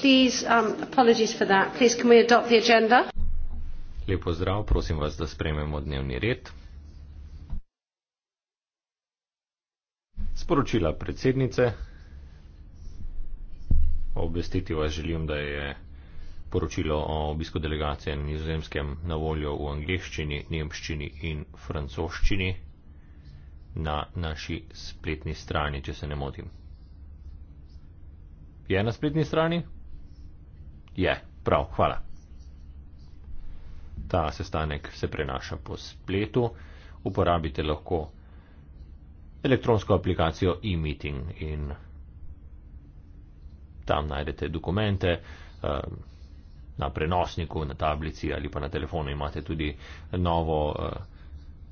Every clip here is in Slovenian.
Please, um, apologies for that. Please, can we adopt the agenda? Lepo zdrav, prosim vas, da sprememo dnevni red. Sporočila predsednice. Obvestiti vas želim, da je poročilo o obisku delegacije na nizozemskem na voljo v angliščini, nemščini in francoščini na naši spletni strani, če se ne motim je na spletni strani? Je, prav, hvala. Ta sestanek se prenaša po spletu, uporabite lahko elektronsko aplikacijo e-meeting in tam najdete dokumente ehm, na prenosniku, na tablici ali pa na telefonu imate tudi novo eh,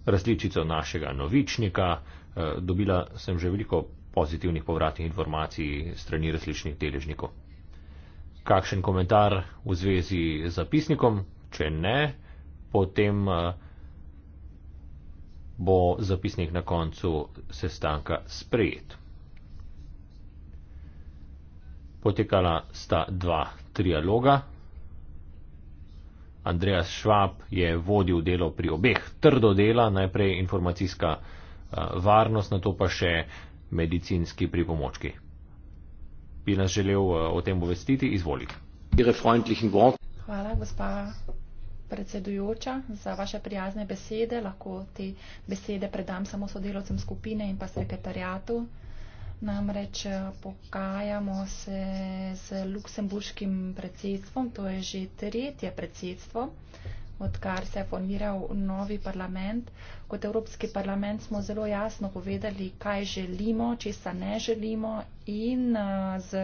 različico našega novičnika. Eh, dobila sem že veliko pozitivnih povratnih informacij strani različnih deležnikov. Kakšen komentar v zvezi z zapisnikom? Če ne, potem eh, bo zapisnik na koncu sestanka sprejet. Potekala sta dva trialoga. Andreas Schwab je vodil delo pri obeh. Trdo dela, najprej informacijska eh, varnost, na to pa še medicinski pripomočki. Bi nas želel eh, o tem obvestiti? Izvoli. Hvala, gospa predsedujoča, za vaše prijazne besede. Lahko te besede predam samo sodelovcem skupine in pa sekretarjatu. Namreč eh, pokajamo se z luksemburškim predsedstvom, to je že tretje predsedstvo odkar se je formiral novi parlament. Kot Evropski parlament smo zelo jasno povedali, kaj želimo, česa ne želimo in eh, z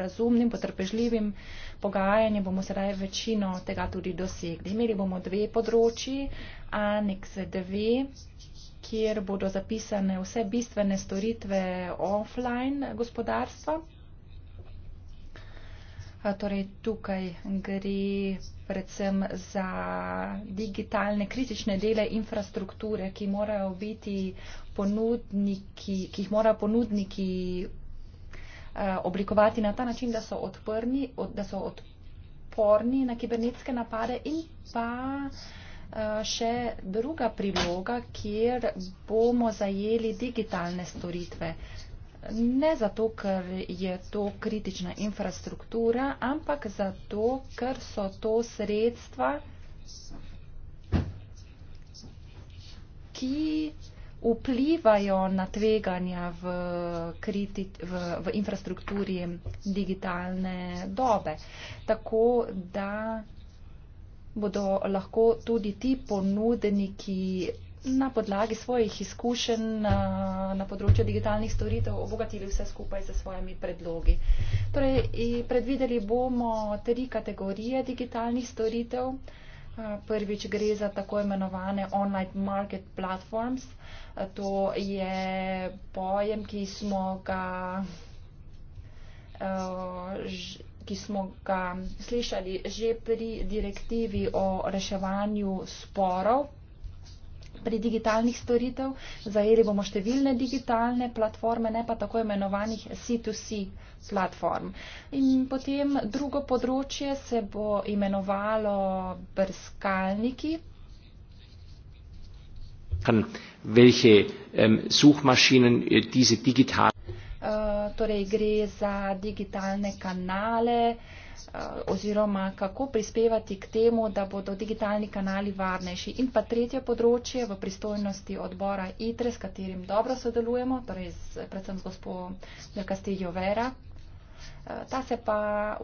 razumnim, potrpežljivim pogajanjem bomo sedaj večino tega tudi dosegli. Imeli bomo dve področji, aneks dve kjer bodo zapisane vse bistvene storitve offline gospodarstva. Eh, torej, tukaj gre predvsem za digitalne kritične dele infrastrukture, ki morajo biti ponudniki, ki jih morajo ponudniki eh, oblikovati na ta način, da so, odprni, da so odporni na kibernetske napade in pa eh, še druga priloga, kjer bomo zajeli digitalne storitve. Ne zato, ker je to kritična infrastruktura, ampak zato, ker so to sredstva, ki vplivajo na tveganja v, kriti, v, v infrastrukturi digitalne dobe. Tako da bodo lahko tudi ti ponudniki na podlagi svojih izkušenj na, na področju digitalnih storitev obogatili vse skupaj z svojimi predlogi. Torej, predvideli bomo tri kategorije digitalnih storitev. Prvič gre za tako imenovane online market platforms. To je pojem, ki smo ga. Uh, ki smo ga slišali že pri direktivi o reševanju sporov predigitalnih storitev. Zajeli bomo številne digitalne platforme, ne pa tako imenovanih C2C platform. In potem drugo področje se bo imenovalo brskalniki. Kan, welche um, ähm, suhmašinen äh, diese digitalne... Uh, äh, torej gre za digitalne kanale, uh, Eh, oziroma kako prispevati k temu, da bodo digitalni kanali varnejši. In pa tretje področje v pristojnosti odbora ITRE, s katerim dobro sodelujemo, torej z, predvsem z gospod Castillo Vera. Eh, ta se pa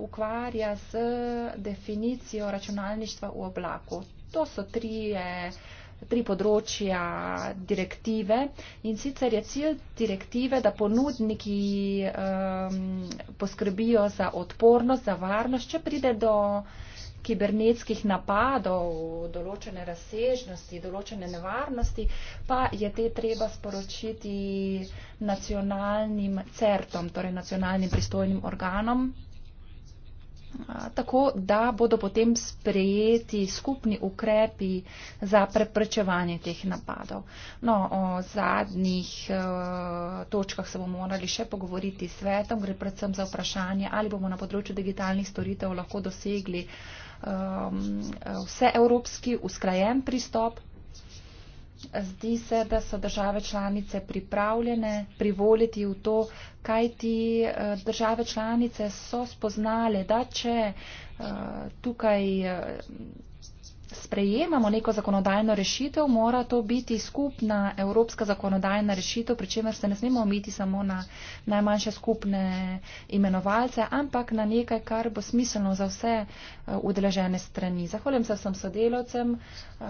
ukvarja z definicijo računalništva v oblaku. To so trije eh, tri področja direktive in sicer je cilj direktive, da ponudniki um, poskrbijo za odpornost, za varnost, če pride do kibernetskih napadov, določene razsežnosti, določene nevarnosti, pa je te treba sporočiti nacionalnim certom, torej nacionalnim pristojnim organom tako da bodo potem sprejeti skupni ukrepi za preprečevanje teh napadov. No, o zadnjih e, točkah se bomo morali še pogovoriti s svetom, gre predvsem za vprašanje, ali bomo na področju digitalnih storitev lahko dosegli e, e, vse evropski usklajen pristop, Zdi se, da so države članice pripravljene privoliti v to, kaj ti eh, države članice so spoznale, da če eh, tukaj eh, sprejemamo neko zakonodajno rešitev, mora to biti skupna evropska zakonodajna rešitev, pri čemer se ne smemo omiti samo na najmanjše skupne imenovalce, ampak na nekaj, kar bo smiselno za vse eh, udeležene strani. Zahvaljujem se vsem sodelovcem, eh,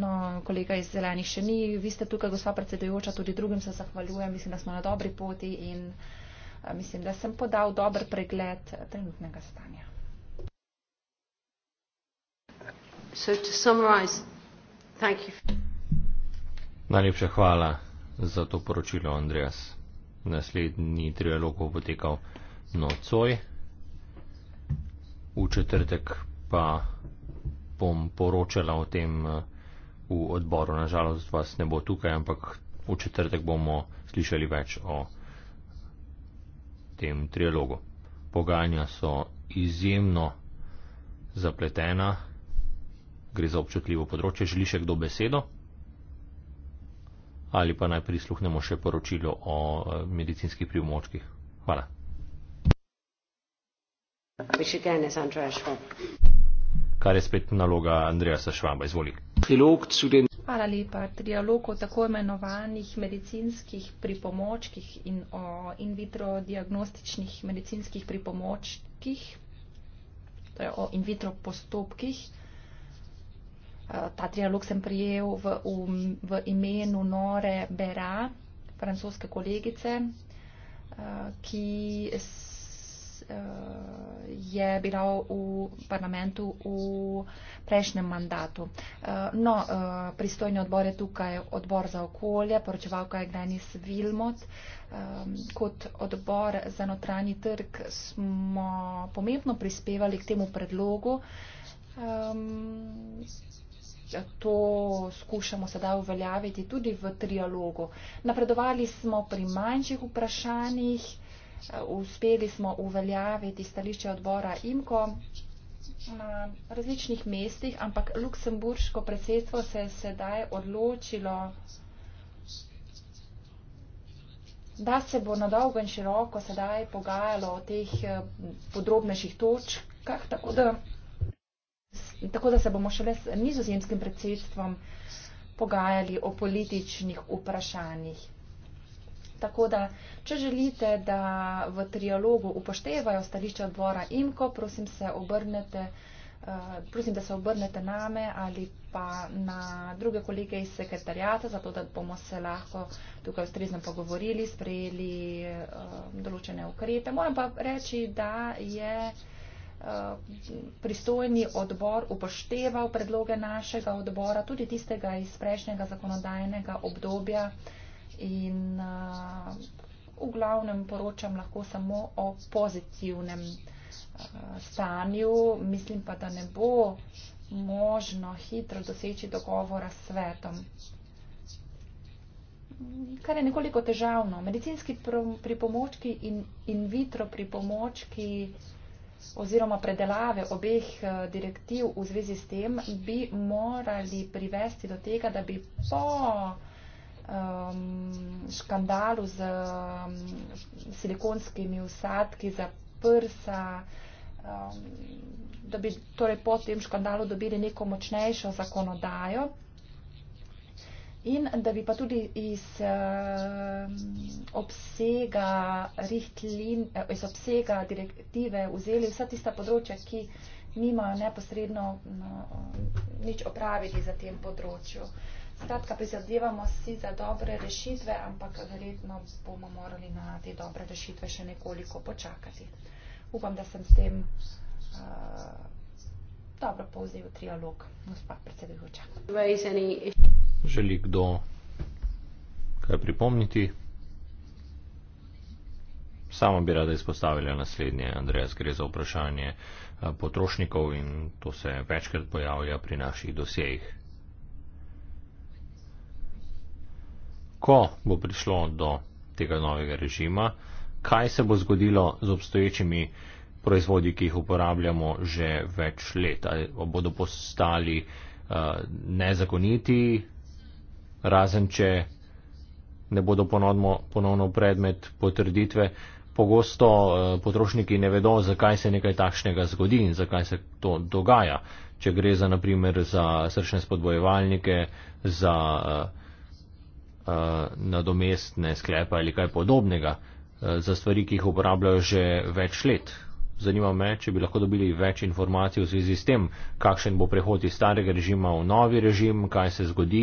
no, kolega iz zelenih še ni, vi ste tukaj, gospa predsedujoča, tudi drugim se zahvaljujem, mislim, da smo na dobri poti in eh, mislim, da sem podal dober pregled trenutnega stanja. So to summarize, thank you. Najlepša hvala za to poročilo, Andreas. Naslednji trialog bo potekal nocoj, v četrtek pa bom poročala o tem eh, v odboru. Nažalost vas ne bo tukaj, ampak v četrtek bomo slišali več o tem trialogu. Pogajanja so izjemno zapletena gre za občutljivo področje, želi še kdo besedo? Ali pa naj prisluhnemo še poročilo o eh, medicinskih primočkih? Hvala. Kar je spet naloga Andreja Sašvaba, izvoli. Hvala lepa. Trialog o tako imenovanih medicinskih pripomočkih in o in vitro diagnostičnih medicinskih pripomočkih, torej o in vitro postopkih. Tatria Luxemprijev v, um, v imenu Nore Bera, francoske kolegice, eh, ki eh, je bila v parlamentu v prejšnjem mandatu. Eh, no, pristojni odbor je tukaj odbor za okolje, poročevalka je Glenis Vilmot. Kot odbor za notranji trg smo pomembno prispevali k temu predlogu to skušamo sedaj uveljaviti tudi v trialogu. Napredovali smo pri manjših vprašanjih, eh, uspeli smo uveljaviti stališče odbora IMKO na različnih mestih, ampak luksemburško predsedstvo se je sedaj odločilo, da se bo na dolgo in široko sedaj pogajalo o teh eh, podrobnejših točkah, tako da Tako da se bomo šele s nizozemskim predsedstvom pogajali o političnih vprašanjih. Tako da, če želite, da v trialogu upoštevajo stališče odbora IMKO, prosim, se obrnete, eh, prosim, da se obrnete name ali pa na druge kolege iz sekretarijata, zato da bomo se lahko tukaj ustrezno pogovorili, sprejeli eh, določene ukrepe. Moram pa reči, da je. Eh, pristojni odbor upošteval predloge našega odbora, tudi tistega iz prejšnjega zakonodajnega obdobja in eh, v glavnem poročam lahko samo o pozitivnem eh, stanju, mislim pa, da ne bo možno hitro doseči dogovora s svetom. Kar je nekoliko težavno, medicinski pripomočki in in vitro pripomočki oziroma predelave obeh eh, direktiv v zvezi s tem bi morali privesti do tega, da bi po um, škandalu z um, silikonskimi usadki za prsa, um, da bi torej po tem škandalu dobili neko močnejšo zakonodajo in da bi pa tudi iz, uh, obsega, rihtlin, eh, iz obsega direktive vzeli vsa tista področja, ki nimajo neposredno no, nič opraviti za tem področju. Skratka, prizadevamo si za dobre rešitve, ampak verjetno bomo morali na te dobre rešitve še nekoliko počakati. Upam, da sem s tem uh, dobro povzel trialog, gospod predsedujoča želi kdo kaj pripomniti. Samo bi rada izpostavila naslednje, Andreas, gre za vprašanje eh, potrošnikov in to se večkrat pojavlja pri naših dosejih. Ko bo prišlo do tega novega režima, kaj se bo zgodilo z obstoječimi proizvodi, ki jih uporabljamo že več let? Ali bodo postali uh, nezakoniti, razen če ne bodo ponovno, ponovno predmet potrditve. Pogosto eh, potrošniki ne vedo, zakaj se nekaj takšnega zgodi in zakaj se to dogaja. Če gre za, naprimer, za srčne spodbojevalnike, za uh, uh, nadomestne sklepe ali kaj podobnega, uh, za stvari, ki jih uporabljajo že več let, Zanima me, če bi lahko dobili več informacij v zvezi s tem, kakšen bo prehod iz starega režima v novi režim, kaj se zgodi.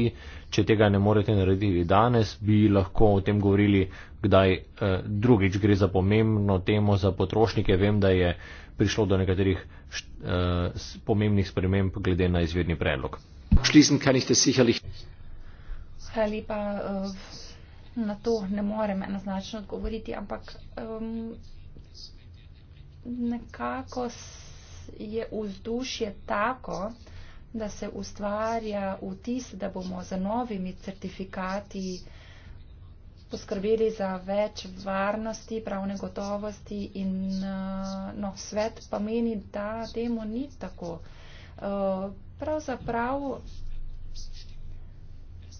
Če tega ne morete narediti danes, bi lahko o tem govorili, kdaj eh, drugič gre za pomembno temo za potrošnike. Vem, da je prišlo do nekaterih št, eh, pomembnih sprememb glede na izvedni predlog. Eh, na to ne morem enoznačno odgovoriti, ampak um, nekako je vzdušje tako, da se ustvarja vtis, da bomo za novimi certifikati poskrbeli za več varnosti, pravne gotovosti in eh, no, svet pa meni, da temu ni tako. Eh, pravzaprav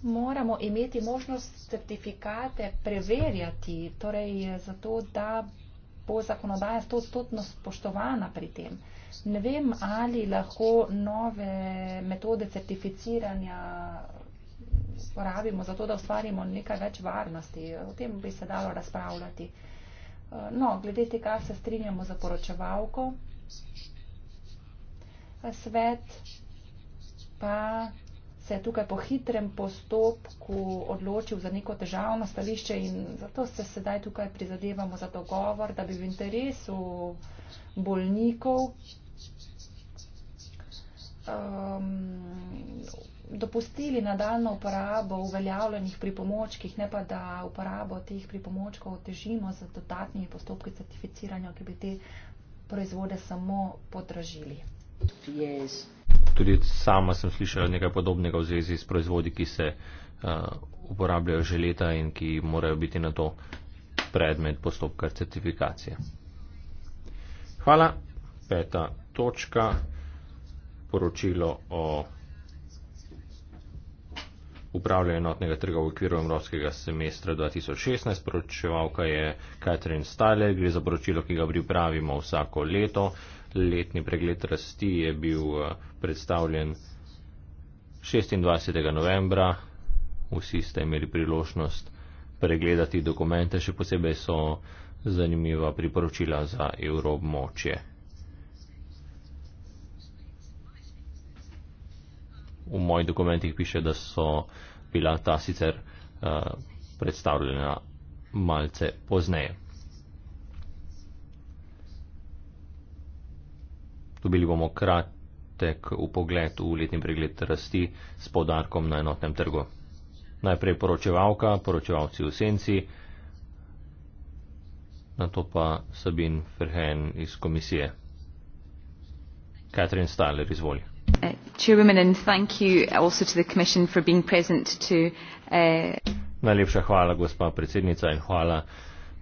moramo imeti možnost certifikate preverjati, torej eh, zato, da bo zakonodaja stotno spoštovana pri tem. Ne vem, ali lahko nove metode certificiranja porabimo za to, da ustvarimo nekaj več varnosti. O tem bi se dalo razpravljati. Eh, no, glede tega se strinjamo za poročevalko. Svet pa se je tukaj po hitrem postopku odločil za neko državno stališče in zato se sedaj tukaj prizadevamo za dogovor, da bi v interesu bolnikov um, dopustili nadaljno uporabo uveljavljenih pripomočkih, ne pa da uporabo teh pripomočkov otežimo z dodatnimi postopki certificiranja, ki bi te proizvode samo podražili. Yes tudi sama sem slišala nekaj podobnega v zvezi s proizvodi, ki se uh, uporabljajo že leta in ki morajo biti na to predmet postopka certifikacije. Hvala. Peta točka. Poročilo o upravljanju enotnega trga v okviru evropskega semestra 2016. Poročevalka je Catherine Staller. Gre za poročilo, ki ga pripravimo vsako leto letni pregled rasti je bil eh, predstavljen 26. novembra. Vsi ste imeli priložnost pregledati dokumente, še posebej so zanimiva priporočila za evroobmočje. V mojih dokumentih piše, da so bila ta sicer uh, predstavljena malce pozneje. Dobili bomo kratek upogled v letni pregled rasti s podarkom na enotnem trgu. Najprej poročevalka, poročevalci v senci, na to pa Sabin Ferhen iz komisije. Catherine Staller, izvoli. Uh, uh Najlepša hvala, gospa predsednica, in hvala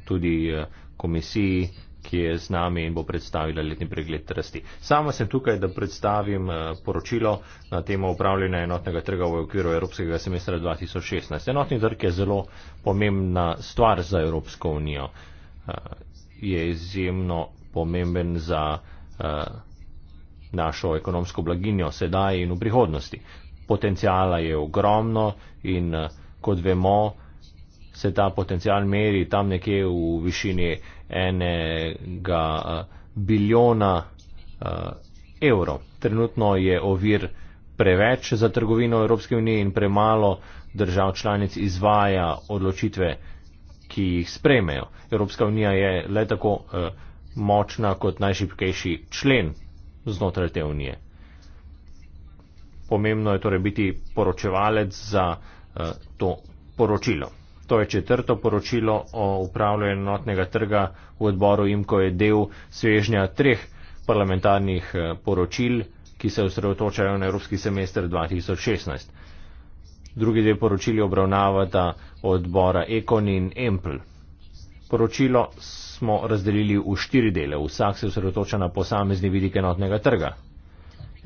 tudi uh, komisiji ki je z nami in bo predstavila letni pregled rasti. Sama sem tukaj, da predstavim eh, poročilo na temo upravljanja enotnega trga v okviru Evropskega semestra 2016. Enotni trg je zelo pomembna stvar za Evropsko unijo. Eh, je izjemno pomemben za eh, našo ekonomsko blaginjo sedaj in v prihodnosti. Potencijala je ogromno in kot vemo, se ta potencijal meri tam nekje v višini enega biljona uh, evrov. Trenutno je ovir preveč za trgovino Evropske unije in premalo držav članic izvaja odločitve, ki jih sprejmejo. Evropska unija je le tako uh, močna kot najšipkejši člen znotraj te unije. Pomembno je torej biti poročevalec za uh, to poročilo. To je četrto poročilo o upravljanju enotnega trga v odboru IMKO je del svežnja treh parlamentarnih eh, poročil, ki se osredotočajo na Evropski semester 2016. Drugi dve poročili obravnavata odbora Ekon in Empl. Poročilo smo razdelili v štiri dele. Vsak se osredotoča na posamezni vidik enotnega trga.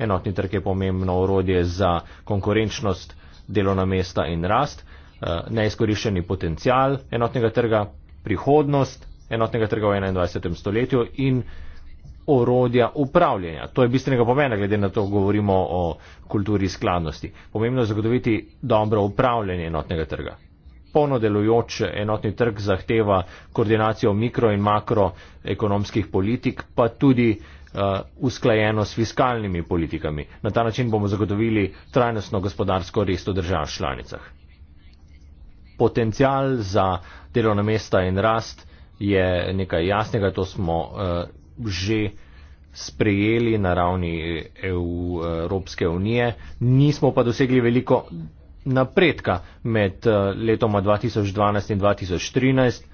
Enotni trg je pomembno orodje za konkurenčnost, delovna mesta in rast. Eh, neizkoriščeni potencial enotnega trga, prihodnost enotnega trga v 21. stoletju in orodja upravljanja. To je bistvenega pomena, glede na to govorimo o kulturi skladnosti. Pomembno je zagotoviti dobro upravljanje enotnega trga. Polno delujoč enotni trg zahteva koordinacijo mikro in makro ekonomskih politik, pa tudi uh, usklajeno s fiskalnimi politikami. Na ta način bomo zagotovili trajnostno gospodarsko rest v državah članicah potencial za delovna mesta in rast je nekaj jasnega, to smo uh, že sprejeli na ravni EU, Evropske unije, nismo pa dosegli veliko napredka med eh, letoma 2012 in 2013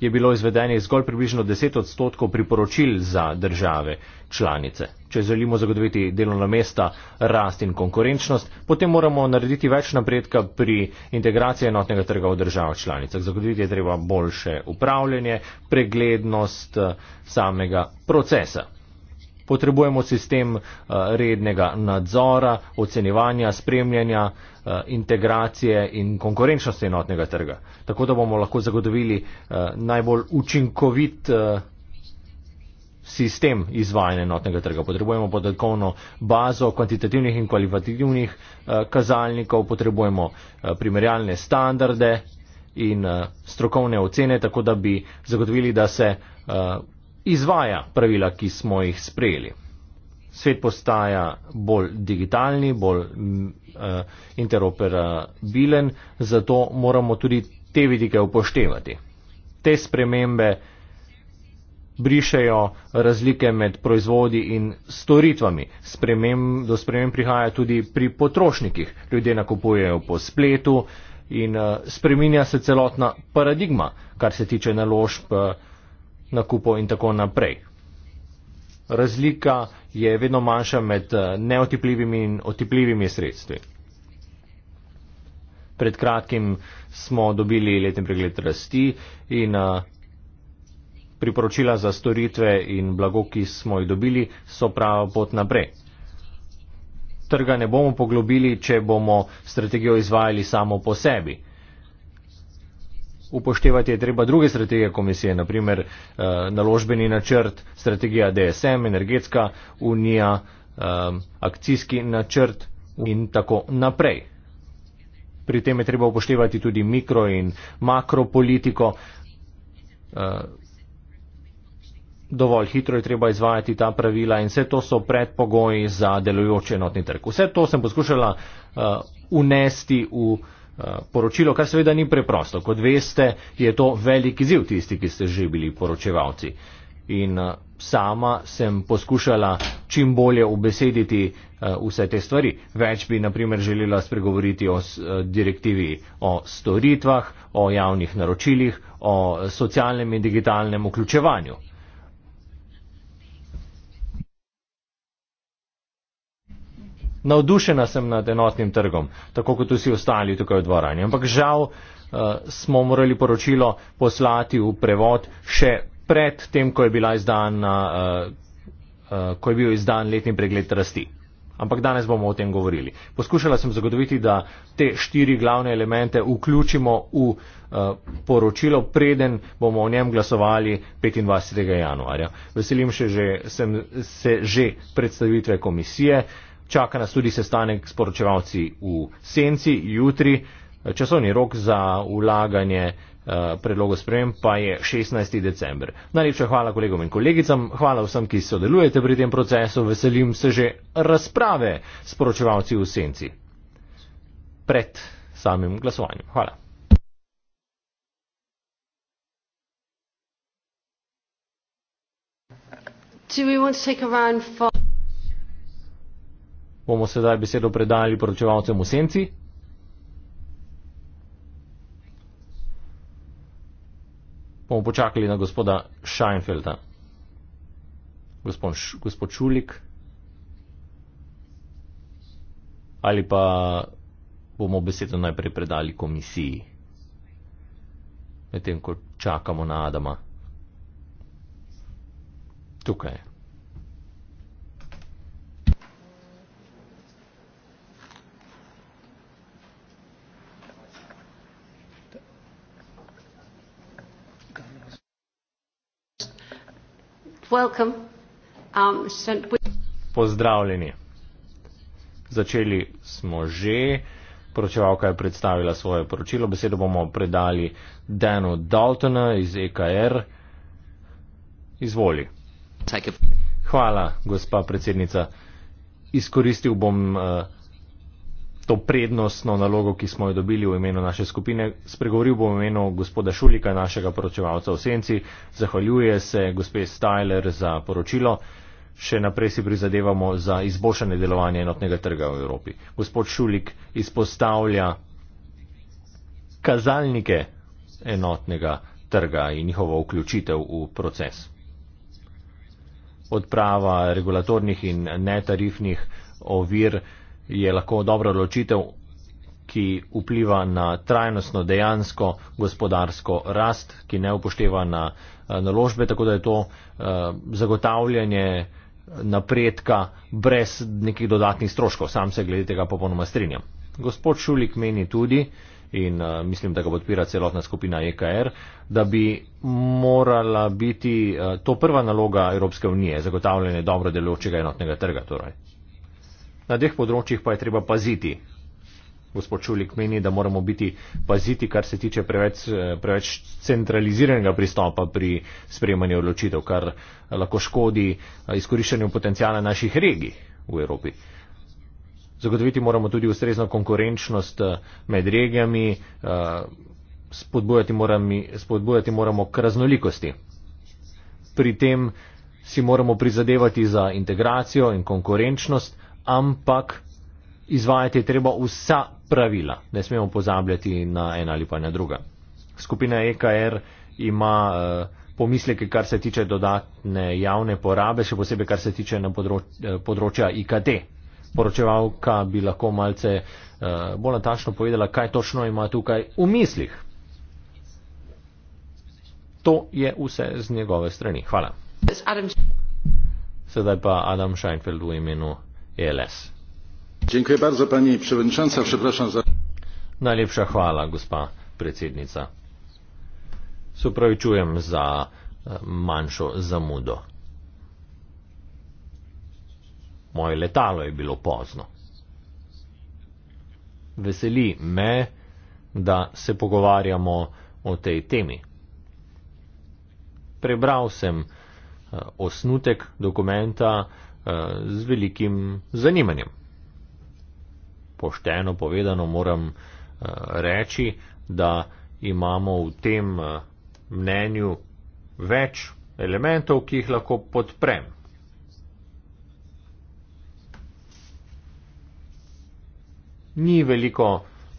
je bilo izvedenih zgolj približno 10 odstotkov priporočil za države članice. Če želimo zagotoviti delovna mesta, rast in konkurenčnost, potem moramo narediti več napredka pri integraciji enotnega trga v državah članicah. Zagotoviti je treba boljše upravljanje, preglednost eh, samega procesa potrebujemo sistem eh, rednega nadzora, ocenjevanja, spremljanja, eh, integracije in konkurenčnosti enotnega trga. Tako da bomo lahko zagotovili eh, najbolj učinkovit sistem izvajanja enotnega trga. Potrebujemo podatkovno bazo kvantitativnih in kvalitativnih kazalnikov, potrebujemo primerjalne standarde in strokovne ocene, tako da bi zagotovili, da se izvaja pravila, ki smo jih sprejeli. Svet postaja bolj digitalni, bolj uh, interoperabilen, zato moramo tudi te vidike upoštevati. Te spremembe brišejo razlike med proizvodi in storitvami. Sprememb, do sprememb prihaja tudi pri potrošnikih. Ljudje nakupujejo po spletu in uh, spreminja se celotna paradigma, kar se tiče naložb. Uh, nakupov in tako naprej. Razlika je vedno manjša med eh, neotipljivimi in otipljivimi sredstvi. Pred kratkim smo dobili letni pregled rasti in eh, priporočila za storitve in blago, ki smo jih dobili, so prava pot naprej. Trga ne bomo poglobili, če bomo strategijo izvajali samo po sebi upoštevati je treba druge strategije komisije, naprimer eh, naložbeni načrt, strategija DSM, energetska unija, eh, akcijski načrt in tako naprej. Pri tem je treba upoštevati tudi mikro in makro politiko. Eh, dovolj hitro je treba izvajati ta pravila in vse to so predpogoji za delujoče enotni trg. Vse to sem poskušala unesti v. Eh, poročilo, kar seveda ni preprosto. Kot veste, je to velik izziv tisti, ki ste že bili poročevalci. In eh, sama sem poskušala čim bolje ubesediti eh, vse te stvari. Več bi, naprimer, želela spregovoriti o direktivi o storitvah, o javnih naročilih, o socialnem in digitalnem vključevanju. navdušena sem nad enotnim trgom, tako kot vsi ostali tukaj v dvorani. Ampak žal uh, smo morali poročilo poslati v prevod še pred tem, ko je, bila izdana, uh, uh, ko je bil izdan letni pregled rasti. Ampak danes bomo o tem govorili. Poskušala sem zagotoviti, da te štiri glavne elemente vključimo v uh, poročilo, preden bomo o njem glasovali 25. januarja. Veselim še že, sem, se že predstavitve komisije. Uh, čaka nas tudi sestanek s poročevalci v senci jutri. Časovni rok za ulaganje eh, predlogo sprejem pa je 16. december. Najlepša hvala kolegom in kolegicam, hvala vsem, ki sodelujete pri tem procesu, veselim se že razprave s poročevalci v senci pred samim glasovanjem. Hvala. Do we want to take a round for bomo sedaj besedo predali poročevalcem v senci. Bomo počakali na gospoda Scheinfelda. Gospod, gospod Šulik. Ali pa bomo besedo najprej predali komisiji, medtem ko čakamo na Adama. Tukaj je. Um, Pozdravljeni. Začeli smo že. Poročevalka je predstavila svoje poročilo. Besedo bomo predali Danu Daltonu iz EKR. Izvoli. Hvala, gospa predsednica. Izkoristil bom. Uh, to prednostno nalogo, ki smo jo dobili v imenu naše skupine. Spregovoril bom v imenu gospoda Šulika, našega poročevalca v Senci. Zahvaljuje se gospe Stajler za poročilo. Še naprej si prizadevamo za izboljšanje delovanja enotnega trga v Evropi. Gospod Šulik izpostavlja kazalnike enotnega trga in njihovo vključitev v proces. Odprava regulatornih in netarifnih ovir je lahko dobra odločitev, ki vpliva na trajnostno dejansko gospodarsko rast, ki ne upošteva na eh, naložbe, tako da je to eh, zagotavljanje napredka brez nekih dodatnih stroškov. Sam se glede tega popolnoma strinjam. Gospod Šulik meni tudi, in eh, mislim, da ga podpira celotna skupina EKR, da bi morala biti to prva naloga Evropske unije, zagotavljanje dobro delujočega enotnega trga. Torej. Na teh področjih pa je treba paziti. Gospod Čulik meni, da moramo biti paziti, kar se tiče preveč, eh, preveč centraliziranega pristopa pri sprejemanju odločitev, kar lahko škodi eh, izkoriščanju potencijala naših regij v Evropi. Zagotoviti moramo tudi ustrezno konkurenčnost eh, med regijami, spodbujati, morami, spodbujati moramo k raznolikosti. Pri tem si moramo prizadevati za integracijo in konkurenčnost, ampak izvajati je treba vsa pravila. Ne smemo pozabljati na ena ali pa na druga. Skupina EKR ima eh, pomisleke, kar se tiče dodatne javne porabe, še posebej, kar se tiče na eh, področja IKT. Poročevalka bi lahko malce eh, bolj natačno povedala, kaj točno ima tukaj v mislih. To je vse z njegove strani. Hvala. Sedaj pa Adam Scheinfeld v imenu els. Najlepša hvala, gospa predsednica. Se upravičujem za e, manjšo zamudo. Moje letalo je bilo pozno. Veseli me, da se pogovarjamo o tej temi. Prebral sem e, osnutek dokumenta, Eh, z velikim zanimanjem. Pošteno povedano moram eh, reči, da imamo v tem eh, mnenju več elementov, ki jih lahko podprem. Ni veliko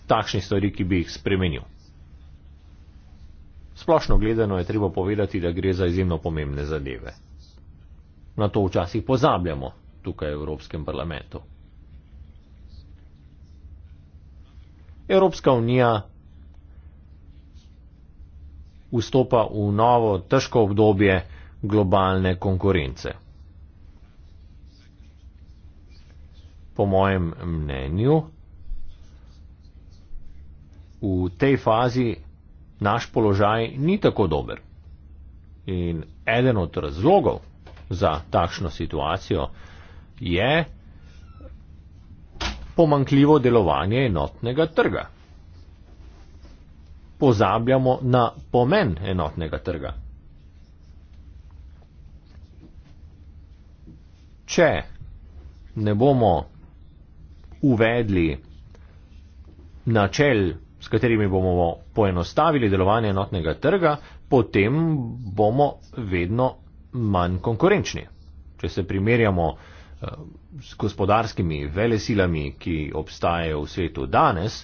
takšnih stvari, ki bi jih spremenil. Splošno gledano je treba povedati, da gre za izjemno pomembne zadeve na to včasih pozabljamo tukaj v Evropskem parlamentu. Evropska unija vstopa v novo težko obdobje globalne konkurence. Po mojem mnenju, v tej fazi naš položaj ni tako dober. In eden od razlogov, za takšno situacijo, je pomankljivo delovanje enotnega trga. Pozabljamo na pomen enotnega trga. Če ne bomo uvedli načel, s katerimi bomo poenostavili delovanje enotnega trga, potem bomo vedno manj konkurenčni. Če se primerjamo eh, s gospodarskimi velesilami, ki obstajajo v svetu danes,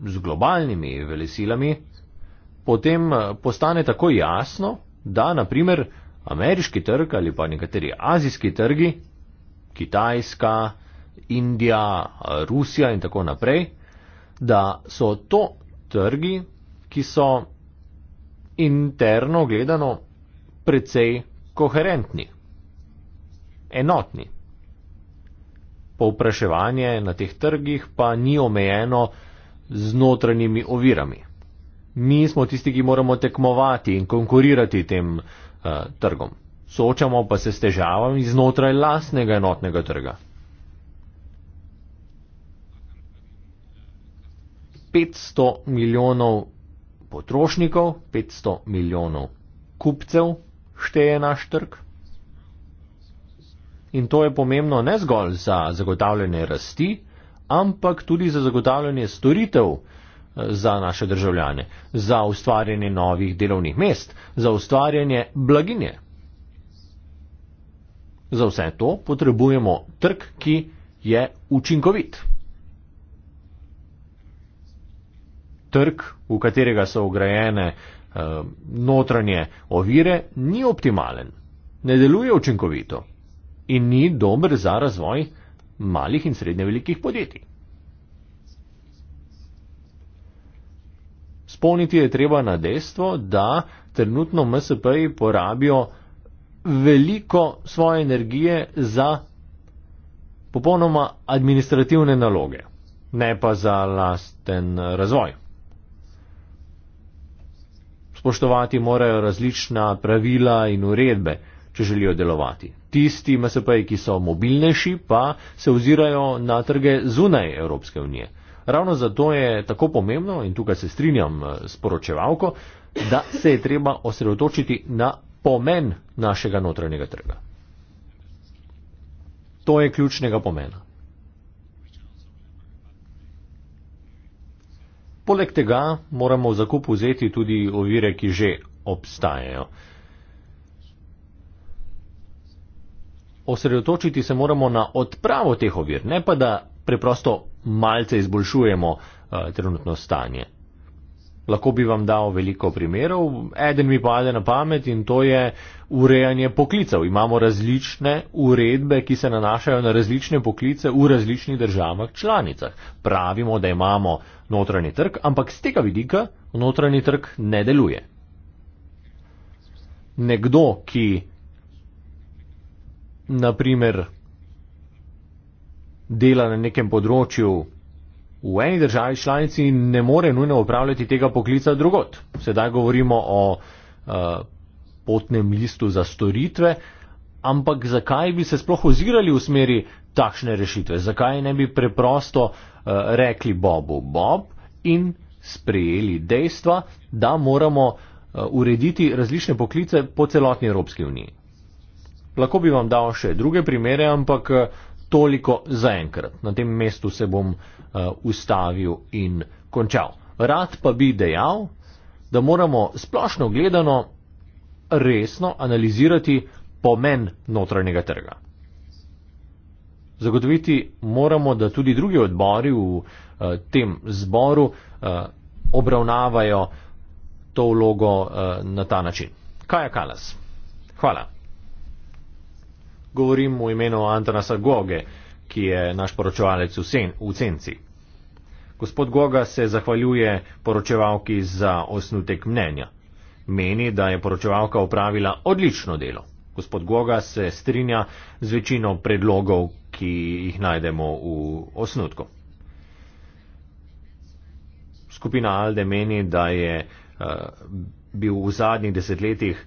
z globalnimi velesilami, potem eh, postane tako jasno, da naprimer ameriški trg ali pa nekateri azijski trgi, Kitajska, Indija, Rusija in tako naprej, da so to trgi, ki so interno gledano precej koherentni, enotni. Povpraševanje na teh trgih pa ni omejeno z notranjimi ovirami. Mi smo tisti, ki moramo tekmovati in konkurirati tem uh, trgom. Soočamo pa se s težavami znotraj lastnega enotnega trga. 500 milijonov potrošnikov, 500 milijonov kupcev šteje naš trg. In to je pomembno ne zgolj za zagotavljanje rasti, ampak tudi za zagotavljanje storitev eh, za naše državljane, za ustvarjanje novih delovnih mest, za ustvarjanje blaginje. Za vse to potrebujemo trg, ki je učinkovit. Trg, v katerega so ugrajene Eh, notranje ovire, ni optimalen, ne deluje učinkovito in ni dober za razvoj malih in srednje velikih podjetij. Spomniti je treba na dejstvo, da trenutno MSP-ji porabijo veliko svoje energije za popolnoma administrativne naloge, ne pa za lasten razvoj spoštovati morajo različna pravila in uredbe, če želijo delovati. Tisti MSP-ji, ki so mobilnejši, pa se ozirajo na trge zunaj Evropske unije. Ravno zato je tako pomembno, in tukaj se strinjam eh, s poročevalko, da se je treba osredotočiti na pomen našega notranjega trga. To je ključnega pomena. Poleg tega moramo v zakup vzeti tudi ovire, ki že obstajajo. Osredotočiti se moramo na odpravo teh ovir, ne pa da preprosto malce izboljšujemo uh, trenutno stanje lahko bi vam dal veliko primerov. Eden mi pade na pamet in to je urejanje poklicev. Imamo različne uredbe, ki se nanašajo na različne poklice v različnih državah članicah. Pravimo, da imamo notranji trg, ampak z tega vidika notranji trg ne deluje. Nekdo, ki naprimer dela na nekem področju v eni državi članici ne more nujno upravljati tega poklica drugot. Sedaj govorimo o uh, potnem listu za storitve, ampak zakaj bi se sploh ozirali v smeri takšne rešitve? Zakaj ne bi preprosto uh, rekli Bobu Bob in sprejeli dejstva, da moramo uh, urediti različne poklice po celotni Evropski uniji? Lahko bi vam dal še druge primere, ampak uh, toliko zaenkrat. Na tem mestu se bom uh, ustavil in končal. Rad pa bi dejal, da moramo splošno gledano resno analizirati pomen notranjega trga. Zagotoviti moramo, da tudi drugi odbori v uh, tem zboru uh, obravnavajo to vlogo uh, na ta način. Kaj je kalas? Hvala govorim v imenu Antonasa Goge, ki je naš poročevalec v, sen, v Cenci. Gospod Goga se zahvaljuje poročevalki za osnutek mnenja. Meni, da je poročevalka opravila odlično delo. Gospod Goga se strinja z večino predlogov, ki jih najdemo v osnutku. Skupina Alde meni, da je uh, bil v zadnjih desetletjih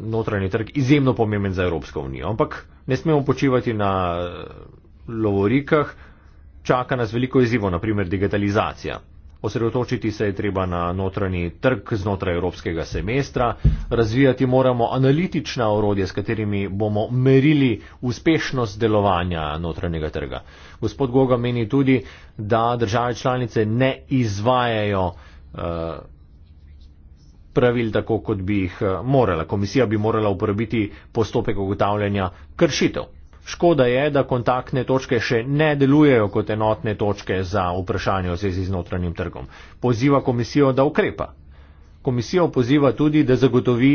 notranji trg izjemno pomemben za Evropsko unijo. Ampak ne smemo počivati na eh, lovorikah, čaka nas veliko izzivo, naprimer digitalizacija. Osredotočiti se je treba na notranji trg znotraj evropskega semestra, razvijati moramo analitična orodja, s katerimi bomo merili uspešnost delovanja notranjega trga. Gospod Goga meni tudi, da države članice ne izvajajo uh, pravil tako, kot bi jih eh, morala. Komisija bi morala uporabiti postopek ugotavljanja kršitev. Škoda je, da kontaktne točke še ne delujejo kot enotne točke za vprašanje v zvezi z notranjim trgom. Poziva komisijo, da ukrepa. Komisijo poziva tudi, da zagotovi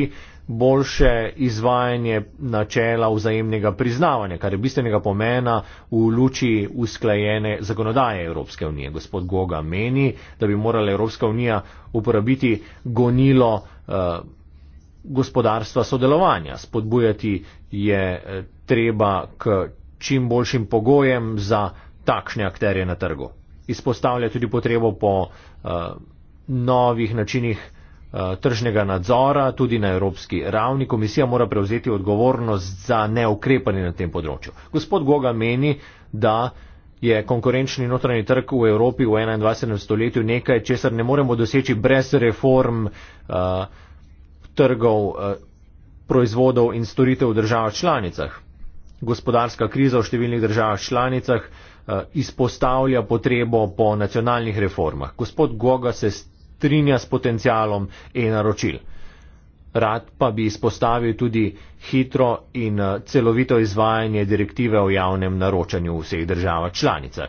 boljše izvajanje načela vzajemnega priznavanja, kar je bistvenega pomena v luči usklajene zakonodaje Evropske unije. Gospod Goga meni, da bi morala Evropska unija uporabiti gonilo eh, gospodarstva sodelovanja. Spodbujati je eh, treba k čim boljšim pogojem za takšne akterje na trgu. Izpostavlja tudi potrebo po uh, novih načinih Eh, tržnega nadzora tudi na evropski ravni. Komisija mora prevzeti odgovornost za neukrepanje na tem področju. Gospod Goga meni, da je konkurenčni notranji trg v Evropi v 21. stoletju nekaj, česar ne moremo doseči brez reform uh, trgov, uh, proizvodov in storitev v državah članicah. Gospodarska kriza v številnih državah članicah uh, izpostavlja potrebo po nacionalnih reformah. Gospod Goga se strinja s potencialom e-naročil. Rad pa bi izpostavil tudi hitro in eh, celovito izvajanje direktive o javnem naročanju v vseh državah članicah.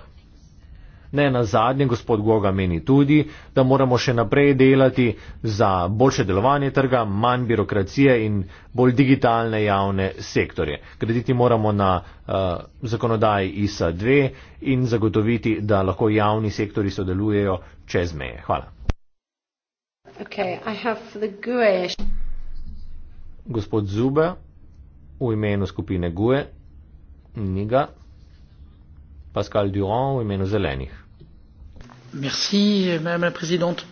Ne na zadnje, gospod Goga meni tudi, da moramo še naprej delati za boljše delovanje trga, manj birokracije in bolj digitalne javne sektorje. Graditi moramo na uh, zakonodaji ISA 2 in zagotoviti, da lahko javni sektori sodelujejo čez meje. Hvala. Okay, I have for the GUE. Gospod Zube, v imenu skupine GUE, Niga, Pascal Durand, v imenu zelenih. Merci, madame la présidente.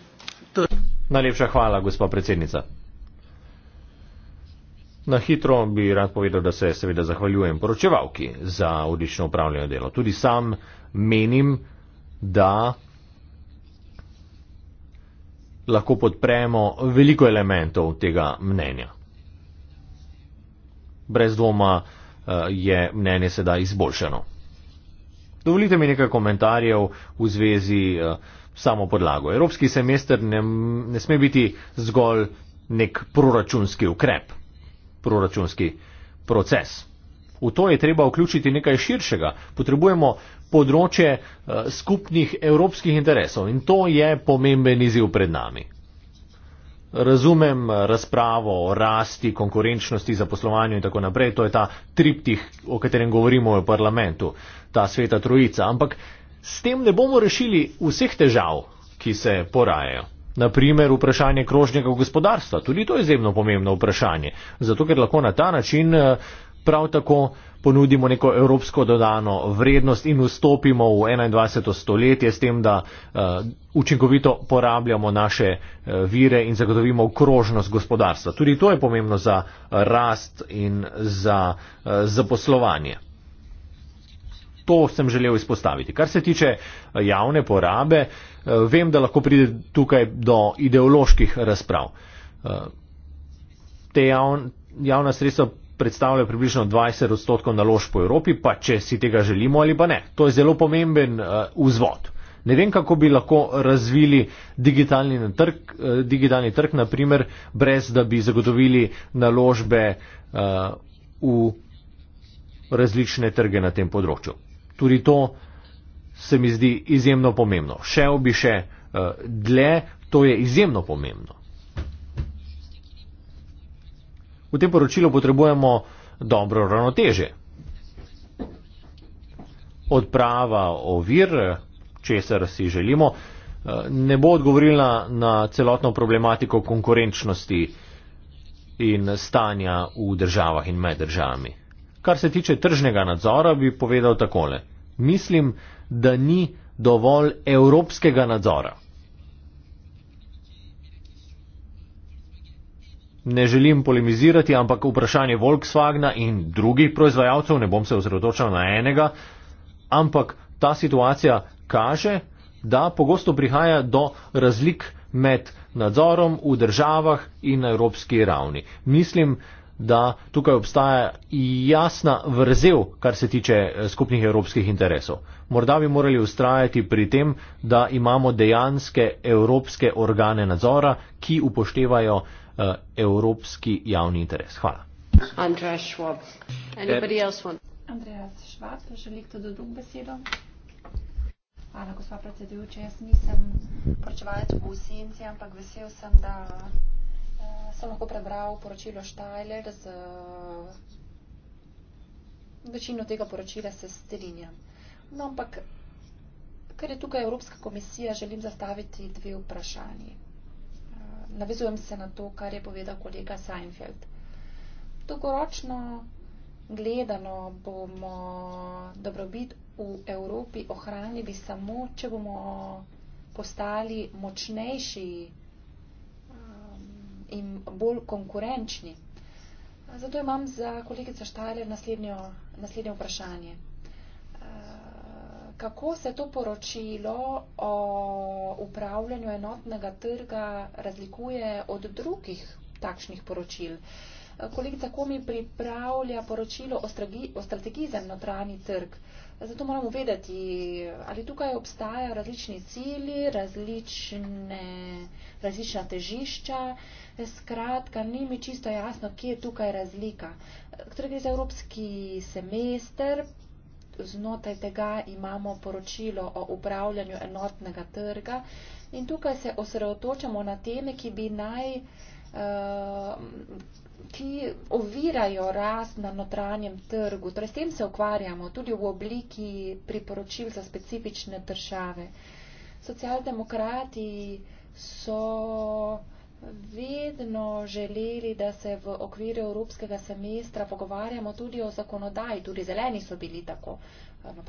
Najlepša hvala, gospod predsednica. Na hitro bi rad povedal, da se seveda zahvaljujem poročevalki za odlično upravljanje delo. Tudi sam menim, da lahko podpremo veliko elementov tega mnenja. Brez dvoma eh, je mnenje sedaj izboljšano. Dovolite mi nekaj komentarjev v zvezi eh, s samo podlago. Evropski semester ne, ne sme biti zgolj nek proračunski ukrep, proračunski proces. V to je treba vključiti nekaj širšega. Potrebujemo področje eh, skupnih evropskih interesov in to je pomemben izziv pred nami. Razumem eh, razpravo o rasti, konkurenčnosti, zaposlovanju in tako naprej, to je ta triptih, o katerem govorimo v parlamentu, ta sveta trojica, ampak s tem ne bomo rešili vseh težav, ki se porajajo. Naprimer, vprašanje krožnega gospodarstva, tudi to je izjemno pomembno vprašanje, zato ker lahko na ta način eh, prav tako ponudimo neko evropsko dodano vrednost in vstopimo v 21. stoletje s tem, da eh, učinkovito porabljamo naše eh, vire in zagotovimo krožnost gospodarstva. Tudi to je pomembno za rast in za eh, zaposlovanje. To sem želel izpostaviti. Kar se tiče javne porabe, vem, da lahko pride tukaj do ideoloških razprav. Te javne, javna sredstva predstavljajo približno 20 odstotkov naložb po Evropi, pa če si tega želimo ali pa ne. To je zelo pomemben eh, vzvod. Ne vem, kako bi lahko razvili digitalni trg, eh, digitalni trg naprimer, brez da bi zagotovili naložbe eh, v različne trge na tem področju. Tudi to se mi zdi izjemno pomembno. Šel bi še dlje, to je izjemno pomembno. v tem poročilu potrebujemo dobro ravnoteže. Odprava ovir, česar si želimo, eh, ne bo odgovorila na celotno problematiko konkurenčnosti in stanja v državah in med državami. Kar se tiče tržnega nadzora, bi povedal takole. Mislim, da ni dovolj evropskega nadzora. ne želim polemizirati, ampak vprašanje Volkswagna in drugih proizvajalcev, ne bom se ozredočal na enega, ampak ta situacija kaže, da pogosto prihaja do razlik med nadzorom v državah in na evropski ravni. Mislim, da tukaj obstaja jasna vrzel, kar se tiče eh, skupnih evropskih interesov. Morda bi morali ustrajati pri tem, da imamo dejanske evropske organe nadzora, ki upoštevajo uh, evropski javni interes. Hvala. Andreas Schwab, želi kdo drug besedo? Hvala, gospod predsedujoče. Jaz nisem poročevalec v senci, ampak vesel sem, da uh, sem lahko prebral poročilo Štajler. Z uh, eh, večino tega poročila se strinjam. No, ampak ker je tukaj Evropska komisija, želim zastaviti dve vprašanje navezujem se na to, kar je povedal kolega Seinfeld. Dolgoročno gledano bomo dobrobit v Evropi ohranili samo, če bomo postali močnejši um, in bolj konkurenčni. Zato imam za kolegico Štaler naslednjo, naslednjo vprašanje kako se to poročilo o upravljanju enotnega trga razlikuje od drugih takšnih poročil. Kolegica Komi pripravlja poročilo o, o strategiji za notranji trg. Zato moramo vedeti, ali tukaj obstajajo različni cilji, različne, različna težišča. Skratka, ni mi čisto jasno, kje je tukaj razlika. Ker torej, gre za evropski semester, znotraj tega imamo poročilo o upravljanju enotnega trga in tukaj se osredotočamo na teme, ki bi naj eh, ki ovirajo rast na notranjem trgu. Torej, s tem se ukvarjamo tudi v obliki priporočil za specifične države. Socialdemokrati so vedno želeli, da se v okviru evropskega semestra pogovarjamo tudi o zakonodaji. Tudi zeleni so bili tako.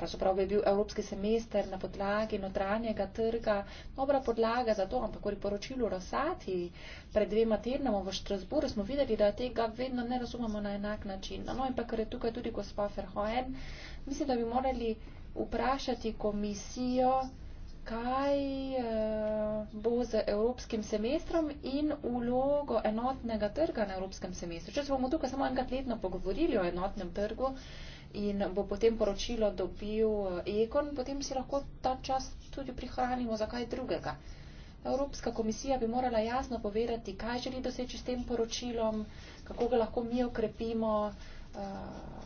Pravzaprav bi bil evropski semester na podlagi notranjega trga dobra podlaga za to, ampak v poročilu Rosati pred dvema tednoma v Štrasburu smo videli, da tega vedno ne razumemo na enak način. No, no, in pa ker je tukaj tudi gospa Ferhoen, mislim, da bi morali vprašati komisijo, kaj eh, bo z evropskim semestrom in ulogo enotnega trga na evropskem semestru. Če se bomo tukaj samo enkrat letno pogovorili o enotnem trgu in bo potem poročilo dobil eh, Ekon, potem si lahko ta čas tudi prihranimo za kaj drugega. Evropska komisija bi morala jasno povedati, kaj želi doseči s tem poročilom, kako ga lahko mi okrepimo. Uh,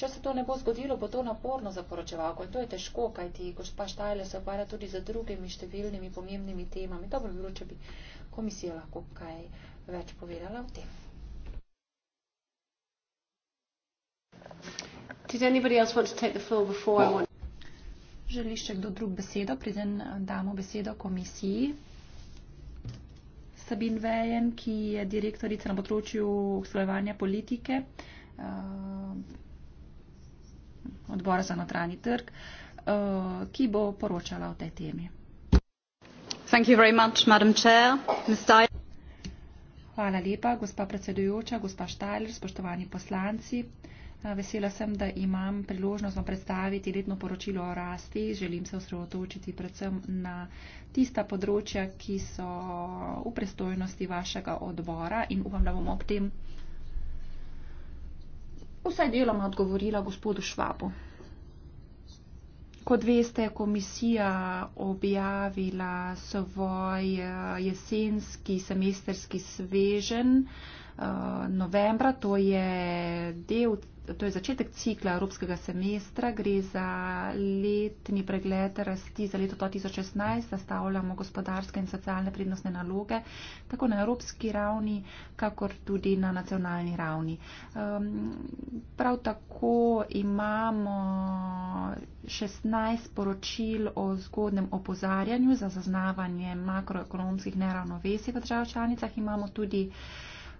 Če se to ne bo zgodilo, bo to naporno za poročevalko in to je težko, kaj ti gospa Štajle se ukvarja tudi z drugimi številnimi pomembnimi temami. Dobro bi bilo, če bi komisija lahko kaj več povedala o tem. Did anybody else want to take the floor before I no. want Želi še kdo drug besedo, preden eh, damo besedo komisiji? Sabin Vejen, ki je direktorica na področju usklajevanja politike, uh, odbora za notranji trg, eh, ki bo poročala o tej temi. Thank you very much, Madam Chair. Mr. Hvala lepa, gospa predsedujoča, gospa Štajler, spoštovani poslanci. Eh, vesela sem, da imam priložnost vam predstaviti letno poročilo o rasti. Želim se osredotočiti predvsem na tista področja, ki so v prestojnosti vašega odbora in upam, da bomo ob tem Vsaj deloma odgovorila gospodu Švabu. Kot veste, je komisija objavila svoj eh, jesenski semesterski svežen eh, novembra, to je del to je začetek cikla evropskega semestra, gre za letni pregled rasti za leto 2016, zastavljamo gospodarske in socialne prednostne naloge, tako na evropski ravni, kakor tudi na nacionalni ravni. Um, prav tako imamo 16 poročil o zgodnem opozarjanju za zaznavanje makroekonomskih neravnovesij v državčanicah, imamo tudi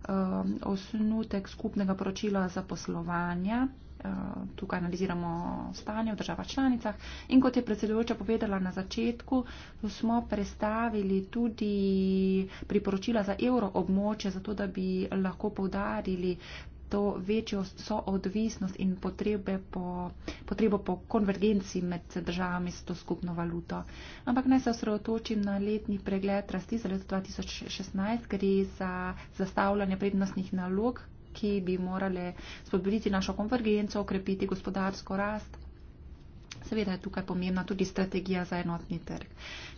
Um, osnutek skupnega poročila za poslovanje. Uh, tukaj analiziramo stanje v državah članicah. In kot je predsedujoča povedala na začetku, smo predstavili tudi priporočila za evroobmoče, zato da bi lahko povdarili to večjo soodvisnost in potrebe po, potrebo po konvergenci med državami s to skupno valuto. Ampak naj se osredotočim na letni pregled rasti za leto 2016, gre za zastavljanje prednostnih nalog, ki bi morale spodbuditi našo konvergenco, okrepiti gospodarsko rast Seveda je tukaj pomembna tudi strategija za enotni trg.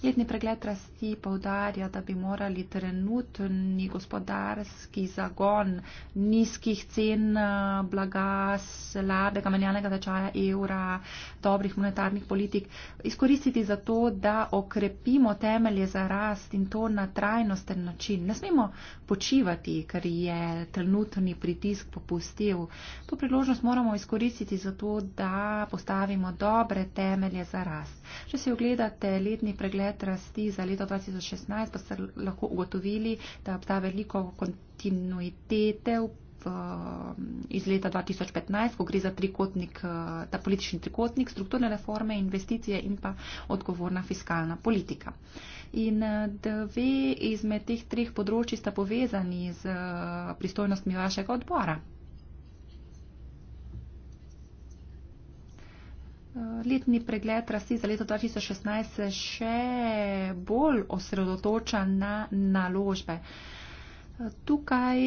Letni pregled rasti povdarja, da bi morali trenutni gospodarski zagon nizkih cen eh, blaga, slabega menjalnega tečaja evra, dobrih monetarnih politik izkoristiti za to, da okrepimo temelje za rast in to na trajnosten način. Ne smemo počivati, ker je trenutni pritisk popustil. To priložnost moramo izkoristiti za to, da postavimo dobre dobre temelje za rast. Če si ogledate letni pregled rasti za leto 2016, pa ste lahko ugotovili, da obstaja veliko kontinuitete v eh, iz leta 2015, ko gre za trikotnik, eh, ta politični trikotnik, strukturne reforme, investicije in pa odgovorna fiskalna politika. In eh, dve izmed teh treh področji sta povezani z pristojnostmi vašega odbora. Eh, letni pregled rasti za leto 2016 se še bolj osredotoča na naložbe. Eh, tukaj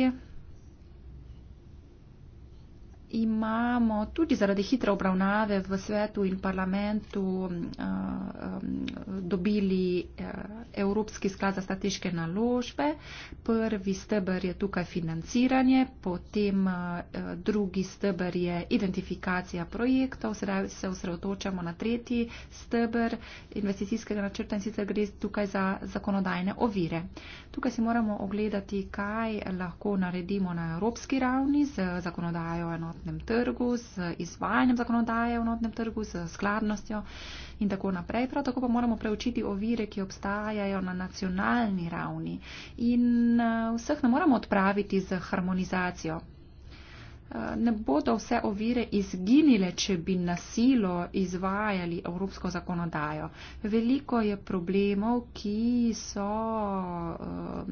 imamo tudi zaradi hitre obravnave v svetu in parlamentu um, um, dobili eh, Evropski sklad za strateške naložbe. Prvi stebr je tukaj financiranje, potem eh, drugi stebr je identifikacija projektov, sedaj se osredotočamo na tretji stebr investicijskega načrta in sicer gre tukaj za zakonodajne ovire. Tukaj si moramo ogledati, kaj lahko naredimo na evropski ravni z zakonodajo enotno enotnem trgu, z izvajanjem zakonodaje v enotnem trgu, z skladnostjo in tako naprej. Prav tako pa moramo preučiti ovire, ki obstajajo na nacionalni ravni in eh, vseh ne moramo odpraviti z harmonizacijo. Eh, ne bodo vse ovire izginile, če bi nasilo izvajali evropsko zakonodajo. Veliko je problemov, ki so eh,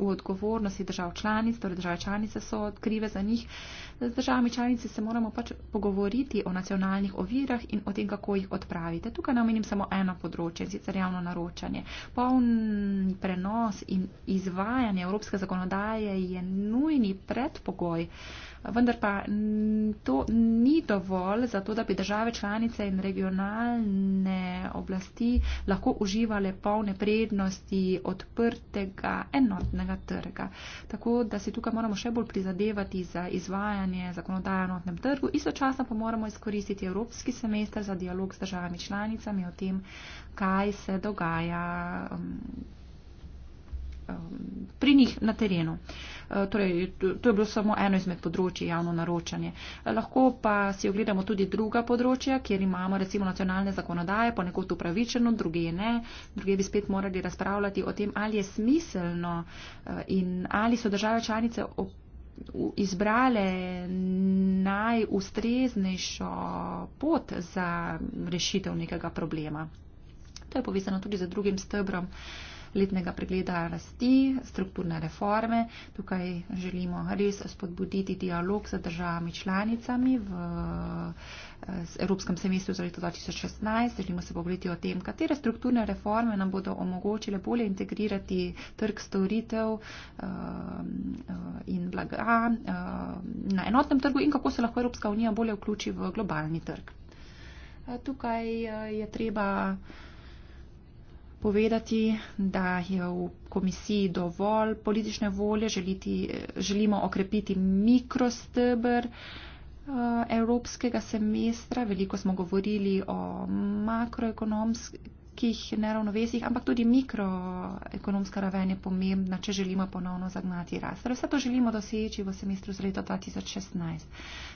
v odgovornosti držav članic, torej države članice so krive za njih, z državami članici se moramo pač pogovoriti o nacionalnih ovirah in o tem, kako jih odpraviti. Tukaj namenim samo eno področje, sicer javno naročanje. Poln prenos in izvajanje evropske zakonodaje je nujni predpogoj. Vendar pa to ni dovolj za to, da bi države članice in regionalne oblasti lahko uživale polne prednosti odprtega enotnega trga. Tako da si tukaj moramo še bolj prizadevati za izvajanje zunanje zakonodaje o notnem trgu. Istočasno pa moramo izkoristiti evropski semester za dialog z državami članicami o tem, kaj se dogaja um, um, pri njih na terenu. Uh, torej, to je bilo samo eno izmed področji javno naročanje. Uh, lahko pa si ogledamo tudi druga področja, kjer imamo recimo nacionalne zakonodaje, ponekod upravičeno, druge ne, druge bi spet morali razpravljati o tem, ali je smiselno uh, in ali so države članice izbrale najustreznejšo pot za rešitev nekega problema. To je povezano tudi z drugim stebrom, uh, letnega pregleda rasti, strukturne reforme. Tukaj želimo res spodbuditi dialog z državami članicami v Evropskem semestru za leto 2016. Želimo se pogledati o tem, katere strukturne reforme nam bodo omogočile bolje integrirati trg storitev um, uh, in blaga uh, na enotnem trgu in kako se lahko Evropska unija bolje vključi v globalni trg. Tukaj uh, je treba povedati, da je v komisiji dovolj politične volje, želiti, želimo okrepiti mikrostebr eh, evropskega semestra. Veliko smo govorili o makroekonomskih velikih neravnovesjih, ampak tudi mikroekonomska raven je pomembna, če želimo ponovno zagnati rast. Torej, vse to želimo doseči v semestru z leta 2016.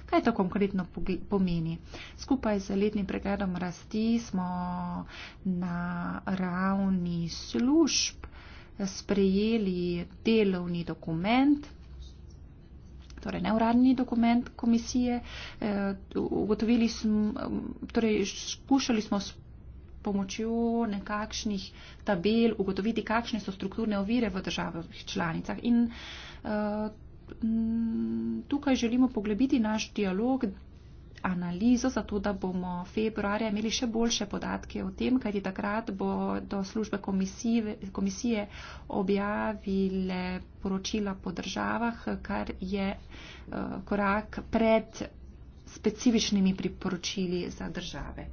Kaj to konkretno pomeni? Skupaj z letnim pregledom rasti smo na ravni služb sprejeli delovni dokument. Torej, neuradni dokument komisije. Eh, ugotovili smo, torej, skušali smo pomočjo nekakšnih tabel ugotoviti, kakšne so strukturne ovire v državah članicah. In uh, tukaj želimo poglebiti naš dialog, analizo, zato da bomo februarja imeli še boljše podatke o tem, kajti takrat bo do službe komisije, komisije objavile poročila po državah, kar je uh, korak pred specifičnimi priporočili za države.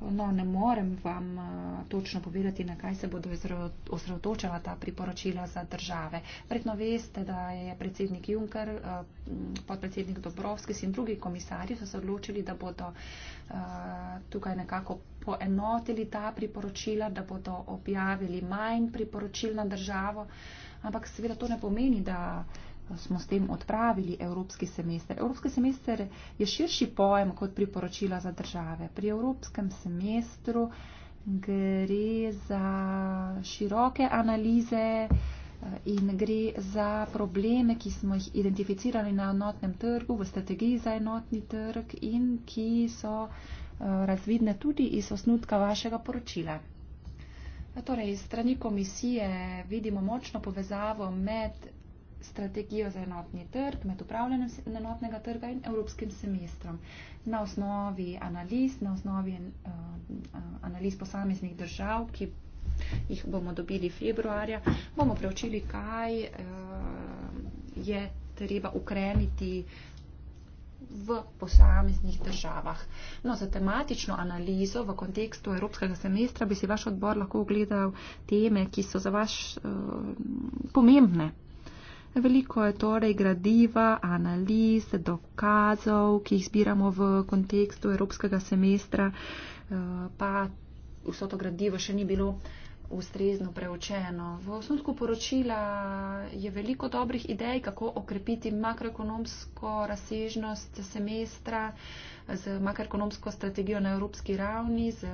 No, ne morem vam eh, točno povedati, na kaj se bodo osredotočala ta priporočila za države. Vredno veste, da je predsednik Juncker, eh, podpredsednik Dobrovskis in drugi komisarji so se odločili, da bodo eh, tukaj nekako poenotili ta priporočila, da bodo objavili manj priporočil na državo. Ampak seveda to ne pomeni, da smo s tem odpravili evropski semester. Evropski semester je širši pojem kot priporočila za države. Pri evropskem semestru gre za široke analize eh, in gre za probleme, ki smo jih identificirali na enotnem trgu, v strategiji za enotni trg in ki so eh, razvidne tudi iz osnutka vašega poročila. Torej, strani komisije vidimo močno povezavo med strategijo za enotni trg med upravljanjem enotnega trga in evropskim semestrom. Na osnovi analiz, na osnovi eh, eh, analiz posameznih držav, ki jih bomo dobili februarja, bomo preučili, kaj eh, je treba ukreniti v posameznih državah. No, za tematično analizo v kontekstu evropskega semestra bi si vaš odbor lahko ogledal teme, ki so za vaš uh, pomembne Veliko je torej gradiva, analiz, dokazov, ki jih zbiramo v kontekstu evropskega semestra, eh, pa vso to gradivo še ni bilo ustrezno preučeno. V osnutku poročila je veliko dobrih idej, kako okrepiti makroekonomsko razsežnost semestra z makroekonomsko strategijo na evropski ravni, z eh,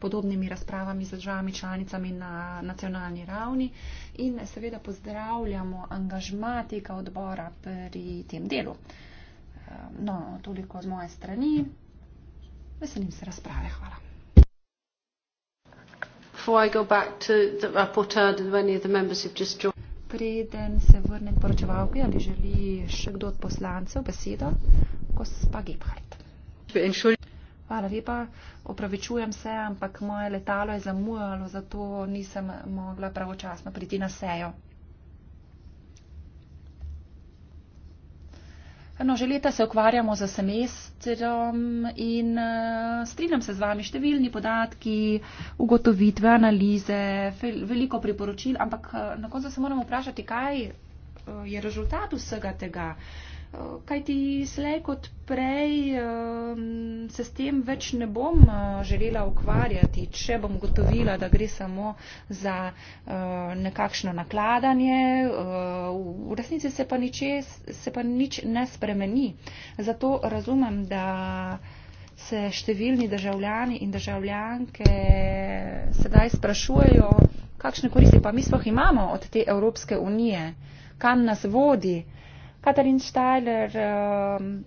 podobnimi razpravami z državami članicami na nacionalni ravni in seveda pozdravljamo angažma tega odbora pri tem delu. Eh, no, toliko z moje strani. Veselim se razprave. Hvala before I go back to the rapporteur, do any of the members who've just joined? Preden se vrnem poročevalki, ali želi še kdo od poslancev besedo? Gospa Gebhardt. Hvala lepa. Opravičujem se, ampak moje letalo je zamujalo, zato nisem mogla pravočasno priti na sejo. No, že leta se ukvarjamo za semestrom in uh, strinjam se z vami, številni podatki, ugotovitve, analize, fel, veliko priporočil, ampak uh, na koncu se moramo vprašati, kaj uh, je rezultat vsega tega. Uh, kaj ti slej kot prej se s tem več ne bom eh, želela ukvarjati, če bom gotovila, da gre samo za eh, nekakšno nakladanje, eh, v resnici se pa, niče, se pa nič ne spremeni. Zato razumem, da se številni državljani in državljanke sedaj sprašujejo, kakšne koristi pa mi sploh imamo od te Evropske unije, kam nas vodi. Katarín Steiler um,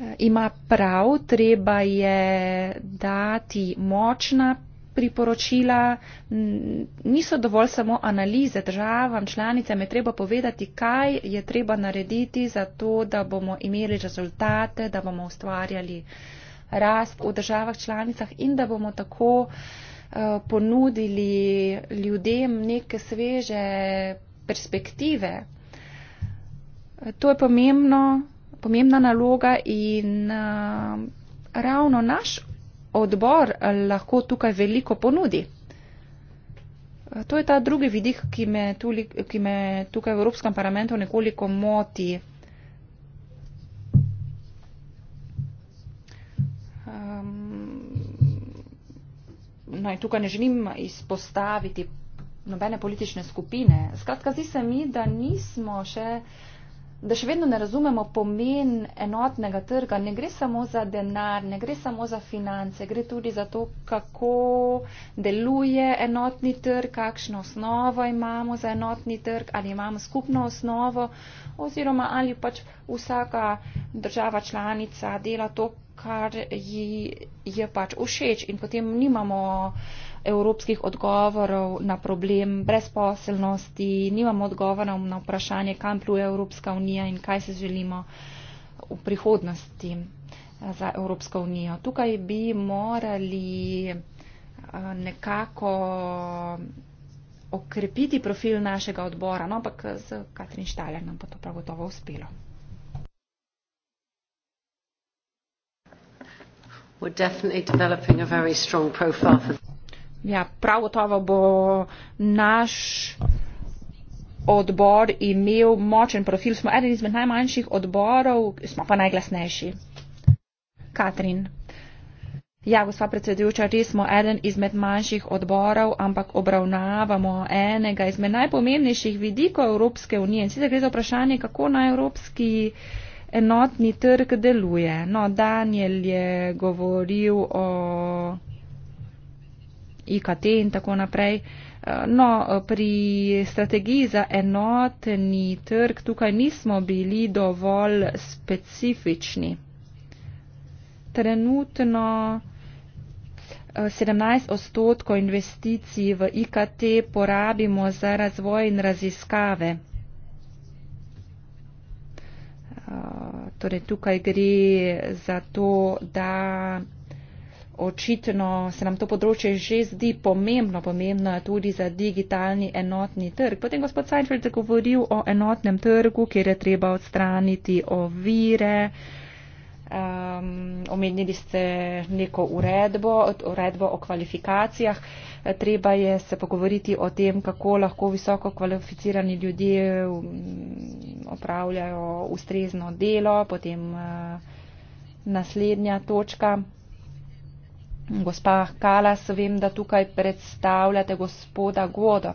uh, ima prav, treba je dati močna priporočila, niso dovolj samo analize državam, članicam je treba povedati, kaj je treba narediti za to, da bomo imeli rezultate, da bomo ustvarjali rast v državah članicah in da bomo tako uh, ponudili ljudem neke sveže perspektive. To je pomembno, pomembna naloga in eh, ravno naš odbor eh, lahko tukaj veliko ponudi. Eh, to je ta drugi vidik, ki me, tuli, ki me tukaj v Evropskem parlamentu nekoliko moti. Um, no tukaj ne želim izpostaviti nobene politične skupine. Skratka, zdi se mi, da nismo še, da še vedno ne razumemo pomen enotnega trga. Ne gre samo za denar, ne gre samo za finance, gre tudi za to, kako deluje enotni trg, kakšno osnovo imamo za enotni trg, ali imamo skupno osnovo, oziroma ali pač vsaka država članica dela to, kar ji je pač všeč in potem nimamo evropskih odgovorov na problem brezposelnosti, nimamo odgovorov na vprašanje, kam pluje Evropska unija in kaj se želimo v prihodnosti eh, za Evropsko unijo. Tukaj bi morali eh, nekako okrepiti profil našega odbora, no, ampak eh, z Katrin Štaljer nam pa to prav gotovo uspelo. We're definitely developing a very strong profile for Ja, prav gotovo bo naš odbor imel močen profil. Smo eden izmed najmanjših odborov, smo pa najglasnejši. Katrin. Ja, gospa predsedujoča, res smo eden izmed manjših odborov, ampak obravnavamo enega izmed najpomembnejših vidikov Evropske unije. In sicer gre za vprašanje, kako naj Evropski enotni trg deluje. No, Daniel je govoril o IKT in tako naprej. Eh, no, pri strategiji za enotni trg tukaj nismo bili dovolj specifični. Trenutno 17 eh, odstotkov investicij v IKT porabimo za razvoj in raziskave. Eh, torej, tukaj gre za to, da očitno se nam to področje že zdi pomembno, pomembno je tudi za digitalni enotni trg. Potem gospod Seinfeld je govoril o enotnem trgu, kjer je treba odstraniti ovire. Um, omenili ste neko uredbo, uredbo o kvalifikacijah. Treba je se pogovoriti o tem, kako lahko visoko kvalificirani ljudje mm, opravljajo ustrezno delo. Potem uh, naslednja točka. Gospa Kalas, vem, da tukaj predstavljate gospoda Godo.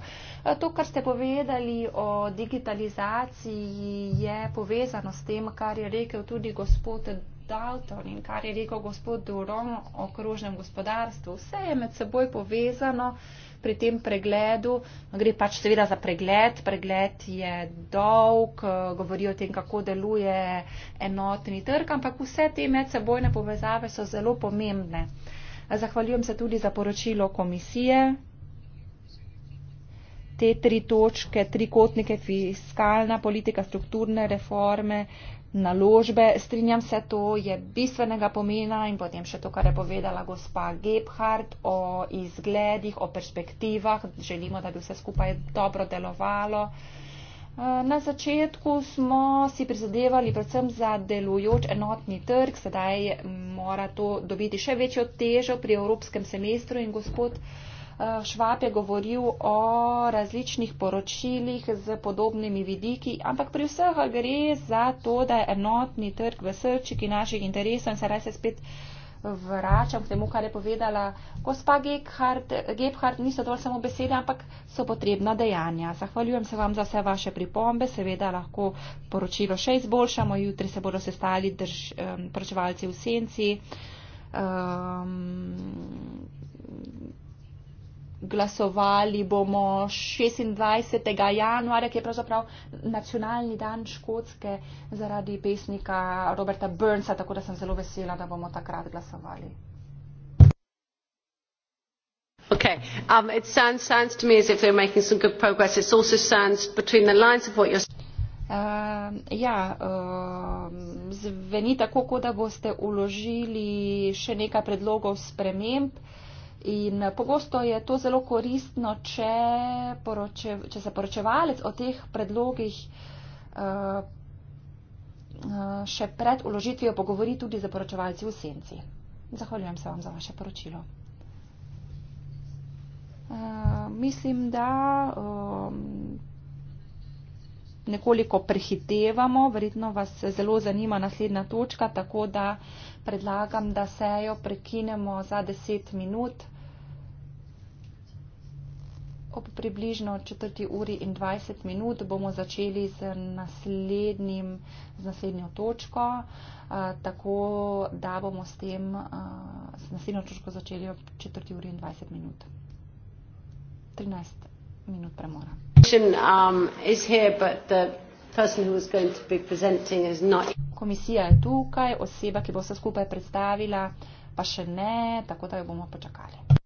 To, kar ste povedali o digitalizaciji, je povezano s tem, kar je rekel tudi gospod Dalton in kar je rekel gospod Durom o krožnem gospodarstvu. Vse je med seboj povezano pri tem pregledu. Gre pač seveda za pregled. Pregled je dolg, govori o tem, kako deluje enotni trg, ampak vse te medsebojne povezave so zelo pomembne. Zahvaljujem se tudi za poročilo komisije. Te tri točke, trikotnike, fiskalna politika, strukturne reforme, naložbe, strinjam se, to je bistvenega pomena in potem še to, kar je povedala gospa Gebhardt o izgledih, o perspektivah. Želimo, da bi vse skupaj dobro delovalo. Uh, Na začetku smo si prizadevali predvsem za delujoč enotni trg, sedaj mora to dobiti še večjo težo pri evropskem semestru in gospod eh, Švab je govoril o različnih poročilih z podobnimi vidiki, ampak pri vseh gre za to, da je enotni trg v srčiki naših interesov in sedaj se spet. Uh, vračam k temu, kar je povedala gospa Gebhardt, niso dovolj samo besede, ampak so potrebna dejanja. Zahvaljujem se vam za vse vaše pripombe, seveda lahko poročilo še izboljšamo, jutri se bodo sestali drž, um, ehm, pročevalci v senci. Um, glasovali bomo 26. januarja, ki je pravzaprav nacionalni dan Škotske zaradi pesnika Roberta Burnsa, tako da sem zelo vesela, da bomo takrat glasovali. Okay, um, it sounds, sounds to me as if they're making some good progress. It also sounds between the lines of what you're saying. Uh, um, ja, uh, zveni tako, kot da boste uložili še nekaj predlogov sprememb. Uh, In eh, pogosto je to zelo koristno, če, poroče, če se poročevalec o teh predlogih eh, eh, še pred uložitvijo pogovori tudi za poročevalci v senci. Zahvaljujem se vam za vaše poročilo. Mislim, da nekoliko prehitevamo, verjetno vas zelo zanima naslednja točka, tako da predlagam, da sejo prekinemo za 10 minut ob približno 4 uri in 20 minut bomo začeli z, naslednjim, z naslednjo točko, tako da bomo s tem s naslednjo točko začeli ob 4 uri in 20 minut. 13 minut premora. Um, Komisija je tukaj, oseba, ki bo vse skupaj predstavila, pa še ne, tako da jo bomo počakali.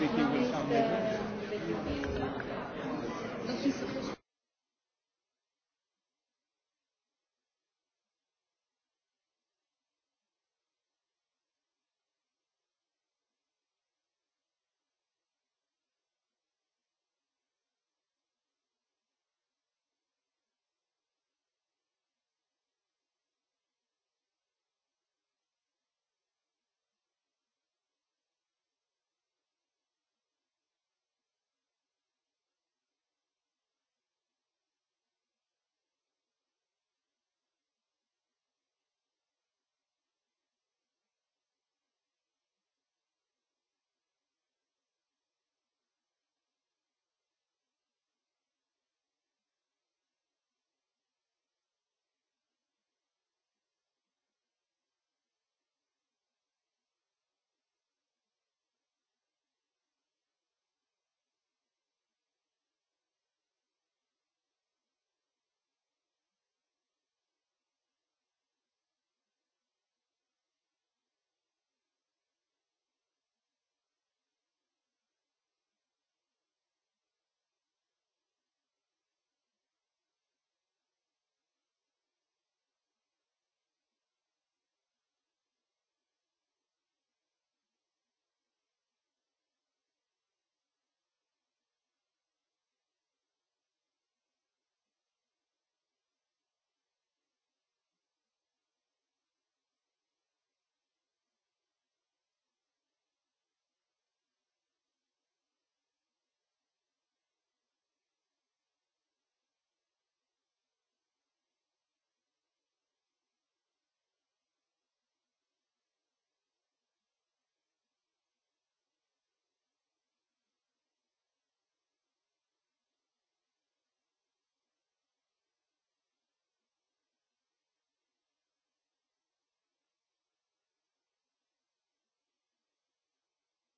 Benedict, you will come with me.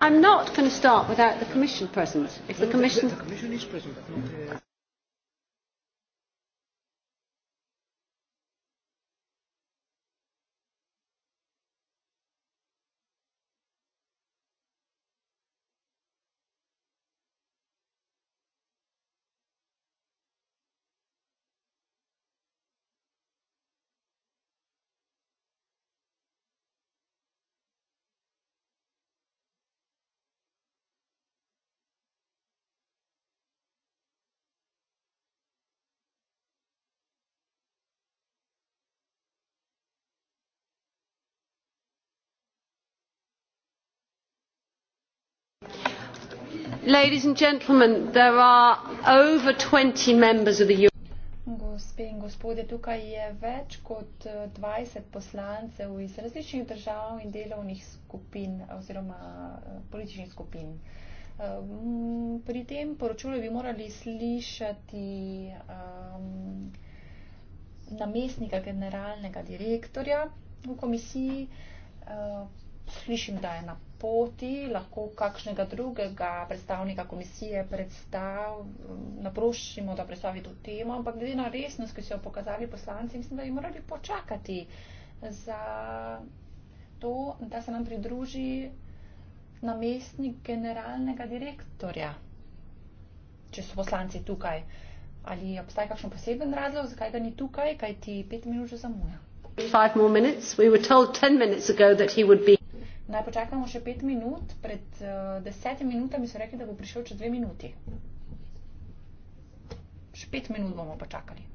i am not going to start without the commission present if the no, no, commission ladies and gentlemen there are over twenty members of the. Gospe in gospode, tukaj je več kot 20 eh, poslancev iz različnih držav in delovnih skupin oziroma eh, političnih skupin. Eh, pri tem poročilu bi morali slišati um, namestnika generalnega direktorja v komisiji. Uh, slišim, da je na poti, lahko kakšnega drugega predstavnika komisije predstav, naprošimo, da predstavi to temo, ampak glede na resnost, ki so jo pokazali poslanci, mislim, da bi morali počakati za to, da se nam pridruži namestnik generalnega direktorja, če so poslanci tukaj. Ali obstaja kakšen poseben razlog, zakaj ga ni tukaj, kaj ti pet minut že zamuja? Five more minutes. We were told ten minutes ago that he would be naj počakamo še pet minut. Pred uh, desetimi minutami so rekli, da bo prišel čez dve minuti. Še pet minut bomo počakali.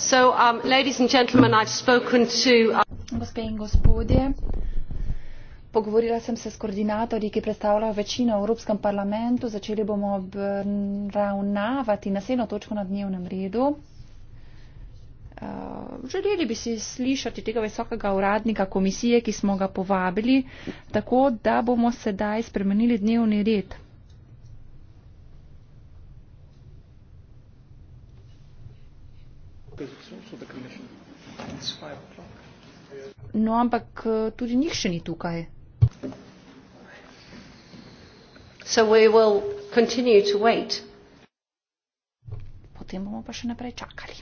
Um, uh, gospe in gospodje pogovorila sem se s koordinatorji ki predstavljajo večino v evropskem parlamentu začeli bomo obravnavati naslednjo točko na dnevnem redu uh, želeli bi si slišati tega visokega uradnika komisije ki smo ga povabili tako da bomo sedaj spremenili dnevni red svoje otroke. No, ampak eh, tudi njih še ni tukaj. Potem bomo pa še naprej čakali.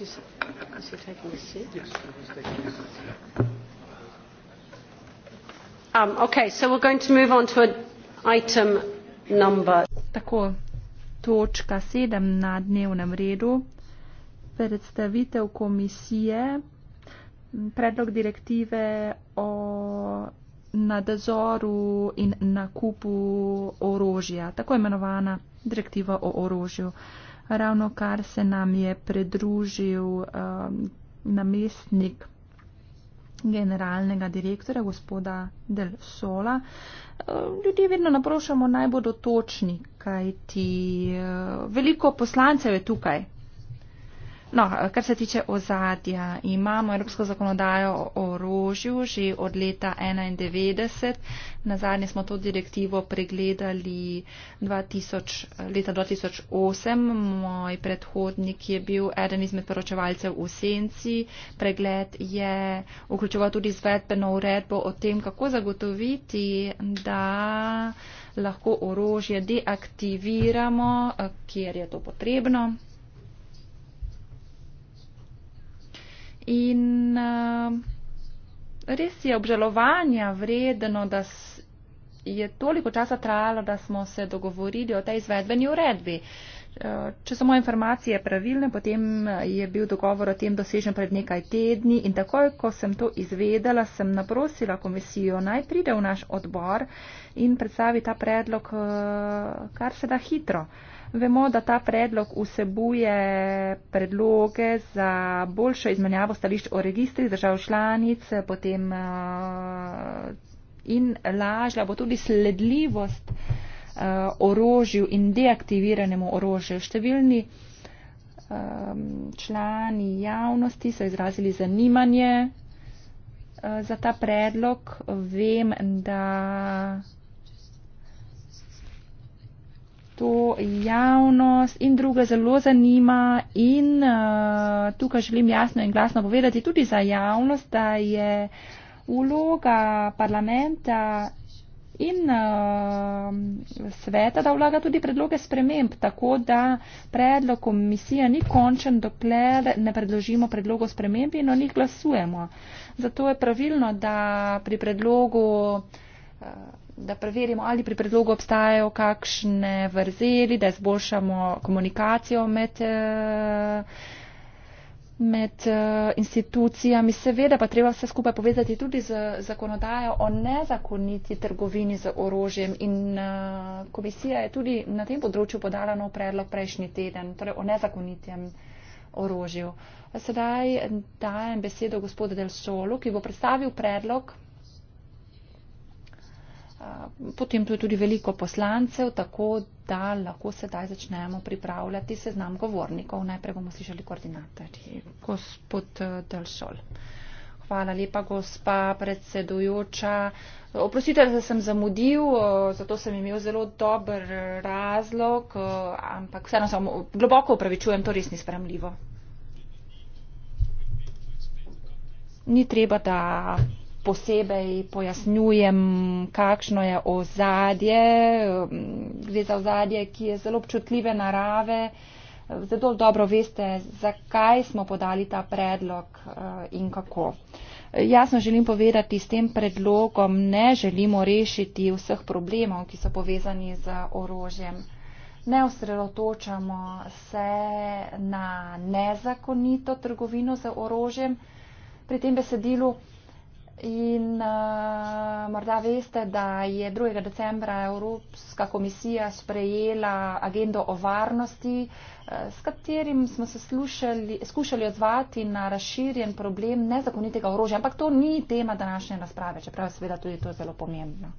he's, is he taking a seat? Yes, he's taking a seat. Um, okay, so we're going to move on to an item number. Tako, točka sedem na dnevnem redu. Predstavitev komisije, predlog direktive o nadzoru in nakupu orožja, tako imenovana direktiva o orožju. Uh, Ravno kar se nam je pridružil um, namestnik generalnega direktora, gospoda Del Sola. Um, ljudje vedno naprošamo naj bodo točni, kajti uh, veliko poslancev je tukaj, No, kar se tiče ozadja, imamo evropsko zakonodajo o orožju že od leta 1991. Na zadnje smo to direktivo pregledali 2000, leta 2008. Moj predhodnik je bil eden izmed poročevalcev v Senci. Pregled je vključeval tudi zvedbeno uredbo o tem, kako zagotoviti, da lahko orožje deaktiviramo, kjer je to potrebno. In uh, res je obžalovanja vredno, da je toliko časa trajalo, da smo se dogovorili o tej izvedbeni uredbi. Eh, če so moje informacije pravilne, potem je bil dogovor o tem dosežen pred nekaj tedni in takoj, ko sem to izvedela, sem naprosila komisijo, naj pride v naš odbor in predstavi ta predlog eh, kar se da hitro. Uh, Vemo, da ta predlog vsebuje predloge za boljšo izmenjavo stališč o registri držav članic, potem eh, in lažja bo tudi sledljivost eh, orožju in deaktiviranemu orožju. Številni eh, člani javnosti so izrazili zanimanje za ta predlog. Vem, da to javnost in druga zelo zanima in uh, tukaj želim jasno in glasno povedati tudi za javnost, da je vloga parlamenta in uh, sveta, da vlaga tudi predloge sprememb, tako da predlog komisije ni končen, dokler ne predložimo predlogo sprememb in o njih glasujemo. Zato je pravilno, da pri predlogu. Uh, da preverimo, ali pri predlogu obstajajo kakšne vrzeli, da izboljšamo komunikacijo med, eh, med eh, institucijami. Seveda pa treba vse skupaj povezati tudi z zakonodajo o nezakoniti trgovini z orožjem in eh, komisija je tudi na tem področju podala nov predlog prejšnji teden, torej o nezakonitem orožju. Sedaj dajem besedo gospodu Del Solu, ki bo predstavil predlog Eh, potem tu je tudi veliko poslancev, tako da lahko sedaj začnemo pripravljati seznam govornikov. Najprej bomo slišali koordinatorji. Gospod eh, Delšol. Hvala lepa, gospa predsedujoča. Oprostite, da sem zamudil, eh, zato sem imel zelo dober razlog, ampak vseeno samo globoko upravičujem, to res ni spremljivo. Ni treba, da posebej pojasnjujem, kakšno je ozadje. Um, gre za ozadje, ki je zelo občutljive narave. Zelo dobro veste, zakaj smo podali ta predlog uh, in kako. Jasno želim povedati, s tem predlogom ne želimo rešiti vseh problemov, ki so povezani z orožjem. Ne osredotočamo se na nezakonito trgovino z orožjem. Pri tem besedilu In uh, morda veste, da je 2. decembra Evropska komisija sprejela agendo o varnosti, uh, s katerim smo se slušali, skušali odzvati na razširjen problem nezakonitega orožja. Ampak to ni tema današnje razprave, čeprav je seveda tudi to zelo pomembno.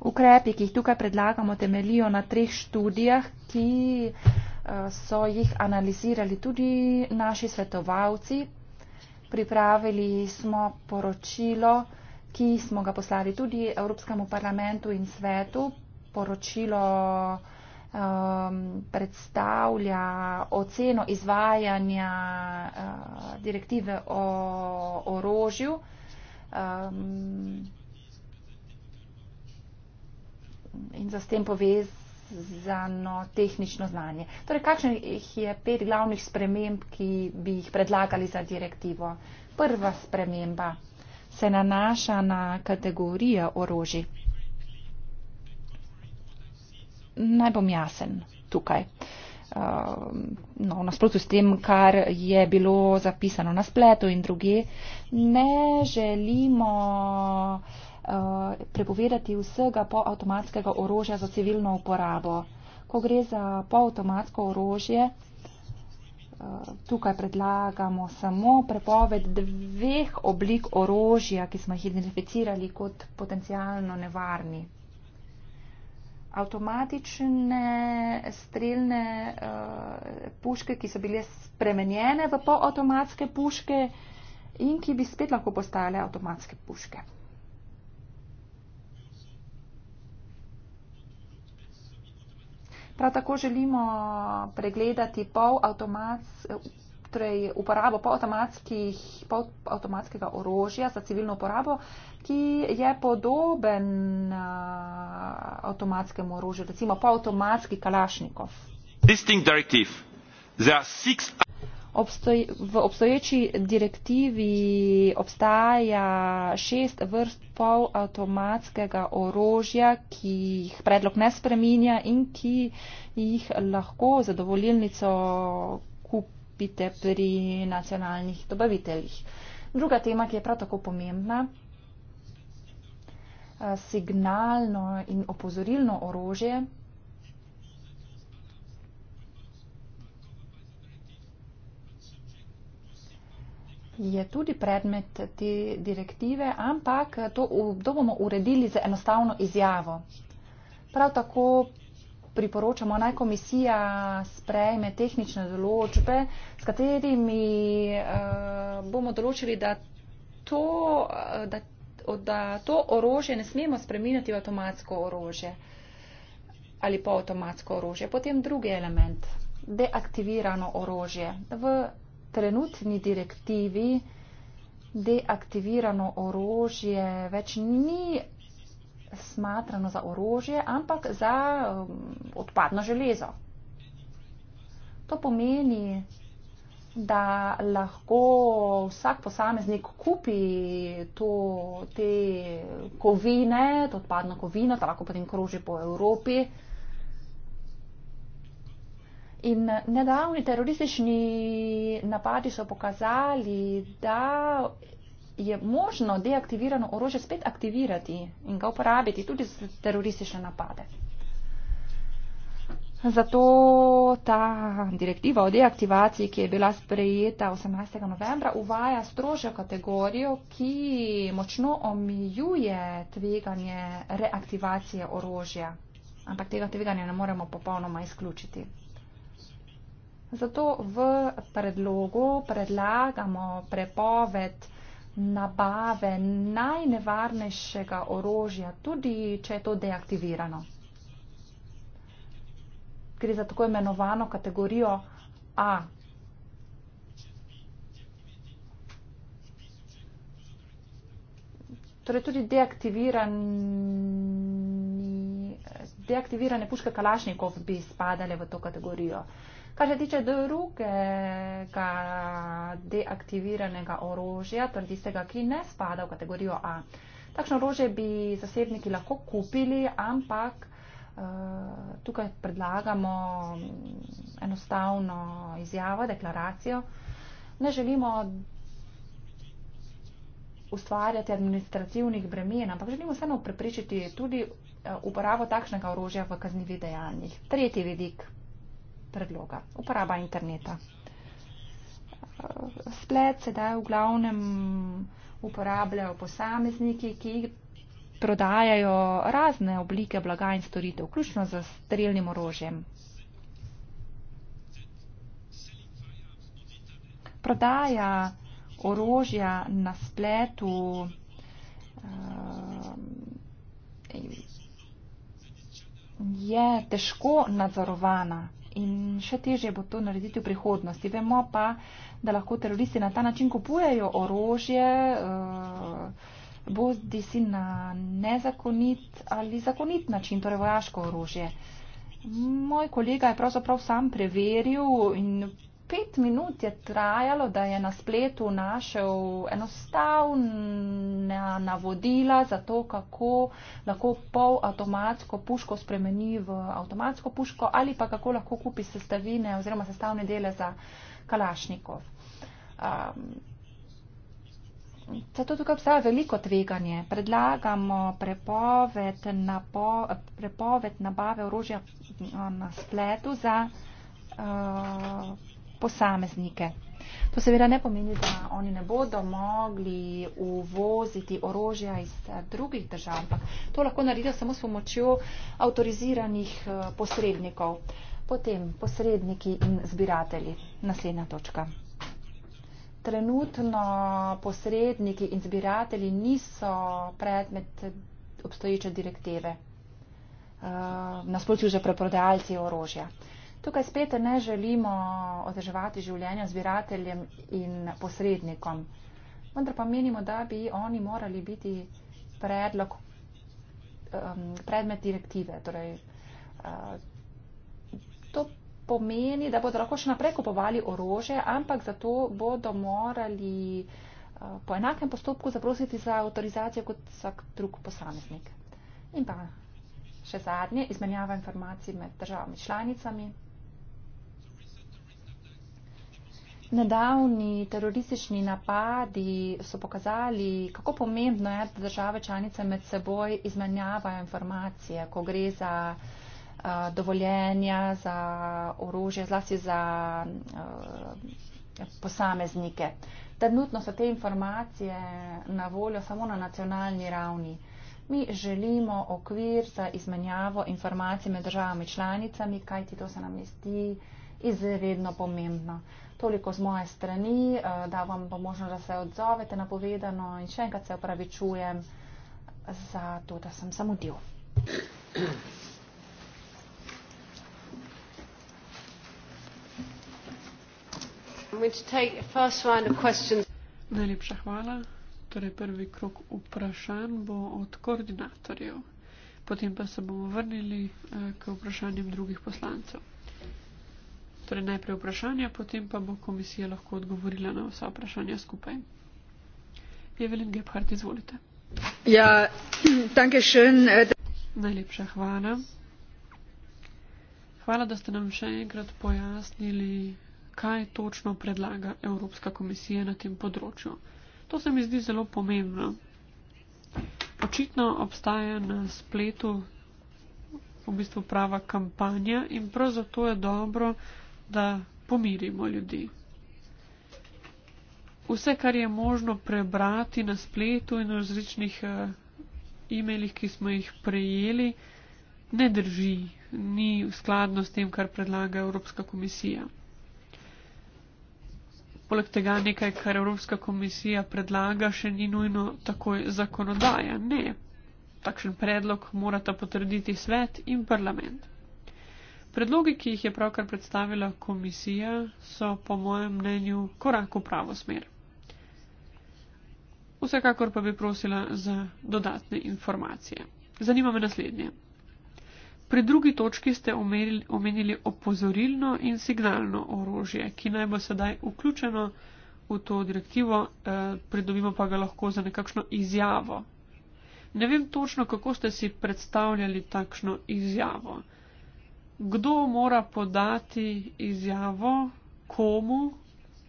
Ukrepi, ki jih tukaj predlagamo, temelijo na treh študijah, ki eh, so jih analizirali tudi naši svetovalci, pripravili smo poročilo, ki smo ga poslali tudi Evropskemu parlamentu in svetu. Poročilo um, predstavlja oceno izvajanja uh, direktive o orožju. Um, in za s tem povez, za no tehnično znanje. Torej, kakšnih je pet glavnih sprememb, ki bi jih predlagali za direktivo? Prva sprememba se nanaša na kategorijo orožji. Naj bom jasen tukaj. Ehm, no, nasprotno s tem, kar je bilo zapisano na spletu in druge, ne želimo. Eh, prepovedati vsega poavtomatskega orožja za civilno uporabo. Ko gre za poavtomatsko orožje, eh, tukaj predlagamo samo prepoved dveh oblik orožja, ki smo jih identificirali kot potencijalno nevarni. Avtomatične strelne eh, puške, ki so bile spremenjene v poavtomatske puške in ki bi spet lahko postale avtomatske puške. Prav tako želimo pregledati pol avtomats, torej uporabo pol, pol avtomatskega orožja za civilno uporabo, ki je podoben a, avtomatskemu orožju, recimo pol avtomatski kalašnikov obstoj, v obstoječi direktivi obstaja šest vrst polavtomatskega orožja, ki jih predlog ne spreminja in ki jih lahko zadovoljnico kupite pri nacionalnih dobaviteljih. Druga tema, ki je prav tako pomembna, signalno in opozorilno orožje je tudi predmet te direktive, ampak to, to bomo uredili z enostavno izjavo. Prav tako priporočamo naj komisija sprejme tehnične določbe, s katerimi uh, bomo določili, da to, eh, da, da to orožje ne smemo spreminjati v avtomatsko orožje ali pa avtomatsko orožje. Potem drugi element, deaktivirano orožje. V trenutni direktivi deaktivirano orožje več ni smatrano za orožje, ampak za um, odpadno železo. To pomeni, da lahko vsak posameznik kupi to, te kovine, to odpadno kovino, ta lahko potem kroži po Evropi. In nedavni teroristični napadi so pokazali, da je možno deaktivirano orožje spet aktivirati in ga uporabiti tudi za teroristične napade. Zato ta direktiva o deaktivaciji, ki je bila sprejeta 18. novembra, uvaja strožjo kategorijo, ki močno omejuje tveganje reaktivacije orožja. Ampak tega tveganja ne moremo popolnoma izključiti. Zato v predlogu predlagamo prepoved nabave najnevarnejšega orožja, tudi če je to deaktivirano. Gre za tako imenovano kategorijo A. Torej tudi deaktivirani, deaktivirane puške Kalašnikov bi spadale v to kategorijo. Kar se tiče drugega deaktiviranega orožja, torej tistega, ki ne spada v kategorijo A. Takšno orožje bi zasebniki lahko kupili, ampak uh, tukaj predlagamo enostavno izjavo, deklaracijo. Ne želimo ustvarjati administrativnih bremen, ampak želimo vseeno preprečiti tudi eh, uporabo takšnega orožja v kaznivih dejanjih. Tretji vidik predloga. Uporaba interneta. Splet se daj v glavnem uporabljajo posamezniki, ki prodajajo razne oblike blaga in storitev, vključno z strelnim orožjem. Prodaja orožja na spletu eh, je težko nadzorovana in še težje bo to narediti v prihodnosti. Vemo pa, da lahko teroristi na ta način kupujejo orožje, eh, bodi si na nezakonit ali zakonit način, torej vojaško orožje. Moj kolega je pravzaprav sam preveril in pet minut je trajalo, da je na spletu našel enostavna navodila za to, kako lahko pol avtomatsko puško spremeni v avtomatsko puško ali pa kako lahko kupi sestavine oziroma sestavne dele za kalašnikov. Um, Zato tukaj obstaja veliko tveganje. Predlagamo prepoved, napo, prepoved nabave orožja na spletu za uh, posameznike. To seveda ne pomeni, da oni ne bodo mogli uvoziti orožja iz eh, drugih držav, ampak to lahko naredijo samo s pomočjo avtoriziranih eh, posrednikov, potem posredniki in zbiratelji. Naslednja točka. Trenutno posredniki in zbiratelji niso predmet obstoječe direktive, eh, nasplošno že preprodajalci orožja. Tukaj spet ne želimo oteževati življenja zbirateljem in posrednikom, vendar pa menimo, da bi oni morali biti predlog, um, predmet direktive. Torej, uh, to pomeni, da bodo lahko še naprej kupovali orože, ampak zato bodo morali uh, po enakem postopku zaprositi za avtorizacijo kot vsak drug posameznik. In pa še zadnje, izmenjava informacij med državami članicami. Nedavni teroristični napadi so pokazali, kako pomembno je, da države članice med seboj izmenjavajo informacije, ko gre za uh, dovoljenja, za orožje, zlasti za uh, posameznike. Trenutno so te informacije na voljo samo na nacionalni ravni. Mi želimo okvir za izmenjavo informacij med državami članicami, kajti to se nam zdi izredno pomembno toliko z moje strani, eh, da vam bo možno, da se odzovete na povedano in še enkrat se opravičujem za to, da sem zamudil. Najlepša hvala. Torej prvi krok vprašanj bo od koordinatorjev. Potem pa se bomo vrnili eh, k vprašanjem drugih poslancev torej najprej vprašanja, potem pa bo komisija lahko odgovorila na vsa vprašanja skupaj. Evelin Gebhardt, izvolite. Ja, danke schön. Eh, Najlepša hvala. Hvala, da ste nam še enkrat pojasnili, kaj točno predlaga Evropska komisija na tem področju. To se mi zdi zelo pomembno. Očitno obstaja na spletu v bistvu prava kampanja in prav zato je dobro, da pomirimo ljudi. Vse, kar je možno prebrati na spletu in v različnih eh, e-mailih, ki smo jih prejeli, ne drži, ni v skladno s tem, kar predlaga Evropska komisija. Poleg tega nekaj, kar Evropska komisija predlaga, še ni nujno takoj zakonodaja. Ne, takšen predlog morata potrditi svet in parlament. Predlogi, ki jih je pravkar predstavila komisija, so po mojem mnenju korak v pravo smer. Vsekakor pa bi prosila za dodatne informacije. Zanima me naslednje. Pri drugi točki ste omenili opozorilno in signalno orožje, ki naj bo sedaj vključeno v to direktivo, eh, pridobimo pa ga lahko za nekakšno izjavo. Ne vem točno, kako ste si predstavljali takšno izjavo kdo mora podati izjavo, komu,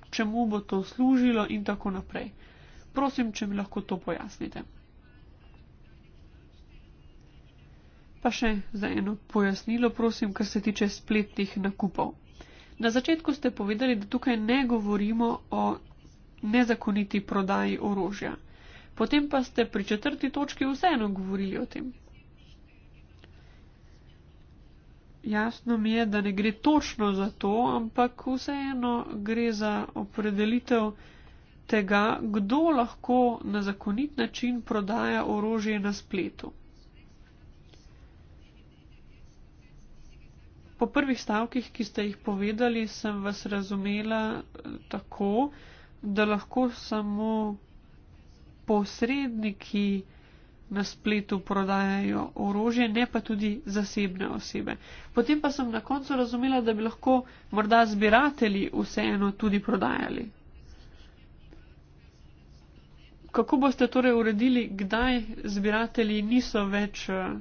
čemu bo to služilo in tako naprej. Prosim, če mi lahko to pojasnite. Pa še za eno pojasnilo, prosim, kar se tiče spletnih nakupov. Na začetku ste povedali, da tukaj ne govorimo o nezakoniti prodaji orožja. Potem pa ste pri četrti točki vseeno govorili o tem. jasno mi je, da ne gre točno za to, ampak vseeno gre za opredelitev tega, kdo lahko na zakonit način prodaja orožje na spletu. Po prvih stavkih, ki ste jih povedali, sem vas razumela eh, tako, da lahko samo posredniki na spletu prodajajo orožje, ne pa tudi zasebne osebe. Potem pa sem na koncu razumela, da bi lahko morda zbirateli vseeno tudi prodajali. Kako boste torej uredili, kdaj zbirateli niso več eh,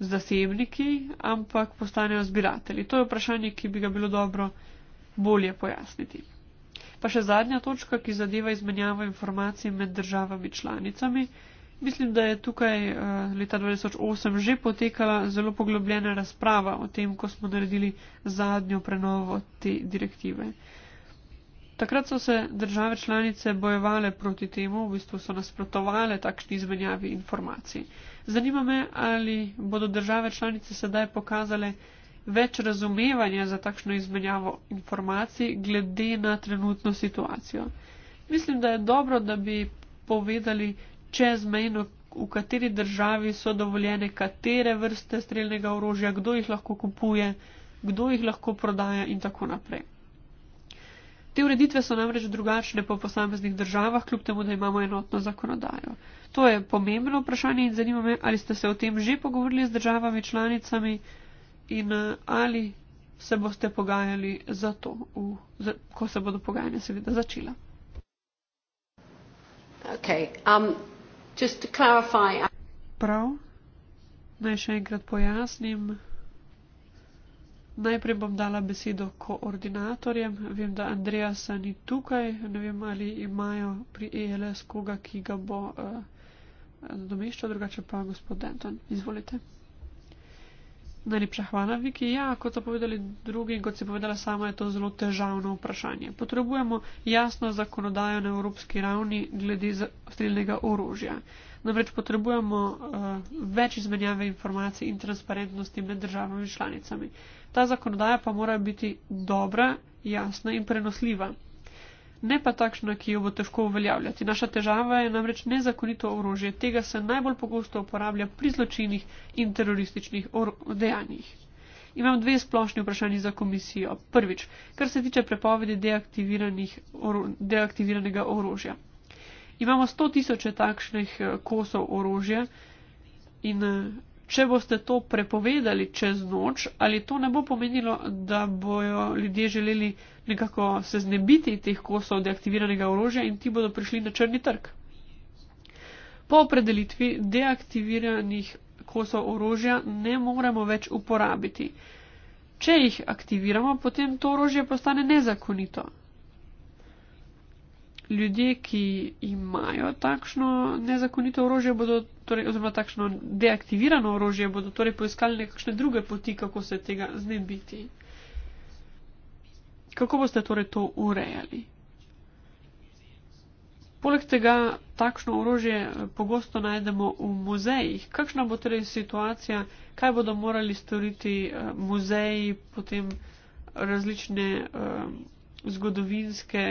zasebniki, ampak postanejo zbirateli? To je vprašanje, ki bi ga bilo dobro bolje pojasniti. Pa še zadnja točka, ki zadeva izmenjavo informacij med državami članicami. Mislim, da je tukaj eh, leta 2008 že potekala zelo poglobljena razprava o tem, ko smo naredili zadnjo prenovo te direktive. Takrat so se države članice bojevale proti temu, v bistvu so nasprotovale takšni izmenjavi informacij. Zanima me, ali bodo države članice sedaj pokazale več razumevanja za takšno izmenjavo informacij glede na trenutno situacijo. Mislim, da je dobro, da bi povedali, čezmejno, v kateri državi so dovoljene, katere vrste streljnega orožja, kdo jih lahko kupuje, kdo jih lahko prodaja in tako naprej. Te ureditve so namreč drugačne po posameznih državah, kljub temu, da imamo enotno zakonodajo. To je pomembno vprašanje in zanima me, ali ste se o tem že pogovorili z državami članicami in ali se boste pogajali za to, v, za, ko se bodo pogajanja seveda začela. Okay, um... Uh, Prav, naj še enkrat pojasnim. Najprej bom dala besedo koordinatorjem. Vem, da Andreasa ni tukaj. Ne vem, ali imajo pri ELS koga, ki ga bo uh, eh, domeščal, drugače pa gospod Denton. Izvolite. Najlepša hvala, Viki. Ja, kot so povedali drugi in kot si povedala sama, je to zelo težavno vprašanje. Potrebujemo jasno zakonodajo na evropski ravni glede strelnega orožja. Namreč potrebujemo uh, več izmenjave informacij in transparentnosti med državami in članicami. Ta zakonodaja pa mora biti dobra, jasna in prenosljiva ne pa takšna, ki jo bo težko uveljavljati. Naša težava je namreč nezakonito orožje. Tega se najbolj pogosto uporablja pri zločinih in terorističnih dejanjih. Imam dve splošni vprašanji za komisijo. Prvič, kar se tiče prepovedi deaktiviranega orožja. Imamo sto tisoče takšnih eh, kosov orožja in eh, Če boste to prepovedali čez noč, ali to ne bo pomenilo, da bojo ljudje želeli nekako se znebiti teh kosov deaktiviranega orožja in ti bodo prišli na črni trg? Po opredelitvi deaktiviranih kosov orožja ne moremo več uporabiti. Če jih aktiviramo, potem to orožje postane nezakonito ljudje, ki imajo takšno nezakonito orožje, bodo, torej, oziroma takšno deaktivirano orožje, bodo torej poiskali nekakšne druge poti, kako se tega znebiti. Kako boste torej to urejali? Poleg tega, takšno orožje eh, pogosto najdemo v muzejih. Kakšna bo torej situacija, kaj bodo morali storiti eh, muzeji, potem različne um, zgodovinske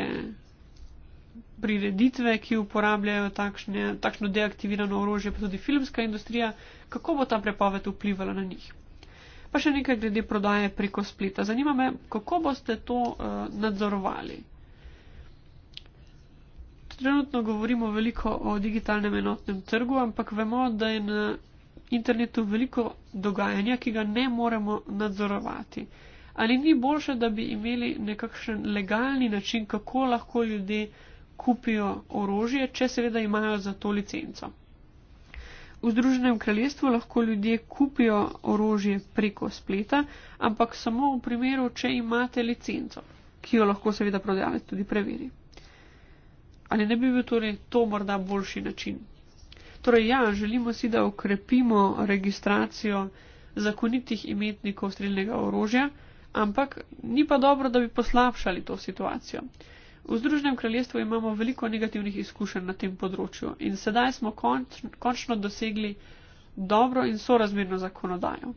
prireditve, ki uporabljajo takšne, takšno deaktivirano orožje, pa tudi filmska industrija, kako bo ta prepoved vplivala na njih. Pa še nekaj glede prodaje preko spleta. Zanima me, kako boste to uh, nadzorovali. Trenutno govorimo veliko o digitalnem enotnem trgu, ampak vemo, da je na internetu veliko dogajanja, ki ga ne moremo nadzorovati. Ali ni boljše, da bi imeli nekakšen legalni način, kako lahko ljudje uh, kupijo orožje, če seveda imajo za to licenco. V Združenem kraljestvu lahko ljudje kupijo orožje preko spleta, ampak samo v primeru, če imate licenco, ki jo lahko seveda prodajalec tudi preveri. Ali ne bi bil torej to morda boljši način? Torej, ja, želimo si, da okrepimo registracijo zakonitih imetnikov streljnega orožja, ampak ni pa dobro, da bi poslabšali to situacijo. V Združenem kraljestvu imamo veliko negativnih izkušenj na tem področju in sedaj smo konč, končno dosegli dobro in sorazmerno zakonodajo.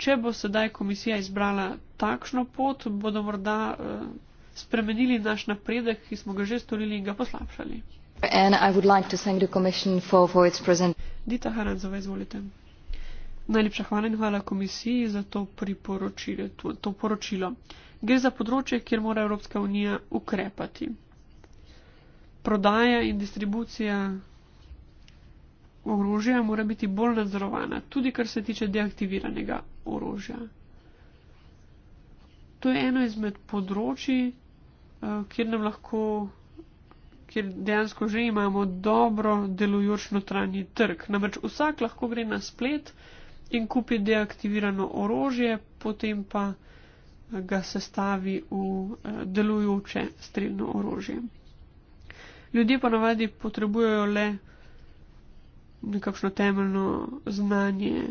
Če bo sedaj komisija izbrala takšno pot, bodo morda uh, spremenili naš napredek, ki smo ga že storili in ga poslabšali. Dita Haranzova, izvolite. Najlepša hvala in hvala komisiji za to, to poročilo. Gre za področje, kjer mora Evropska unija ukrepati. Prodaja in distribucija orožja mora biti bolj nadzorovana, tudi kar se tiče deaktiviranega orožja. To je eno izmed področji, eh, kjer nam lahko, kjer dejansko že imamo dobro delujoč notranji trg. Namreč vsak lahko gre na splet in kupi deaktivirano orožje, potem pa ga sestavi v eh, delujoče streljno orožje. Ljudje ponavadi potrebujejo le nekakšno temeljno znanje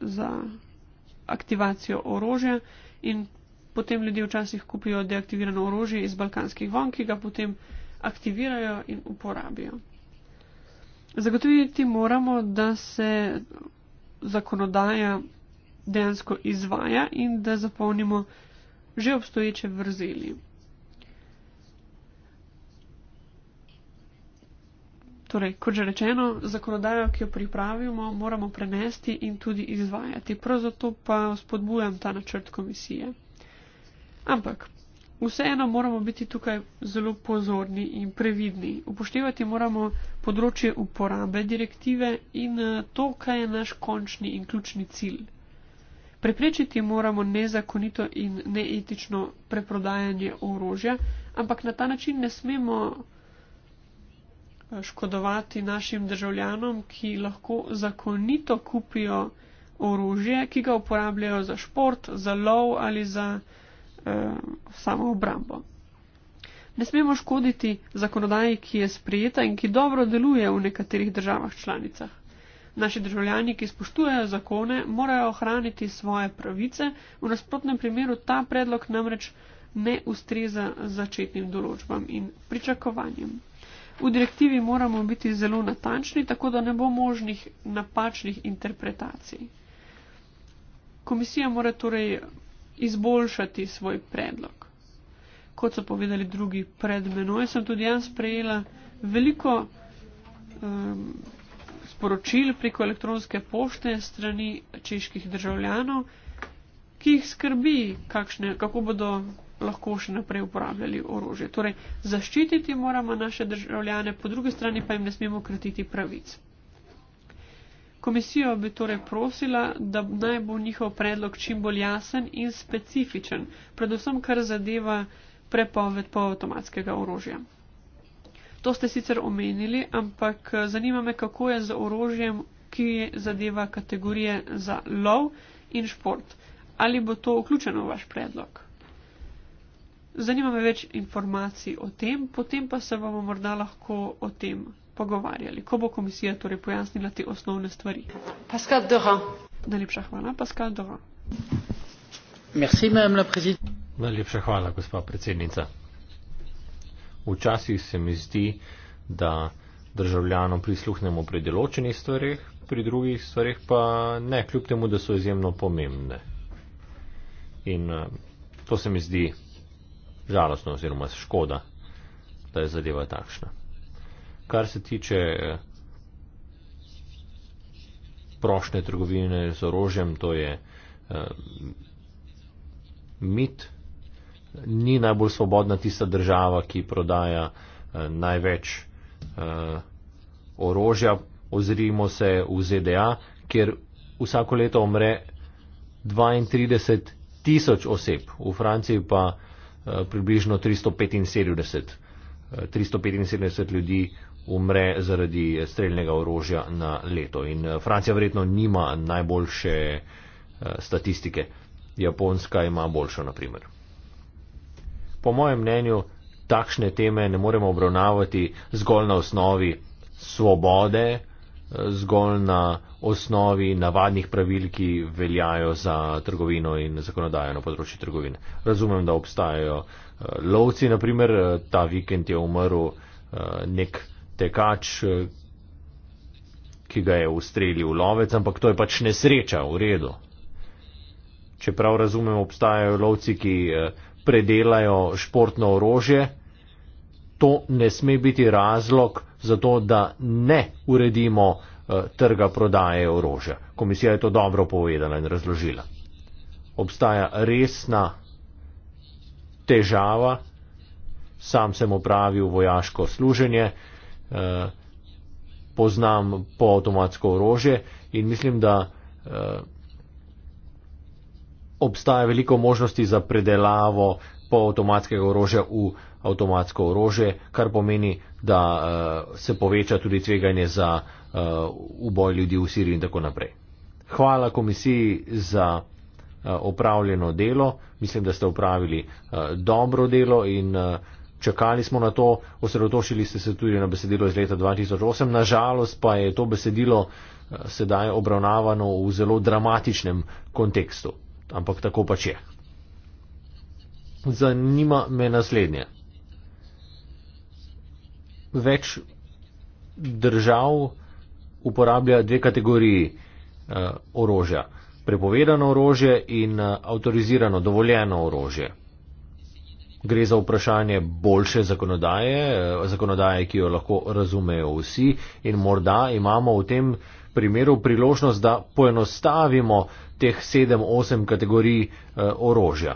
za aktivacijo orožja in potem ljudje včasih kupijo deaktivirano orožje iz balkanskih von, ki ga potem aktivirajo in uporabijo. Zagotoviti moramo, da se zakonodaja dejansko izvaja in da zapolnimo že obstoječe vrzeli. Torej, kot že rečeno, zakonodajo, ki jo pripravimo, moramo prenesti in tudi izvajati. Prav zato pa spodbujam ta načrt komisije. Ampak, vseeno moramo biti tukaj zelo pozorni in previdni. Upoštevati moramo področje uporabe direktive in eh, to, kaj je naš končni in ključni cilj. Preprečiti moramo nezakonito in neetično preprodajanje orožja, ampak na ta način ne smemo eh, škodovati našim državljanom, ki lahko zakonito kupijo orožje, ki ga uporabljajo za šport, za lov ali za eh, samo obrambo. Ne smemo škoditi zakonodaji, ki je sprejeta in ki dobro deluje v nekaterih državah članicah. Naši državljani, ki spoštujejo zakone, morajo ohraniti svoje pravice, v nasprotnem primeru ta predlog namreč ne ustreza začetnim določbam in pričakovanjem. V direktivi moramo biti zelo natančni, tako da ne bo možnih napačnih interpretacij. Komisija mora torej izboljšati svoj predlog. Kot so povedali drugi pred menoj, sem tudi jaz prejela veliko um, sporočil preko elektronske pošte strani čeških državljanov, ki jih skrbi, kakšne, kako bodo lahko še naprej uporabljali orožje. Torej, zaščititi moramo naše državljane, po drugi strani pa jim ne smemo kratiti pravic. Komisijo bi torej prosila, da naj bo njihov predlog čim bolj jasen in specifičen, predvsem kar zadeva prepoved polavtomatskega orožja. To ste sicer omenili, ampak eh, zanima me, kako je z orožjem, ki zadeva kategorije za lov in šport. Ali bo to vključeno v vaš predlog? Zanima me več informacij o tem, potem pa se bomo morda lahko o tem pogovarjali, ko bo komisija torej pojasnila te osnovne stvari. Pascal Dora. Najlepša hvala, Pascal Dora. Merci, Najlepša hvala, gospod predsednica. Včasih se mi zdi, da državljanom prisluhnemo pri določenih stvarih, pri drugih stvarih pa ne, kljub temu, da so izjemno pomembne. In eh, to se mi zdi žalostno oziroma škoda, da je zadeva takšna. Kar se tiče eh, prošne trgovine z orožjem, to je eh, mit ni najbolj svobodna tista država, ki prodaja eh, največ eh, orožja. Ozirimo se v ZDA, kjer vsako leto umre 32 tisoč oseb, v Franciji pa eh, približno 375, eh, 375 ljudi umre zaradi streljnega orožja na leto. In eh, Francija verjetno nima najboljše eh, statistike. Japonska ima boljšo, na primer po mojem mnenju, takšne teme ne moremo obravnavati zgolj na osnovi svobode, zgolj na osnovi navadnih pravil, ki veljajo za trgovino in zakonodajo na področju trgovine. Razumem, da obstajajo eh, lovci, naprimer, eh, ta vikend je umrl eh, nek tekač, ki ga je ustrelil lovec, ampak to je pač nesreča, v redu. Čeprav razumem, obstajajo lovci, ki predelajo športno orožje, to ne sme biti razlog za to, da ne uredimo eh, trga prodaje orožja. Komisija je to dobro povedala in razložila. Obstaja resna težava, sam sem opravil vojaško služenje, eh, poznam poautomatsko orožje in mislim, da eh, obstaja veliko možnosti za predelavo po avtomatskega orožja v avtomatsko orožje, kar pomeni, da uh, se poveča tudi tveganje za eh, uboj uh, ljudi v Siriji in tako naprej. Hvala komisiji za uh, opravljeno delo. Mislim, da ste upravili uh, dobro delo in uh, čakali smo na to. Osredotočili ste se tudi na besedilo iz leta 2008. Nažalost pa je to besedilo uh, sedaj obravnavano v zelo dramatičnem kontekstu ampak tako pač je. Zanima me naslednje. Več držav uporablja dve kategoriji uh, orožja. Prepovedano orožje in uh, avtorizirano, dovoljeno orožje. Gre za vprašanje boljše zakonodaje, uh, zakonodaje, ki jo lahko razumejo vsi in morda imamo v tem uh, primeru priložnost, da poenostavimo teh sedem, osem kategorij eh, orožja.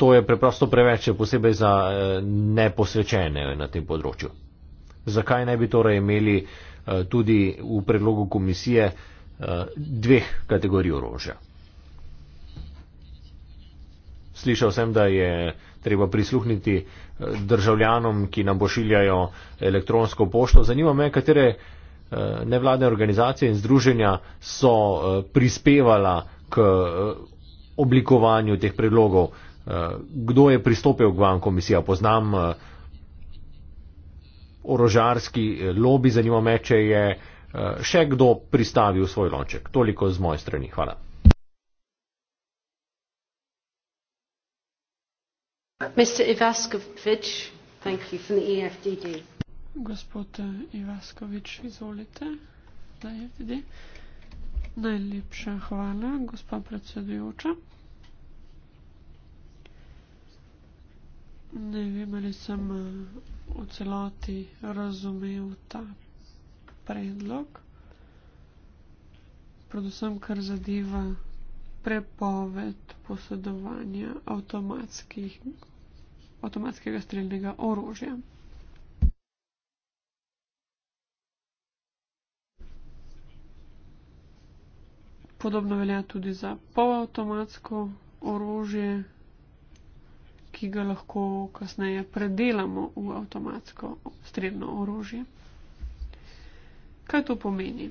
To je preprosto preveč, še posebej za eh, neposvečene na tem področju. Zakaj ne bi torej imeli eh, tudi v predlogu komisije dveh kategorij orožja? Slišal sem, da je treba prisluhniti državljanom, ki nam pošiljajo elektronsko pošto. Zanima me, katere uh, Eh, nevladne organizacije in združenja so eh, prispevala k eh, oblikovanju teh predlogov. Kdo je pristopil k vam, komisija? Poznam orožarski lobi, zanima me, če je še kdo pristavil svoj lonček. Toliko z moje strani. Hvala. Mr. Ivaskovič, thank you from the EFDD. Gospod eh, Ivaskovič, izvolite. Najlepša hvala, gospod predsedujoča. Ne vem, ali sem eh, v celoti razumel ta predlog, predvsem kar zadeva prepoved posedovanja avtomatskih, avtomatskega streljnega orožja. Podobno velja tudi za polavtomatsko orožje, ki ga lahko kasneje predelamo v avtomatsko strelno orožje. Kaj to pomeni?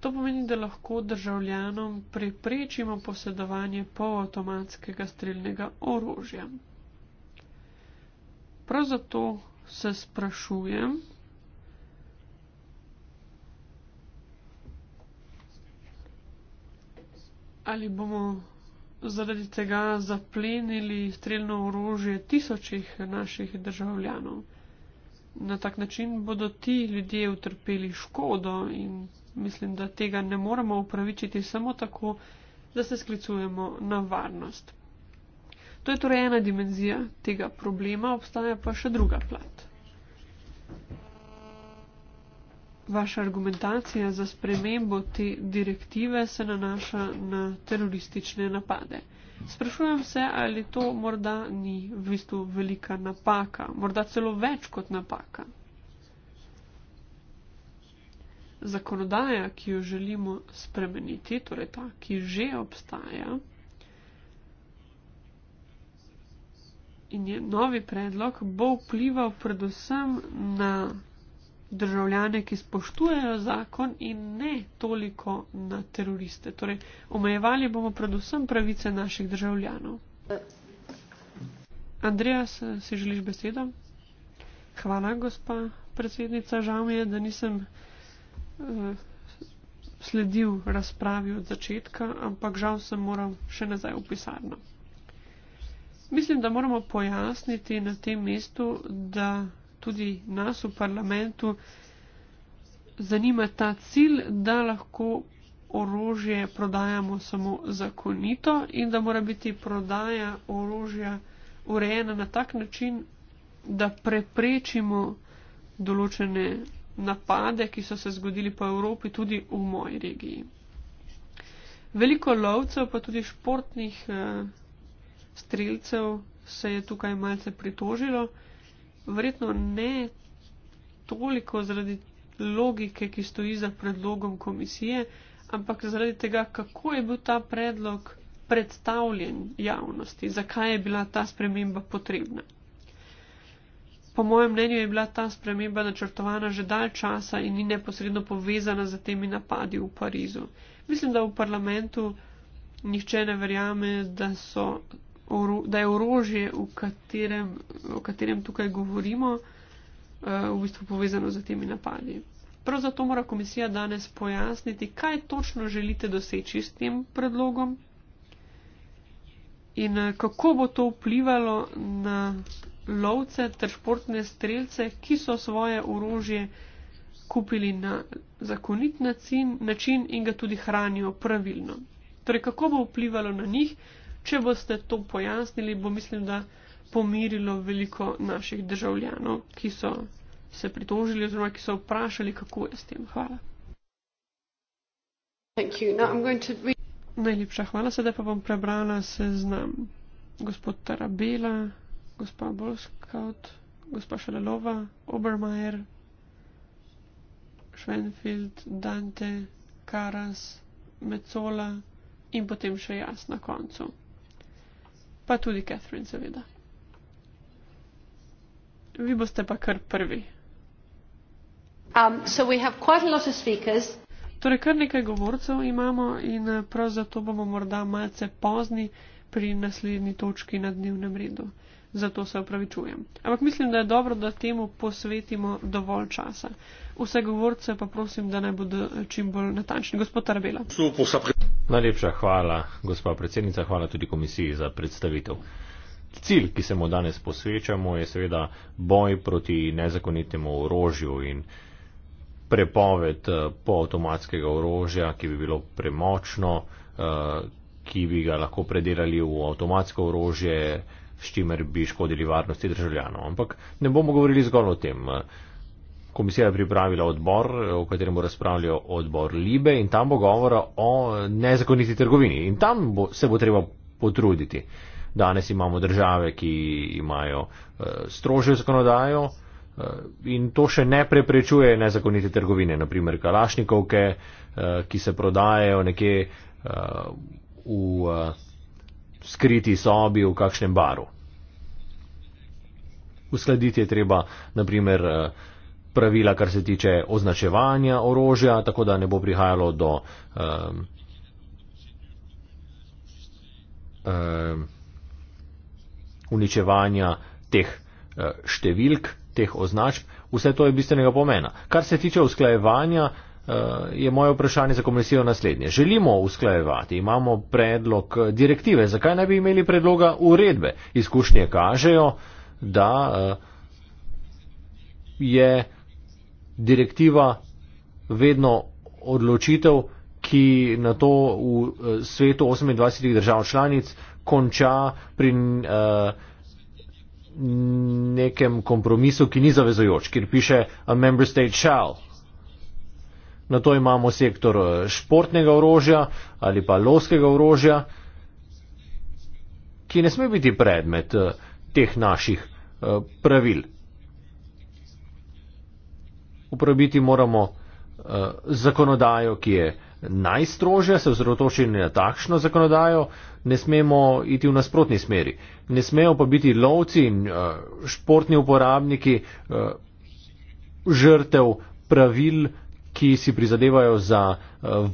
To pomeni, da lahko državljanom preprečimo posedovanje polavtomatskega strelnega orožja. Prav zato se sprašujem, ali bomo zaradi tega zaplenili streljno orožje tisočih naših državljanov. Na tak način bodo ti ljudje utrpeli škodo in mislim, da tega ne moramo upravičiti samo tako, da se sklicujemo na varnost. To je torej ena dimenzija tega problema, obstaja pa še druga plat. vaša argumentacija za spremembo te direktive se nanaša na teroristične napade. Sprašujem se, ali to morda ni v bistvu velika napaka, morda celo več kot napaka. Zakonodaja, ki jo želimo spremeniti, torej ta, ki že obstaja, in je novi predlog, bo vplival predvsem na državljane, ki spoštujejo zakon in ne toliko na teroriste. Torej, omejevali bomo predvsem pravice naših državljanov. Andreja, si želiš besedo? Hvala, gospa predsednica. Žal mi je, da nisem uh, sledil razpravi od začetka, ampak žal sem moral še nazaj v pisarno. Mislim, da moramo pojasniti na tem mestu, da tudi nas v parlamentu zanima ta cilj, da lahko orožje prodajamo samo zakonito in da mora biti prodaja orožja urejena na tak način, da preprečimo določene napade, ki so se zgodili po Evropi, tudi v moji regiji. Veliko lovcev, pa tudi športnih eh, strelcev se je tukaj malce pritožilo verjetno ne toliko zaradi logike, ki stoji za predlogom komisije, ampak zaradi tega, kako je bil ta predlog predstavljen javnosti, zakaj je bila ta sprememba potrebna. Po mojem mnenju je bila ta sprememba načrtovana že dalj časa in ni neposredno povezana z temi napadi v Parizu. Mislim, da v parlamentu nihče ne verjame, da so da je orožje, o katerem, o katerem tukaj govorimo, eh, v bistvu povezano z temi napadi. Prav zato mora komisija danes pojasniti, kaj točno želite doseči s tem predlogom in eh, kako bo to vplivalo na lovce ter športne strelce, ki so svoje orožje kupili na zakonit način in ga tudi hranijo pravilno. Torej, kako bo vplivalo na njih, če boste to pojasnili, bo mislim, da pomirilo veliko naših državljanov, ki so se pritožili oziroma ki so vprašali, kako je s tem. Hvala. Najlepša hvala, sedaj pa bom prebrala seznam. Gospod Tarabela, gospa Bolskaut, gospa Šalelova, Obermajer, Švenfield, Dante, Karas, Mecola in potem še jaz na koncu pa tudi Catherine, seveda. Vi boste pa kar prvi. Um, torej, kar nekaj govorcev imamo in eh, prav zato bomo morda malce pozni pri naslednji točki na dnevnem redu. Zato se opravičujem. Ampak mislim, da je dobro, da temu posvetimo dovolj časa. Vse govorce pa prosim, da naj bodo eh, čim bolj natančni. Gospod Tarabela. Najlepša hvala, gospa predsednica, hvala tudi komisiji za predstavitev. Cilj, ki se mu danes posvečamo, je seveda boj proti nezakonitemu orožju in prepoved eh, poautomatskega orožja, ki bi bilo premočno, eh, ki bi ga lahko predelali v avtomatsko orožje, s čimer bi škodili varnosti državljanov. Ampak ne bomo govorili zgolj o tem komisija pripravila odbor, o katerem bo razpravljal odbor Libe in tam bo govora o nezakoniti trgovini. In tam bo, se bo treba potruditi. Danes imamo države, ki imajo uh, strožjo zakonodajo uh, in to še ne preprečuje nezakonite trgovine. Naprimer kalašnikovke, uh, ki se prodajajo nekje uh, v uh, skriti sobi v kakšnem baru. Uskladiti je treba, naprimer, uh, pravila, kar se tiče označevanja orožja, tako da ne bo prihajalo do um, um, uničevanja teh eh, številk, teh označb. Vse to je bistvenega pomena. Kar se tiče usklajevanja, eh, je moje vprašanje za komisijo naslednje. Želimo usklajevati, imamo predlog eh, direktive, zakaj ne bi imeli predloga uredbe? Izkušnje kažejo, da je direktiva vedno odločitev, ki na to v eh, svetu 28 držav članic konča pri uh, nekem kompromisu, ki ni zavezojoč, kjer piše a member state shall. Na to imamo sektor eh, športnega orožja ali pa loskega orožja, ki ne sme biti predmet teh naših pravil uporabiti moramo uh, zakonodajo, ki je najstrožja, se vzrotočili na takšno zakonodajo, ne smemo iti v nasprotni smeri. Ne smejo pa biti lovci in uh, športni uporabniki uh, žrtev pravil, ki si prizadevajo za uh,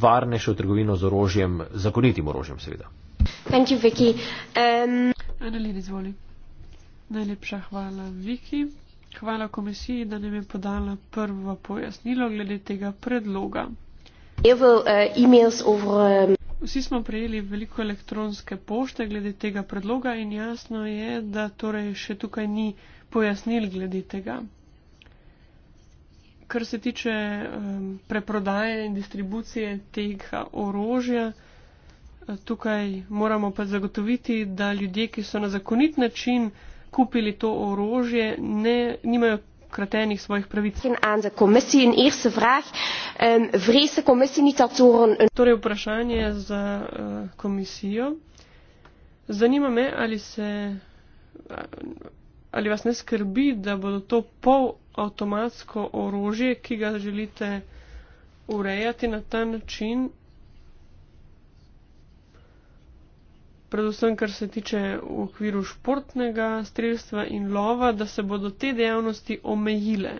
varnejšo trgovino z orožjem, zakonitim orožjem seveda. Hvala, Viki. Um... Najlepša hvala, Viki. Hvala komisiji, da nam je podala prvo pojasnilo glede tega predloga. Eh, eh, Vsi smo prejeli veliko elektronske pošte glede tega predloga in jasno je, da torej še tukaj ni pojasnil glede tega. Kar se tiče um, preprodaje in distribucije tega orožja, eh, tukaj moramo pa zagotoviti, da ljudje, ki so na zakonit način kupili to orožje, ne, nimajo kratenih svojih pravic. Ehm, torej vprašanje za uh, komisijo. Zanima me, ali, se, ali vas ne skrbi, da bodo to polavtomatsko orožje, ki ga želite urejati na ta način, predvsem kar se tiče v okviru športnega strelstva in lova, da se bodo te dejavnosti omejile.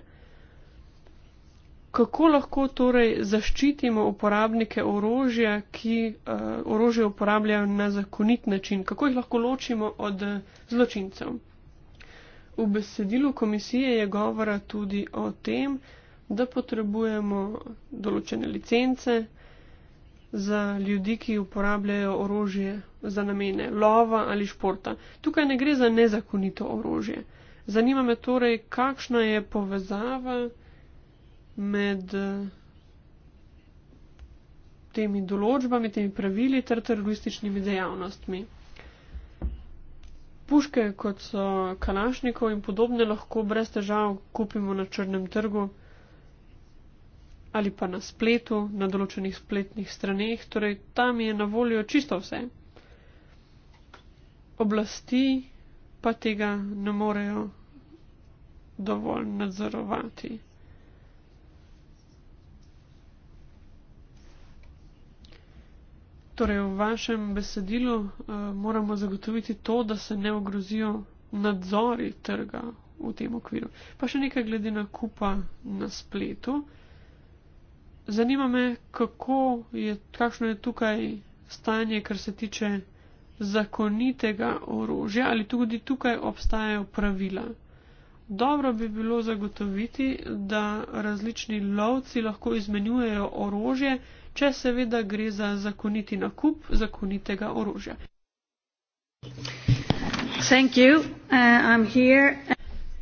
Kako lahko torej zaščitimo uporabnike orožja, ki uh, orožje uporabljajo na zakonit način? Kako jih lahko ločimo od eh, zločincev? V besedilu komisije je govora tudi o tem, da potrebujemo določene licence, za ljudi, ki uporabljajo orožje za namene lova ali športa. Tukaj ne gre za nezakonito orožje. Zanima me torej, kakšna je povezava med eh, temi določbami, temi pravili ter terorističnimi dejavnostmi. Puške, kot so kalašnikov in podobne, lahko brez težav kupimo na črnem trgu ali pa na spletu, na določenih spletnih straneh, torej tam je na voljo čisto vse. Oblasti pa tega ne morejo dovolj nadzorovati. Torej, v vašem besedilu uh, moramo zagotoviti to, da se ne ogrozijo nadzori trga v tem okviru. Pa še nekaj glede na kupa na spletu. Uh, Zanima me, je, kakšno je tukaj stanje, kar se tiče zakonitega orožja, ali tudi tukaj obstajajo pravila. Dobro bi bilo zagotoviti, da različni lovci lahko izmenjujejo orožje, če seveda gre za zakoniti nakup zakonitega orožja. Uh,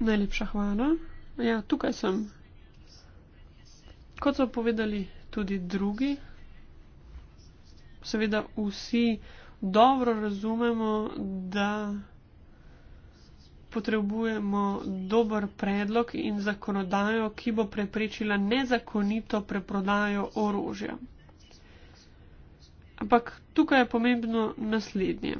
Najlepša hvala. Ja, tukaj sem. Kot so povedali tudi drugi, seveda vsi dobro razumemo, da potrebujemo dober predlog in zakonodajo, ki bo preprečila nezakonito preprodajo orožja. Ampak tukaj je pomembno naslednje.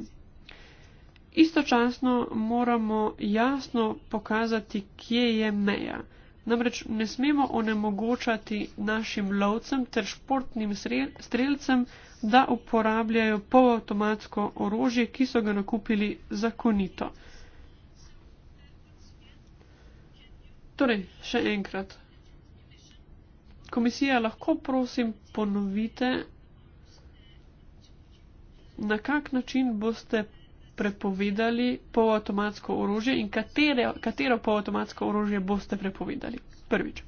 Istočasno moramo jasno pokazati, kje je meja. Namreč ne smemo onemogočati našim lovcem ter športnim strelcem, da uporabljajo polavtomatsko orožje, ki so ga nakupili zakonito. Torej, še enkrat. Komisija, lahko prosim ponovite, na kak način boste prepovedali polavtomatsko orožje in katere, katero polavtomatsko orožje boste prepovedali. Prvič.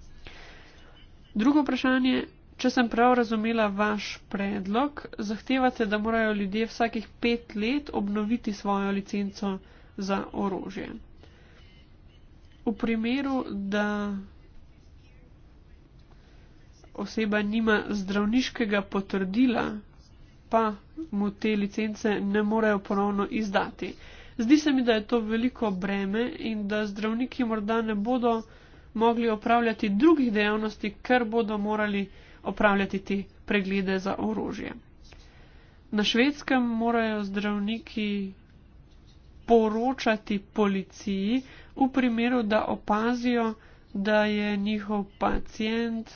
Drugo vprašanje. Če sem prav razumela vaš predlog, zahtevate, da morajo ljudje vsakih pet let obnoviti svojo licenco za orožje. V primeru, da oseba nima zdravniškega potrdila pa mu te licence ne morejo ponovno izdati. Zdi se mi, da je to veliko breme in da zdravniki morda ne bodo mogli opravljati drugih dejavnosti, ker bodo morali opravljati te preglede za orožje. Na švedskem morajo zdravniki poročati policiji v primeru, da opazijo, da je njihov pacijent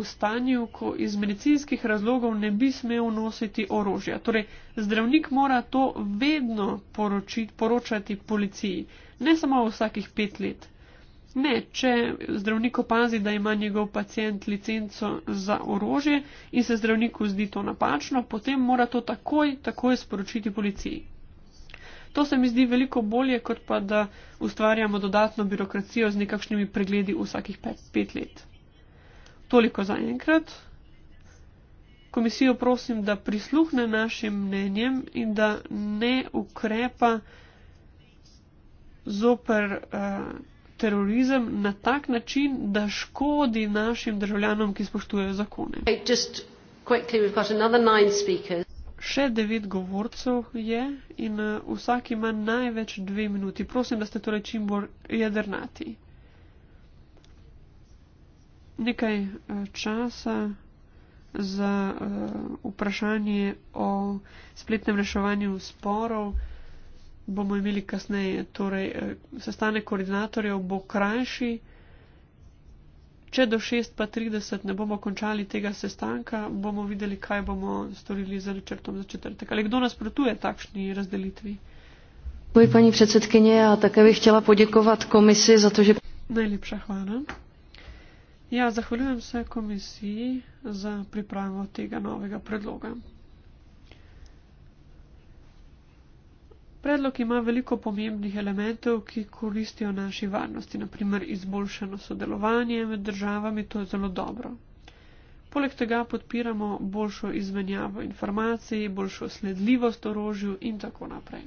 v stanju, ko iz medicinskih razlogov ne bi smel nositi orožja. Torej, zdravnik mora to vedno poročiti, poročati policiji, ne samo vsakih pet let. Ne, če zdravnik opazi, da ima njegov pacijent licenco za orožje in se zdravniku zdi to napačno, potem mora to takoj, takoj sporočiti policiji. To se mi zdi veliko bolje, kot pa da ustvarjamo dodatno birokracijo z nekakšnimi pregledi vsakih pet, pet let. Toliko za enkrat. Komisijo prosim, da prisluhne našim mnenjem in da ne ukrepa zoper uh, terorizem na tak način, da škodi našim državljanom, ki spoštujejo zakone. Quickly, Še devet govorcev je in uh, vsak ima največ dve minuti. Prosim, da ste torej čim bolj jedrnati nekaj eh, časa za eh, vprašanje o spletnem reševanju sporov. Bomo imeli kasneje, torej eh, sestanek koordinatorjev bo krajši. Če do 6.30 ne bomo končali tega sestanka, bomo videli, kaj bomo storili z načrtom za četrtek. Ali kdo nasprotuje takšni razdelitvi? Poj, paní předsedkyně, já také bych chtěla poděkovat komisi za to, že. Najlepša hvala. Ja, zahvaljujem se komisiji za pripravo tega novega predloga. Predlog ima veliko pomembnih elementov, ki koristijo naši varnosti, naprimer izboljšano sodelovanje med državami, to je zelo dobro. Poleg tega podpiramo boljšo izmenjavo informacij, boljšo sledljivost orožju in tako naprej.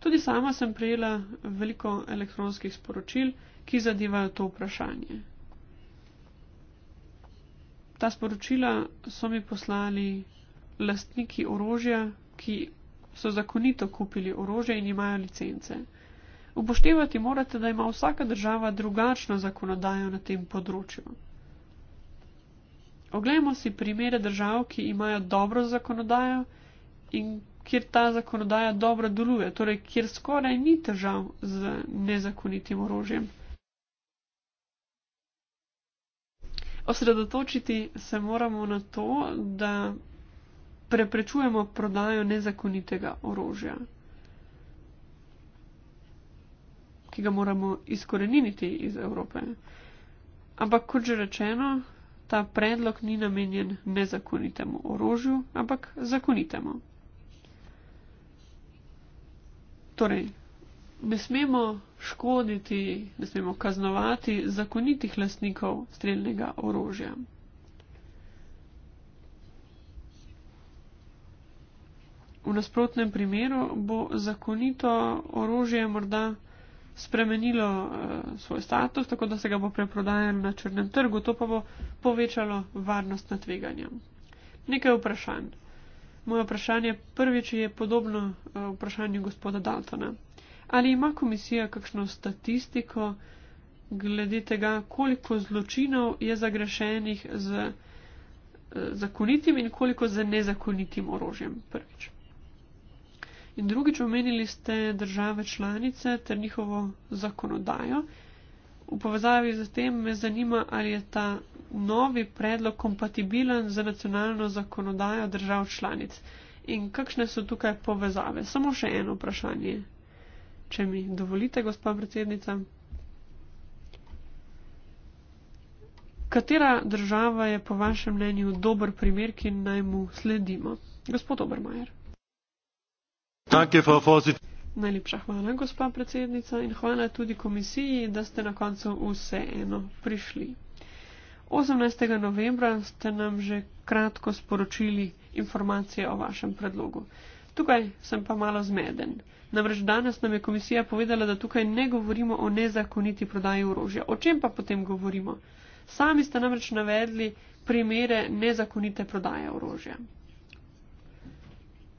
Tudi sama sem prejela veliko elektronskih sporočil, ki zadevajo to vprašanje. Ta sporočila so mi poslali lastniki orožja, ki so zakonito kupili orožje in imajo licence. Upoštevati morate, da ima vsaka država drugačno zakonodajo na tem področju. Oglejmo si primere držav, ki imajo dobro zakonodajo in kjer ta zakonodaja dobro deluje, torej kjer skoraj ni težav z nezakonitim orožjem. osredotočiti se moramo na to, da preprečujemo prodajo nezakonitega orožja, ki ga moramo izkoreniniti iz Evrope. Ampak, kot že rečeno, ta predlog ni namenjen nezakonitemu orožju, ampak zakonitemu. Torej, ne smemo škoditi, ne smemo kaznovati zakonitih lastnikov streljnega orožja. V nasprotnem primeru bo zakonito orožje morda spremenilo uh, svoj status, tako da se ga bo preprodajalo na črnem trgu, to pa bo povečalo varnost na tveganjem. Nekaj vprašanj. Moje vprašanje prvič je podobno uh, vprašanju gospoda Daltona. Ali ima komisija kakšno statistiko glede tega, koliko zločinov je zagrešenih z eh, zakonitim in koliko z nezakonitim orožjem? Prvič. In drugič, omenili ste države članice ter njihovo zakonodajo. V povezavi z tem me zanima, ali je ta novi predlog kompatibilen z nacionalno zakonodajo držav članic. In kakšne so tukaj povezave? Samo še eno vprašanje če mi dovolite, gospod predsednica. Katera država je po vašem mnenju dober primer, ki naj mu sledimo? Gospod Obermajer. Najlepša hvala, gospa predsednica, in hvala tudi komisiji, da ste na koncu vseeno prišli. 18. novembra ste nam že kratko sporočili informacije o vašem predlogu. Tukaj sem pa malo zmeden. Namreč danes nam je komisija povedala, da tukaj ne govorimo o nezakoniti prodaji orožja. O čem pa potem govorimo? Sami ste namreč navedli primere nezakonite prodaje orožja.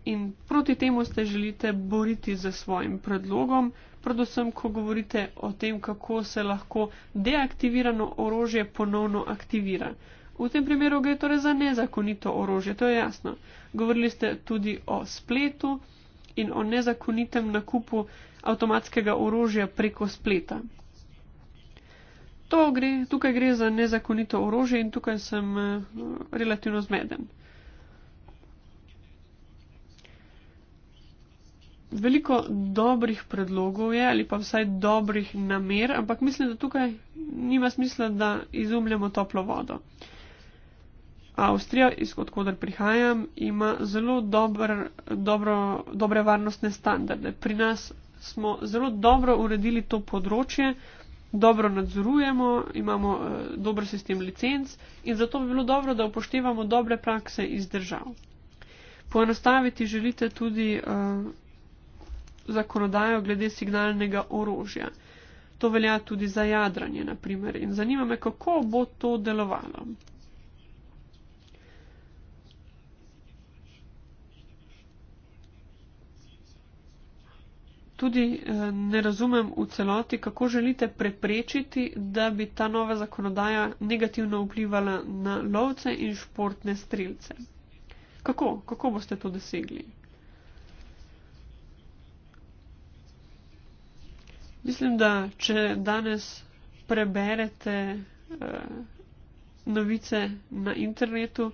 In proti temu ste želite boriti za svojim predlogom, predvsem, ko govorite o tem, kako se lahko deaktivirano orožje ponovno aktivira. V tem primeru gre torej za nezakonito orožje, to je jasno. Govorili ste tudi o spletu in o nezakonitem nakupu avtomatskega orožja preko spleta. Gre, tukaj gre za nezakonito orožje in tukaj sem eh, relativno zmeden. Veliko dobrih predlogov je ali pa vsaj dobrih namer, ampak mislim, da tukaj nima smisla, da izumljamo toplo vodo. Uh, Avstrija, odkudar prihajam, ima zelo dober, dobro, dobre varnostne standarde. Pri nas smo zelo dobro uredili to področje, dobro nadzorujemo, imamo uh, dober sistem licenc in zato bi bilo dobro, da upoštevamo dobre prakse iz držav. Poenostaviti želite tudi uh, zakonodajo glede signalnega orožja. To velja tudi za jadranje, naprimer. In zanima me, kako bo to delovalo. tudi eh, ne razumem v celoti, kako želite preprečiti, da bi ta nova zakonodaja negativno vplivala na lovce in športne strelce. Kako? Kako boste to dosegli? Mislim, da če danes preberete eh, novice na internetu,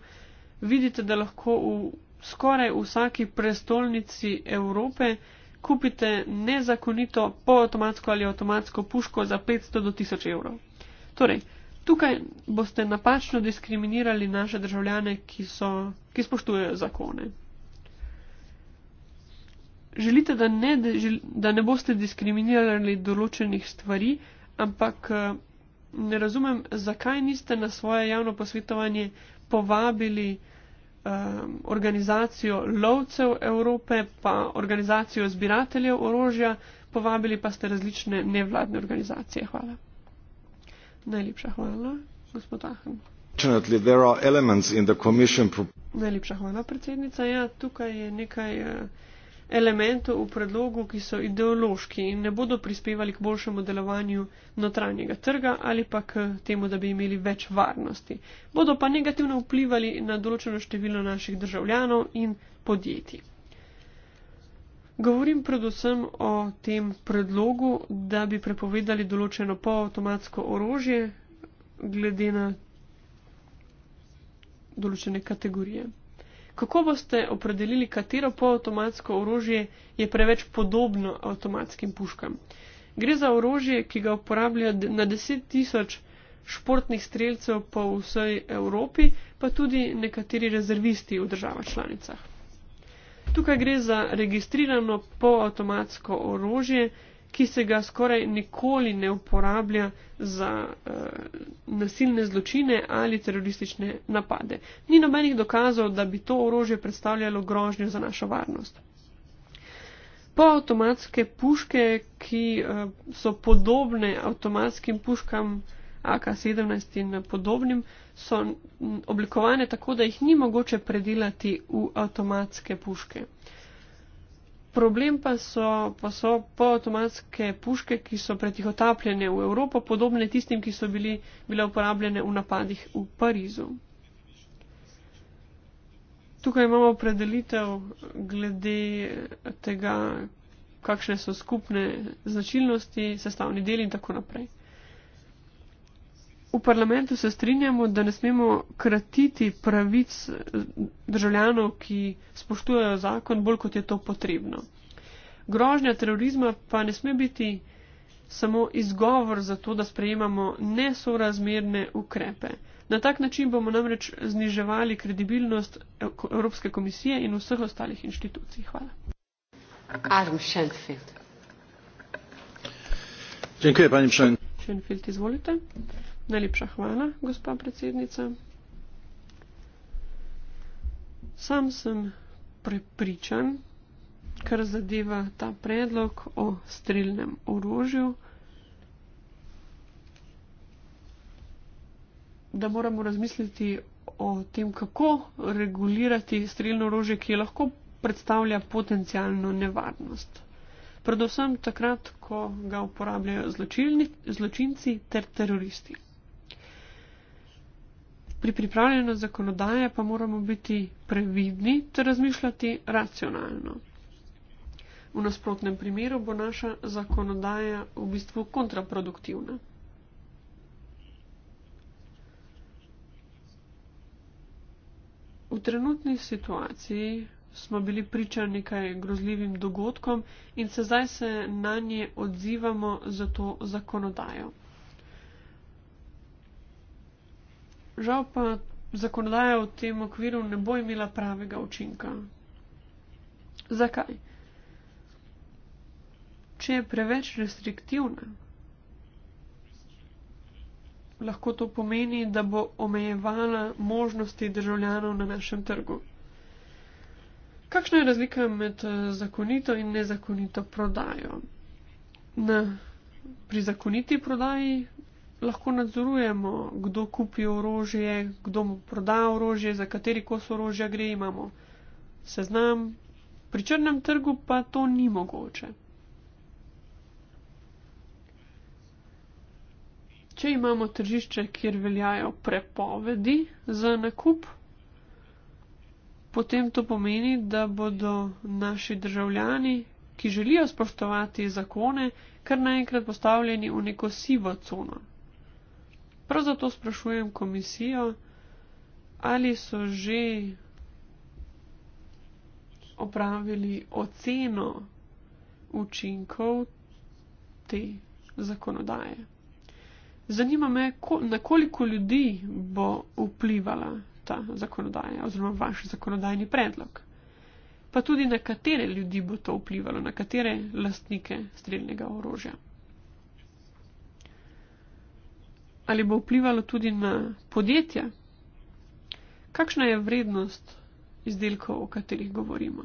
vidite, da lahko v skoraj vsaki prestolnici Evrope eh, kupite nezakonito polavtomatsko ali avtomatsko puško za 500 do 1000 evrov. Torej, tukaj boste napačno diskriminirali naše državljane, ki, so, ki spoštujejo zakone. Želite, da ne, da ne boste diskriminirali določenih stvari, ampak ne razumem, zakaj niste na svoje javno posvetovanje povabili um, organizacijo lovcev Evrope, pa organizacijo zbirateljev orožja, povabili pa ste različne nevladne organizacije. Hvala. Najlepša hvala, gospod Ahn. Najlepša hvala, predsednica. Ja, tukaj je nekaj. Uh, elementov v predlogu, ki so ideološki in ne bodo prispevali k boljšemu delovanju notranjega trga ali pa k temu, da bi imeli več varnosti. Bodo pa negativno vplivali na določeno število naših državljanov in podjetij. Govorim predvsem o tem predlogu, da bi prepovedali določeno poautomatsko orožje glede na določene kategorije. Kako boste opredelili, katero polautomatsko orožje je preveč podobno avtomatskim puškam? Gre za orožje, ki ga uporablja na deset tisoč športnih streljcev po vsej Evropi, pa tudi nekateri rezervisti v državah članicah. Tukaj gre za registrirano polautomatsko orožje, ki se ga skoraj nikoli ne uporablja za uh, nasilne zločine ali teroristične napade. Ni nobenih dokazov, da bi to orožje predstavljalo grožnjo za našo varnost. Po avtomatske puške, ki uh, so podobne avtomatskim puškam AK-17 in podobnim, so oblikovane tako, da jih ni mogoče predelati v avtomatske puške. Uh, Problem pa so, pa so polautomatske puške, ki so pretihotapljene v Evropo, podobne tistim, ki so bili, bile uporabljene v napadih v Parizu. Tukaj imamo predelitev glede tega, kakšne so skupne značilnosti, sestavni deli in tako naprej v parlamentu se strinjamo, da ne smemo kratiti pravic eh, državljanov, ki spoštujejo zakon, bolj kot je to potrebno. Grožnja terorizma pa ne sme biti samo izgovor za to, da sprejemamo nesorazmerne ukrepe. Na tak način bomo namreč zniževali kredibilnost Evropske komisije in vseh ostalih inštitucij. Hvala. Arm Schenfeld. Dziękuję Pani Przewodnicząca. Schenfeld, izvolite. Najlepša hvala, gospa predsednica. Sam sem prepričan, kar zadeva ta predlog o strelnem orožju, da moramo razmisliti o tem, kako regulirati strelno orožje, ki lahko predstavlja potencijalno nevarnost. Predvsem takrat, ko ga uporabljajo zločilni, zločinci ter teroristi. Pri pripravljanju zakonodaje pa moramo biti previdni ter razmišljati racionalno. V nasprotnem primeru bo naša zakonodaja v bistvu kontraproduktivna. V trenutni situaciji smo bili priča nekaj grozljivim dogodkom in se zdaj se na nje odzivamo za to zakonodajo. Žal pa zakonodaja v tem okviru ne bo imela pravega učinka. Zakaj? Če je preveč restriktivna, lahko to pomeni, da bo omejevala možnosti državljanov na našem trgu. Kakšna je razlika med eh, zakonito in nezakonito prodajo? Na, pri zakoniti prodaji lahko nadzorujemo, kdo kupi orožje, kdo mu proda orožje, za kateri kos orožja gre, imamo seznam. Pri črnem trgu pa to ni mogoče. Če imamo tržišče, kjer veljajo prepovedi za nakup, potem to pomeni, da bodo naši državljani, ki želijo spoštovati zakone, kar naenkrat postavljeni v neko sivo cono. Prav zato sprašujem komisijo, ali so že opravili oceno učinkov te zakonodaje. Zanima me, na koliko ljudi bo vplivala ta zakonodaja oziroma vaš zakonodajni predlog. Pa tudi na katere ljudi bo to vplivalo, na katere lastnike streljnega orožja. ali bo vplivalo tudi na podjetja? Kakšna je vrednost izdelkov, o katerih govorimo?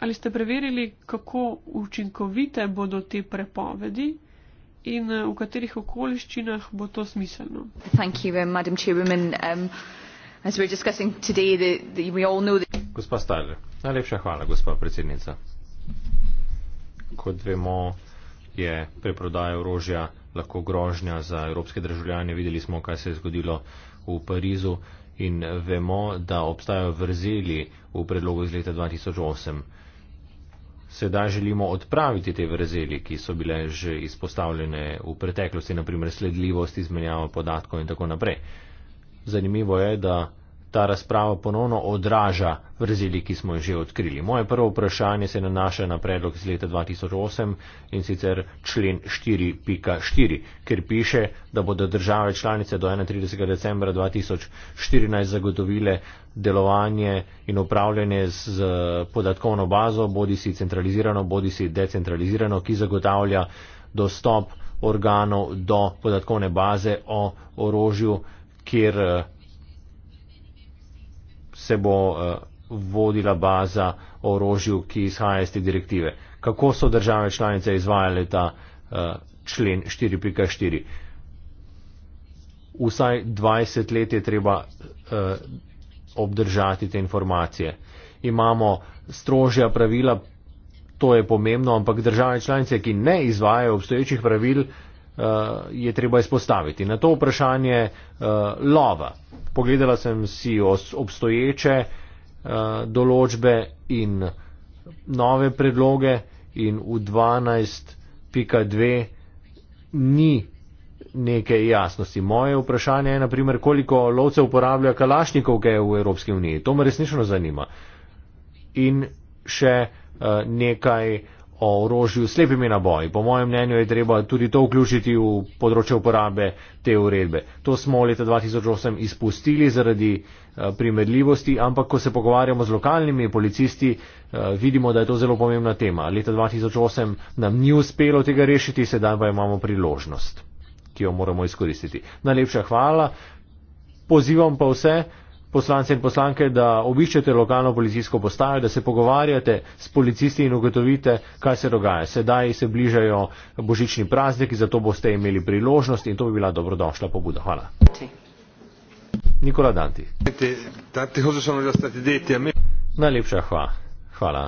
Ali ste preverili, kako učinkovite bodo te prepovedi in eh, v katerih okoliščinah bo to smiselno? Eh, um, gospa Stale, najlepša hvala, gospa predsednica. Kot vemo, je preprodaja orožja lahko grožnja za evropske državljane. Videli smo, kaj se je zgodilo v Parizu in vemo, da obstajajo vrzeli v predlogu iz leta 2008. Sedaj želimo odpraviti te vrzeli, ki so bile že izpostavljene v preteklosti, naprimer sledljivost, izmenjava podatkov in tako naprej. Zanimivo je, da ta razprava ponovno odraža vrzeli, ki smo jo že odkrili. Moje prvo vprašanje se nanaša na predlog iz leta 2008 in sicer člen 4.4, ker piše, da bodo države članice do 31. decembra 2014 zagotovile delovanje in upravljanje z podatkovno bazo, bodi si centralizirano, bodi si decentralizirano, ki zagotavlja dostop organov do podatkovne baze o orožju, kjer eh, se bo eh, vodila baza o orožju, ki izhaja iz te direktive. Kako so države članice izvajale ta eh, člen 4.4? Vsaj 20 let je treba eh, obdržati te informacije. Imamo strožja pravila, to je pomembno, ampak države članice, ki ne izvajajo obstoječih pravil, Eh, je treba izpostaviti. Na to vprašanje uh, lova. Pogledala sem si obstoječe uh, določbe in nove predloge in v 12.2 ni neke jasnosti. Moje vprašanje je, naprimer, koliko lovcev uporablja kalašnikovke v Evropski uniji. To me resnično zanima. In še uh, nekaj uh, o orožju s slepimi naboji. Po mojem mnenju je treba tudi to vključiti v področje uporabe te uredbe. To smo leta 2008 izpustili zaradi eh, primerljivosti, ampak ko se pogovarjamo z lokalnimi policisti, eh, vidimo, da je to zelo pomembna tema. Leta 2008 nam ni uspelo tega rešiti, sedaj pa imamo priložnost, ki jo moramo izkoristiti. Najlepša hvala. Pozivam pa vse, poslance in poslanke, da obiščete lokalno policijsko postajo, da se pogovarjate s policisti in ugotovite, kaj se dogaja. Sedaj se bližajo božični prazniki, zato boste imeli priložnost in to bi bila dobrodošla pobuda. Hvala. Nikola Danti. Najlepša hvala. Hvala,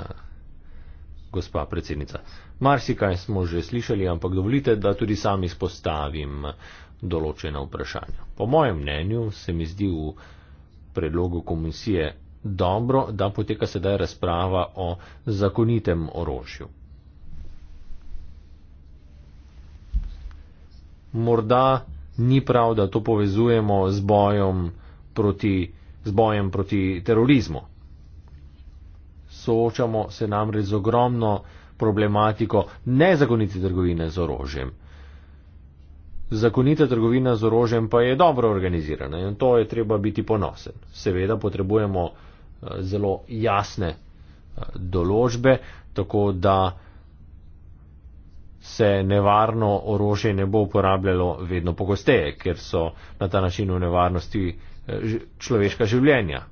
gospa predsednica. Marsikaj smo že slišali, ampak dovolite, da tudi sam izpostavim določena vprašanja. Po mojem mnenju se mi zdi v predlogu komisije dobro, da poteka sedaj razprava o zakonitem orožju. Morda ni prav, da to povezujemo z bojem proti, z bojem proti terorizmu. Soočamo se namreč z ogromno problematiko nezakonite trgovine z orožjem. Zakonita trgovina z orožjem pa je dobro organizirana in to je treba biti ponosen. Seveda potrebujemo eh, zelo jasne eh, določbe, tako da se nevarno orožje ne bo uporabljalo vedno pogosteje, ker so na ta način v nevarnosti eh, človeška življenja.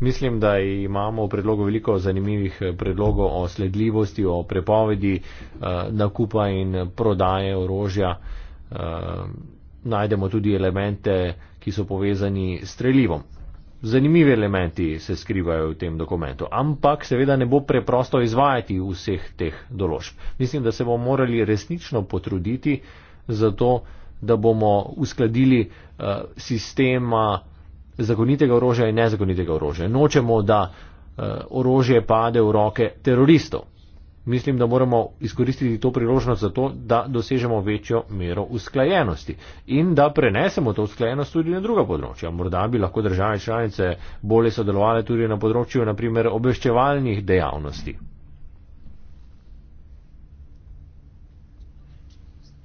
Mislim, da imamo v predlogu veliko zanimivih eh, predlogov o sledljivosti, o prepovedi eh, nakupa in prodaje orožja. Eh, najdemo tudi elemente, ki so povezani s streljivom. Zanimivi elementi se skrivajo v tem dokumentu, ampak seveda ne bo preprosto izvajati vseh teh določb. Mislim, da se bomo morali resnično potruditi za to, da bomo uskladili eh, sistema zakonitega orožja in nezakonitega orožja. Nočemo, da eh, orožje pade v roke teroristov. Mislim, da moramo izkoristiti to priložnost zato, da dosežemo večjo mero usklajenosti in da prenesemo to usklajenost tudi na druga področja. Morda bi lahko države članice bolje sodelovali tudi na področju naprimer obveščevalnih dejavnosti.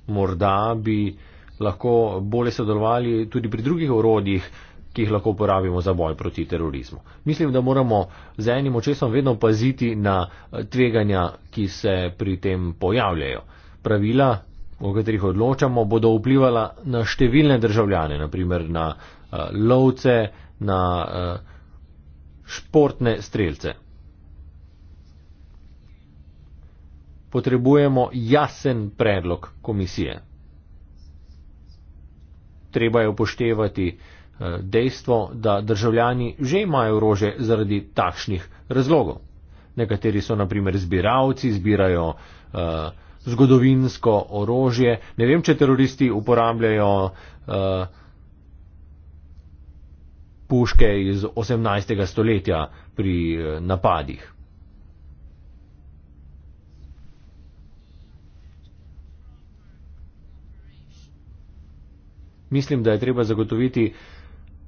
Morda bi lahko bolje sodelovali tudi pri drugih orodjih, ki jih lahko uporabimo za boj proti terorizmu. Mislim, da moramo z enim očesom vedno paziti na eh, tveganja, ki se pri tem pojavljajo. Pravila, o katerih odločamo, bodo vplivala na številne državljane, naprimer na uh, lovce, na uh, športne strelce. Potrebujemo jasen predlog komisije. Treba je upoštevati uh, Eh, dejstvo, da državljani že imajo orože zaradi takšnih razlogov. Nekateri so naprimer zbiravci, zbirajo uh, zgodovinsko orožje. Ne vem, če teroristi uporabljajo uh, puške iz 18. stoletja pri uh, napadih. Mislim, da je treba zagotoviti uh,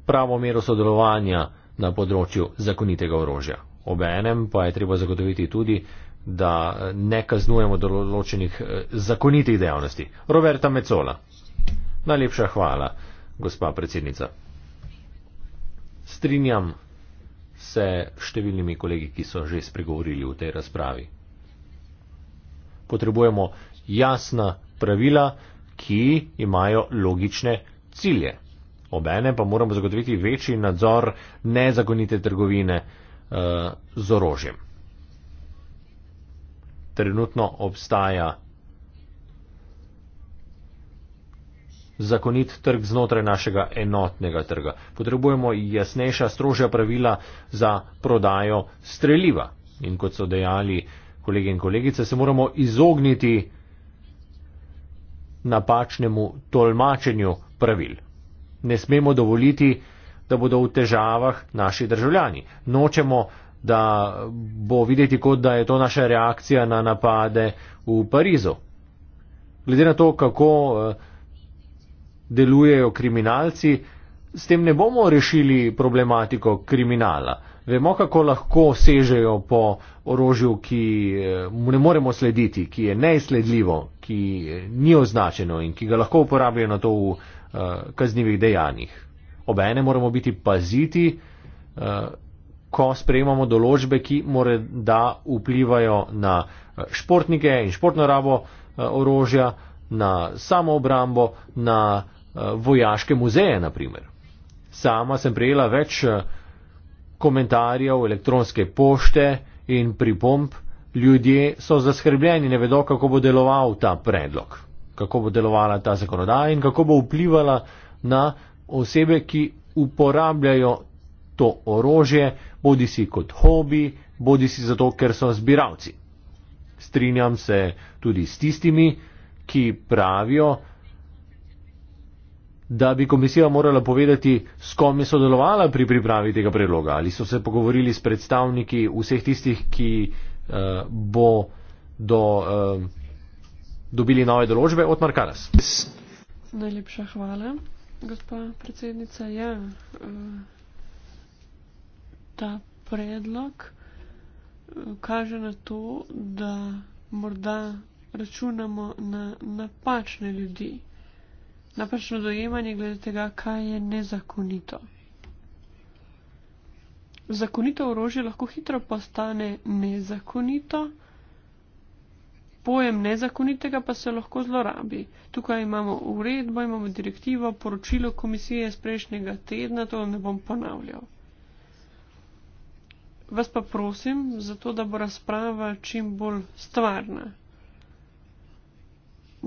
pravo mero sodelovanja na področju zakonitega orožja. Obenem pa je treba zagotoviti tudi, da ne kaznujemo določenih eh, zakonitih dejavnosti. Roberta Mecola. Najlepša hvala, gospa predsednica. Strinjam se številnimi kolegi, ki so že spregovorili v tej razpravi. Potrebujemo jasna pravila, ki imajo logične cilje. Obene pa moramo zagotoviti večji nadzor nezakonite trgovine uh, z orožjem. Trenutno obstaja zakonit trg znotraj našega enotnega trga. Potrebujemo jasnejša, strožja pravila za prodajo streljiva. In kot so dejali kolegi in kolegice, se moramo izogniti napačnemu tolmačenju pravil ne smemo dovoliti, da bodo v težavah naši državljani. Nočemo, da bo videti, kot da je to naša reakcija na napade v Parizu. Glede na to, kako eh, delujejo kriminalci, s tem ne bomo rešili problematiko kriminala. Vemo, kako lahko sežejo po orožju, ki mu eh, ne moremo slediti, ki je neizsledljivo, ki eh, ni označeno in ki ga lahko uporabijo na to v Eh, kaznjivih dejanjih. Obene moramo biti paziti, eh, ko sprejemamo določbe, ki more da vplivajo na eh, športnike in športno rabo orožja, na samo obrambo, na vojaške muzeje, naprimer. Sama sem prejela več komentarjev, elektronske pošte in pripomp, ljudje so zaskrbljeni, ne vedo, kako bo deloval ta predlog kako bo delovala ta zakonodaja in kako bo vplivala na osebe, ki uporabljajo to orožje, bodi si kot hobi, bodi si zato, ker so zbiralci. Strinjam se tudi s tistimi, ki pravijo, da bi komisija morala povedati, s kom je sodelovala pri pripravi tega predloga. Ali so se pogovorili s predstavniki vseh tistih, ki uh, bo do. Uh, dobili nove določbe od Markaras. Najlepša hvala, gospod predsednica. Ja, eh, ta predlog eh, kaže na to, da morda računamo na napačne ljudi, napačno dojemanje glede tega, kaj je nezakonito. Zakonito orožje lahko hitro postane nezakonito pojem nezakonitega pa se lahko zlorabi. Tukaj imamo uredbo, imamo direktivo, poročilo komisije iz prejšnjega tedna, to ne bom ponavljal. Vas pa prosim, zato da bo razprava čim bolj stvarna.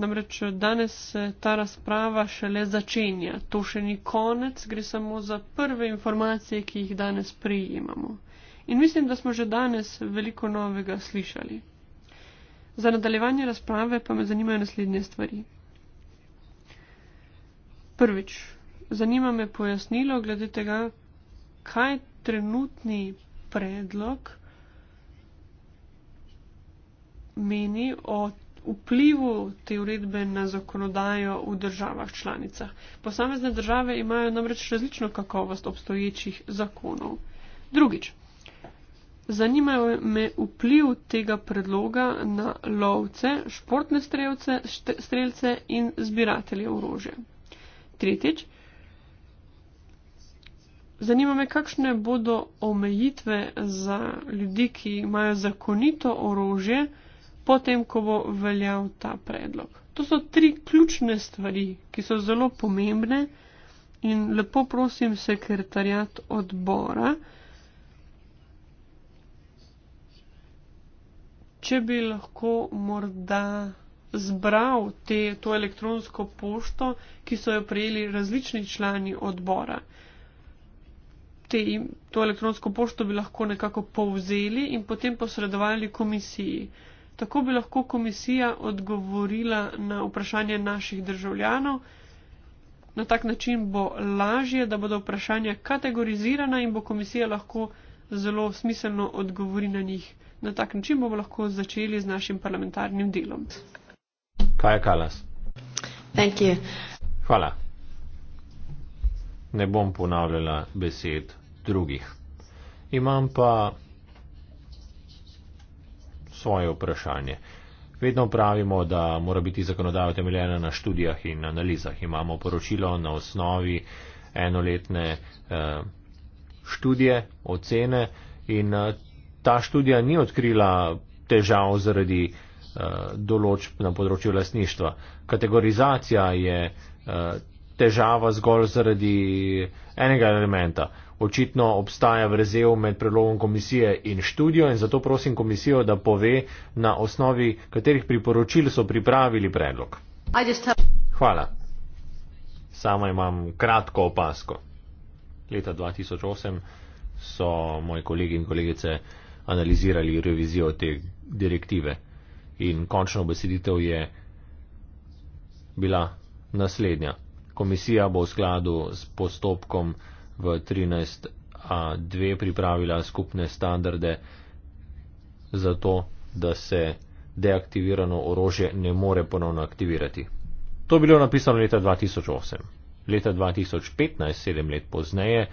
Namreč danes se ta razprava šele začenja. To še ni konec, gre samo za prve informacije, ki jih danes prijemamo. In mislim, da smo že danes veliko novega slišali. Za nadaljevanje razprave pa me zanimajo naslednje stvari. Prvič, zanima me pojasnilo glede tega, kaj trenutni predlog meni o vplivu te uredbe na zakonodajo v državah članicah. Posamezne države imajo namreč različno kakovost obstoječih zakonov. Drugič, Zanima me vpliv tega predloga na lovce, športne strelce, strelce in zbiratelje orožja. Tretjič. Zanima me, kakšne bodo omejitve za ljudi, ki imajo zakonito orožje, potem, ko bo veljal ta predlog. To so tri ključne stvari, ki so zelo pomembne in lepo prosim sekretarjat odbora. če bi lahko morda zbral te, to elektronsko pošto, ki so jo prejeli različni člani odbora. Te, to elektronsko pošto bi lahko nekako povzeli in potem posredovali komisiji. Tako bi lahko komisija odgovorila na vprašanje naših državljanov. Na tak način bo lažje, da bodo vprašanja kategorizirana in bo komisija lahko zelo smiselno odgovorila na njih. Na tak način bomo lahko začeli z našim parlamentarnim delom. Kaj je Kalas? Hvala. Ne bom ponavljala besed drugih. Imam pa svoje vprašanje. Vedno pravimo, da mora biti zakonodaja temeljena na študijah in analizah. Imamo poročilo na osnovi enoletne eh, študije, ocene in eh, ta študija ni odkrila težav zaradi uh, določb na področju lasništva. Kategorizacija je uh, težava zgolj zaradi enega elementa. Očitno obstaja vrzel med predlogom komisije in študijo in zato prosim komisijo, da pove, na osnovi katerih priporočil so pripravili predlog. Hvala. Sama imam kratko opasko. Leta 2008 so moji kolegi in kolegice analizirali revizijo te direktive. In končna obeseditev je bila naslednja. Komisija bo v skladu s postopkom v 13a2 pripravila skupne standarde za to, da se deaktivirano orožje ne more ponovno aktivirati. To je bilo napisano leta 2008. Leta 2015, sedem let pozneje,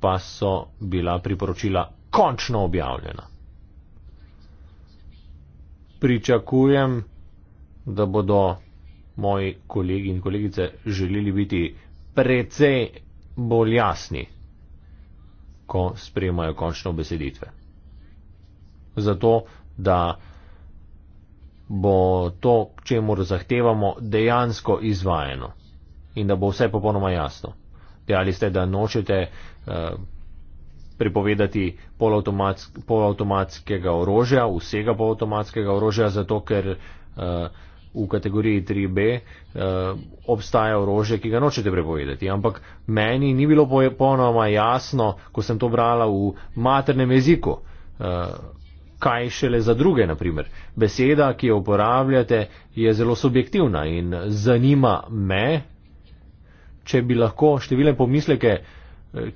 pa so bila priporočila končno objavljena. Pričakujem, da bodo moji kolegi in kolegice želeli biti precej bolj jasni, ko spremajo končno beseditve. Zato, da bo to, čemu zahtevamo, dejansko izvajeno in da bo vse popolnoma jasno. Dejali ste, da nočete. Uh, prepovedati polautomatskega orožja, vsega polautomatskega orožja, zato ker uh, v kategoriji 3B uh, eh, obstaja orožje, ki ga nočete prepovedati. Ampak meni ni bilo ponoma jasno, ko sem to brala v maternem jeziku, uh, kaj šele za druge, naprimer. Beseda, ki jo uporabljate, je zelo subjektivna in zanima me, če bi lahko številne pomisleke uh,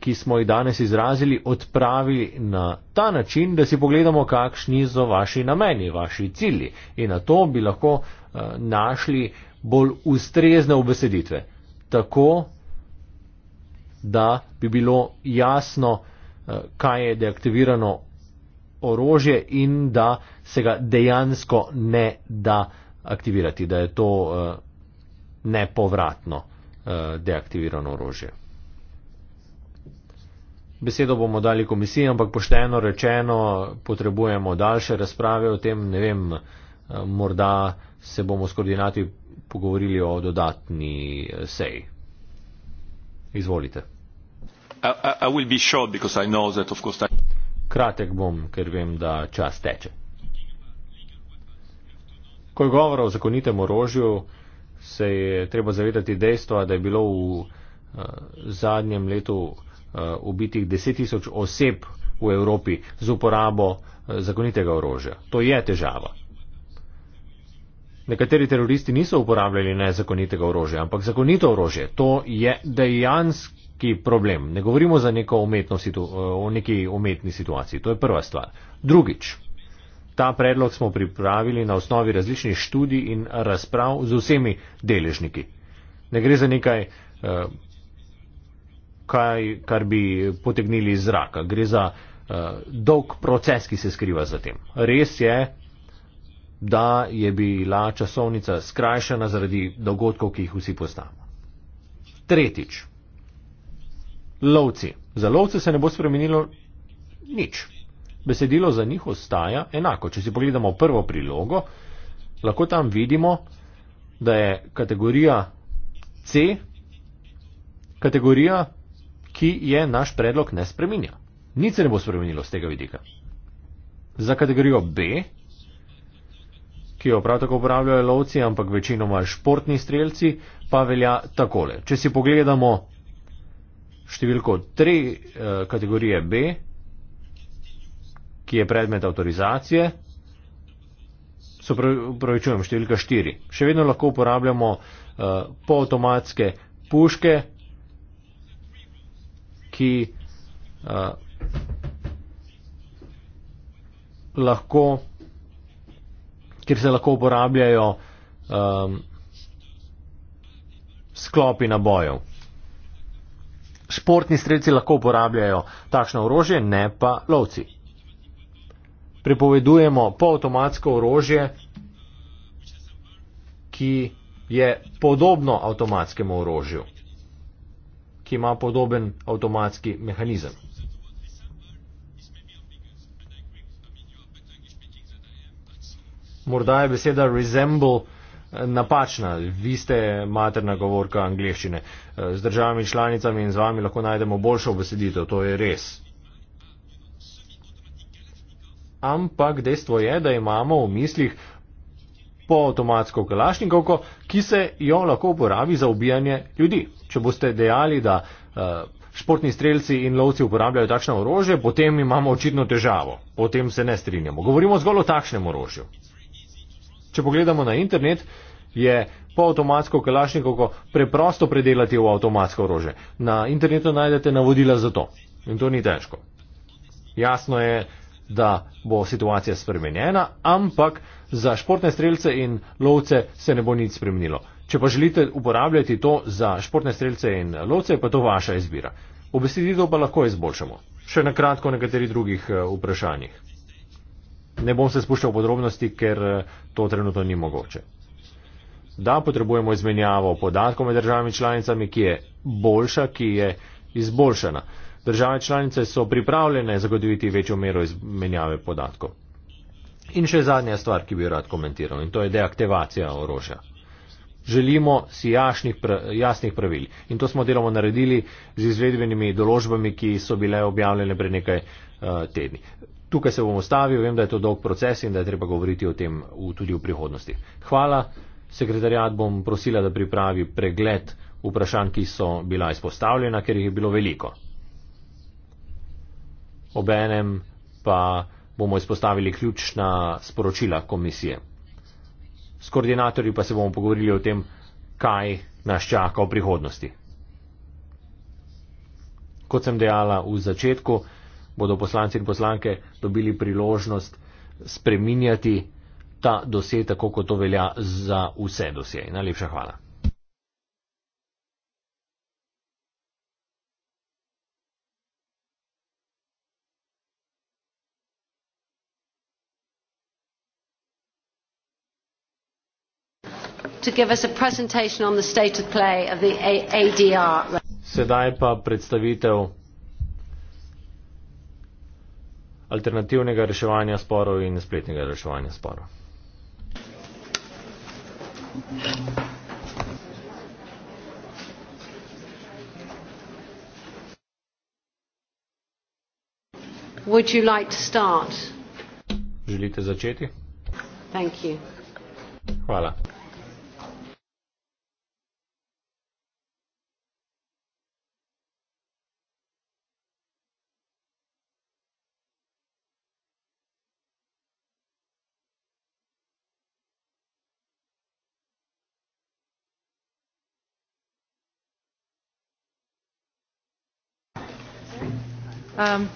ki smo jih danes izrazili, odpravi na ta način, da si pogledamo, kakšni so vaši nameni, vaši cilji in na to bi lahko eh, našli bolj ustrezne obeseditve. Tako, da bi bilo jasno, eh, kaj je deaktivirano orožje in da se ga dejansko ne da aktivirati, da je to eh, nepovratno deaktivirano orožje besedo bomo dali komisiji, ampak pošteno rečeno potrebujemo daljše razprave o tem. Ne vem, eh, morda se bomo s koordinati pogovorili o dodatni eh, seji. Izvolite. I, I short, I... Kratek bom, ker vem, da čas teče. Ko je govora o zakonitem orožju, se je treba zavedati dejstva, da je bilo v uh, zadnjem letu Eh, ubitih deset tisoč oseb v Evropi z uporabo eh, zakonitega orožja. To je težava. Nekateri teroristi niso uporabljali nezakonitega orožja, ampak zakonito orožje. To je dejanski problem. Ne govorimo za neko umetno situacijo, eh, o neki umetni situaciji. To je prva stvar. Drugič. Ta predlog smo pripravili na osnovi različnih študij in razprav z vsemi deležniki. Ne gre za nekaj kaj, kar bi potegnili iz zraka. Gre za uh, dolg proces, ki se skriva za tem. Res je, da je bila časovnica skrajšana zaradi dogodkov, ki jih vsi poznamo. Tretjič. Lovci. Za lovce se ne bo spremenilo nič. Besedilo za njih ostaja enako. Če si pogledamo prvo prilogo, lahko tam vidimo, da je kategorija C kategorija, ki je naš predlog ne spremenja. Nič se ne bo spremenilo z tega vidika. Za kategorijo B, ki jo prav tako uporabljajo lovci, ampak večinoma športni strelci, pa velja takole. Če si pogledamo številko 3 eh, kategorije B, ki je predmet avtorizacije, so pravičujem številka 4. Še vedno lahko uporabljamo uh, eh, poautomatske puške, ki uh, lahko, kjer se lahko uporabljajo um, sklopi nabojev. Športni strelci lahko uporabljajo takšno orožje, ne pa lovci. Prepovedujemo polautomatsko orožje, ki je podobno avtomatskemu orožju ki ima podoben avtomatski mehanizem. Morda je beseda resemble eh, napačna, vi ste materna govorka angleščine. Eh, z državami članicami in z vami lahko najdemo boljšo beseditev, to je res. Ampak dejstvo je, da imamo v mislih polavtomatsko kalašnikovko, ki se jo lahko uporabi za ubijanje ljudi. Če boste dejali, da eh, športni strelci in lovci uporabljajo takšno orožje, potem imamo očitno težavo. O tem se ne strinjamo. Govorimo zgolj o takšnem orožju. Če pogledamo na internet, je polavtomatsko kalašnikovko preprosto predelati v avtomatsko orožje. Na internetu najdete navodila za to. In to ni težko. Jasno je, da bo situacija spremenjena, ampak za športne strelce in lovce se ne bo nič spremenilo. Če pa želite uporabljati to za športne strelce in lovce, pa to vaša izbira. V besedi to pa lahko izboljšamo. Še na kratko o nekaterih drugih eh, vprašanjih. Ne bom se spuščal v podrobnosti, ker eh, to trenutno ni mogoče. Da, potrebujemo izmenjavo podatkov med državami članicami, ki je boljša, ki je izboljšana. Države članice so pripravljene zagotoviti večjo mero izmenjave podatkov. In še zadnja stvar, ki bi rad komentiral, in to je deaktivacija orožja. Želimo si jašnih, jasnih pravil. In to smo deloma naredili z izvedbenimi določbami, ki so bile objavljene pred nekaj uh, tedni. Tukaj se bom ustavil, vem, da je to dolg proces in da je treba govoriti o tem v, tudi v prihodnosti. Hvala, sekretarjat bom prosila, da pripravi pregled vprašanj, ki so bila izpostavljena, ker jih je bilo veliko. Obenem pa bomo izpostavili ključna sporočila komisije. S koordinatorji pa se bomo pogovorili o tem, kaj nas čaka v prihodnosti. Kot sem dejala v začetku, bodo poslanci in poslanke dobili priložnost spreminjati ta dosje, tako kot to velja za vse dosje. Najlepša hvala. to give us a presentation on the state of play of the a ADR. Sedaj pa predstavitev alternativnega reševanja sporov in spletnega reševanja sporov. Would you like to start? Želite začeti? Thank you. Hvala. Um,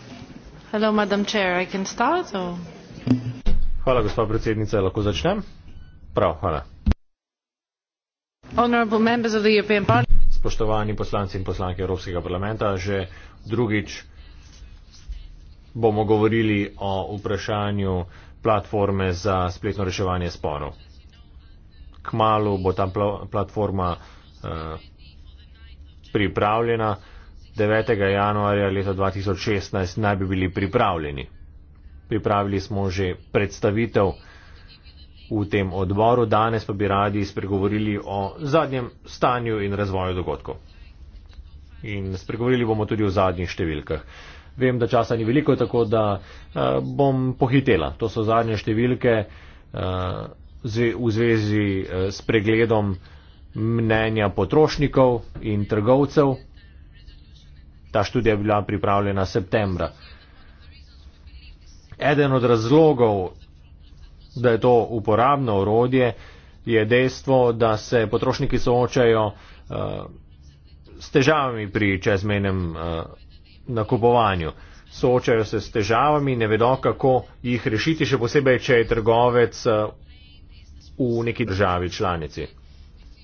hvala, gospa predsednica. Lahko začnem? Prav, hvala. Spoštovani poslanci in poslanke Evropskega parlamenta, že drugič bomo govorili o vprašanju platforme za spletno reševanje sporov. Kmalu bo ta platforma eh, pripravljena. 9. januarja leta 2016 naj bi bili pripravljeni. Pripravili smo že predstavitev v tem odboru, danes pa bi radi spregovorili o zadnjem stanju in razvoju dogodkov. In spregovorili bomo tudi o zadnjih številkah. Vem, da časa ni veliko, tako da uh, bom pohitela. To so zadnje številke uh, zve, v zvezi uh, s pregledom mnenja potrošnikov in trgovcev Ta študija je bila pripravljena septembra. Eden od razlogov, da je to uporabno orodje, je dejstvo, da se potrošniki soočajo uh, s težavami pri čezmenem uh, eh, nakupovanju. Soočajo se s težavami, ne vedo, kako jih rešiti, še posebej, če je trgovec uh, v neki državi članici.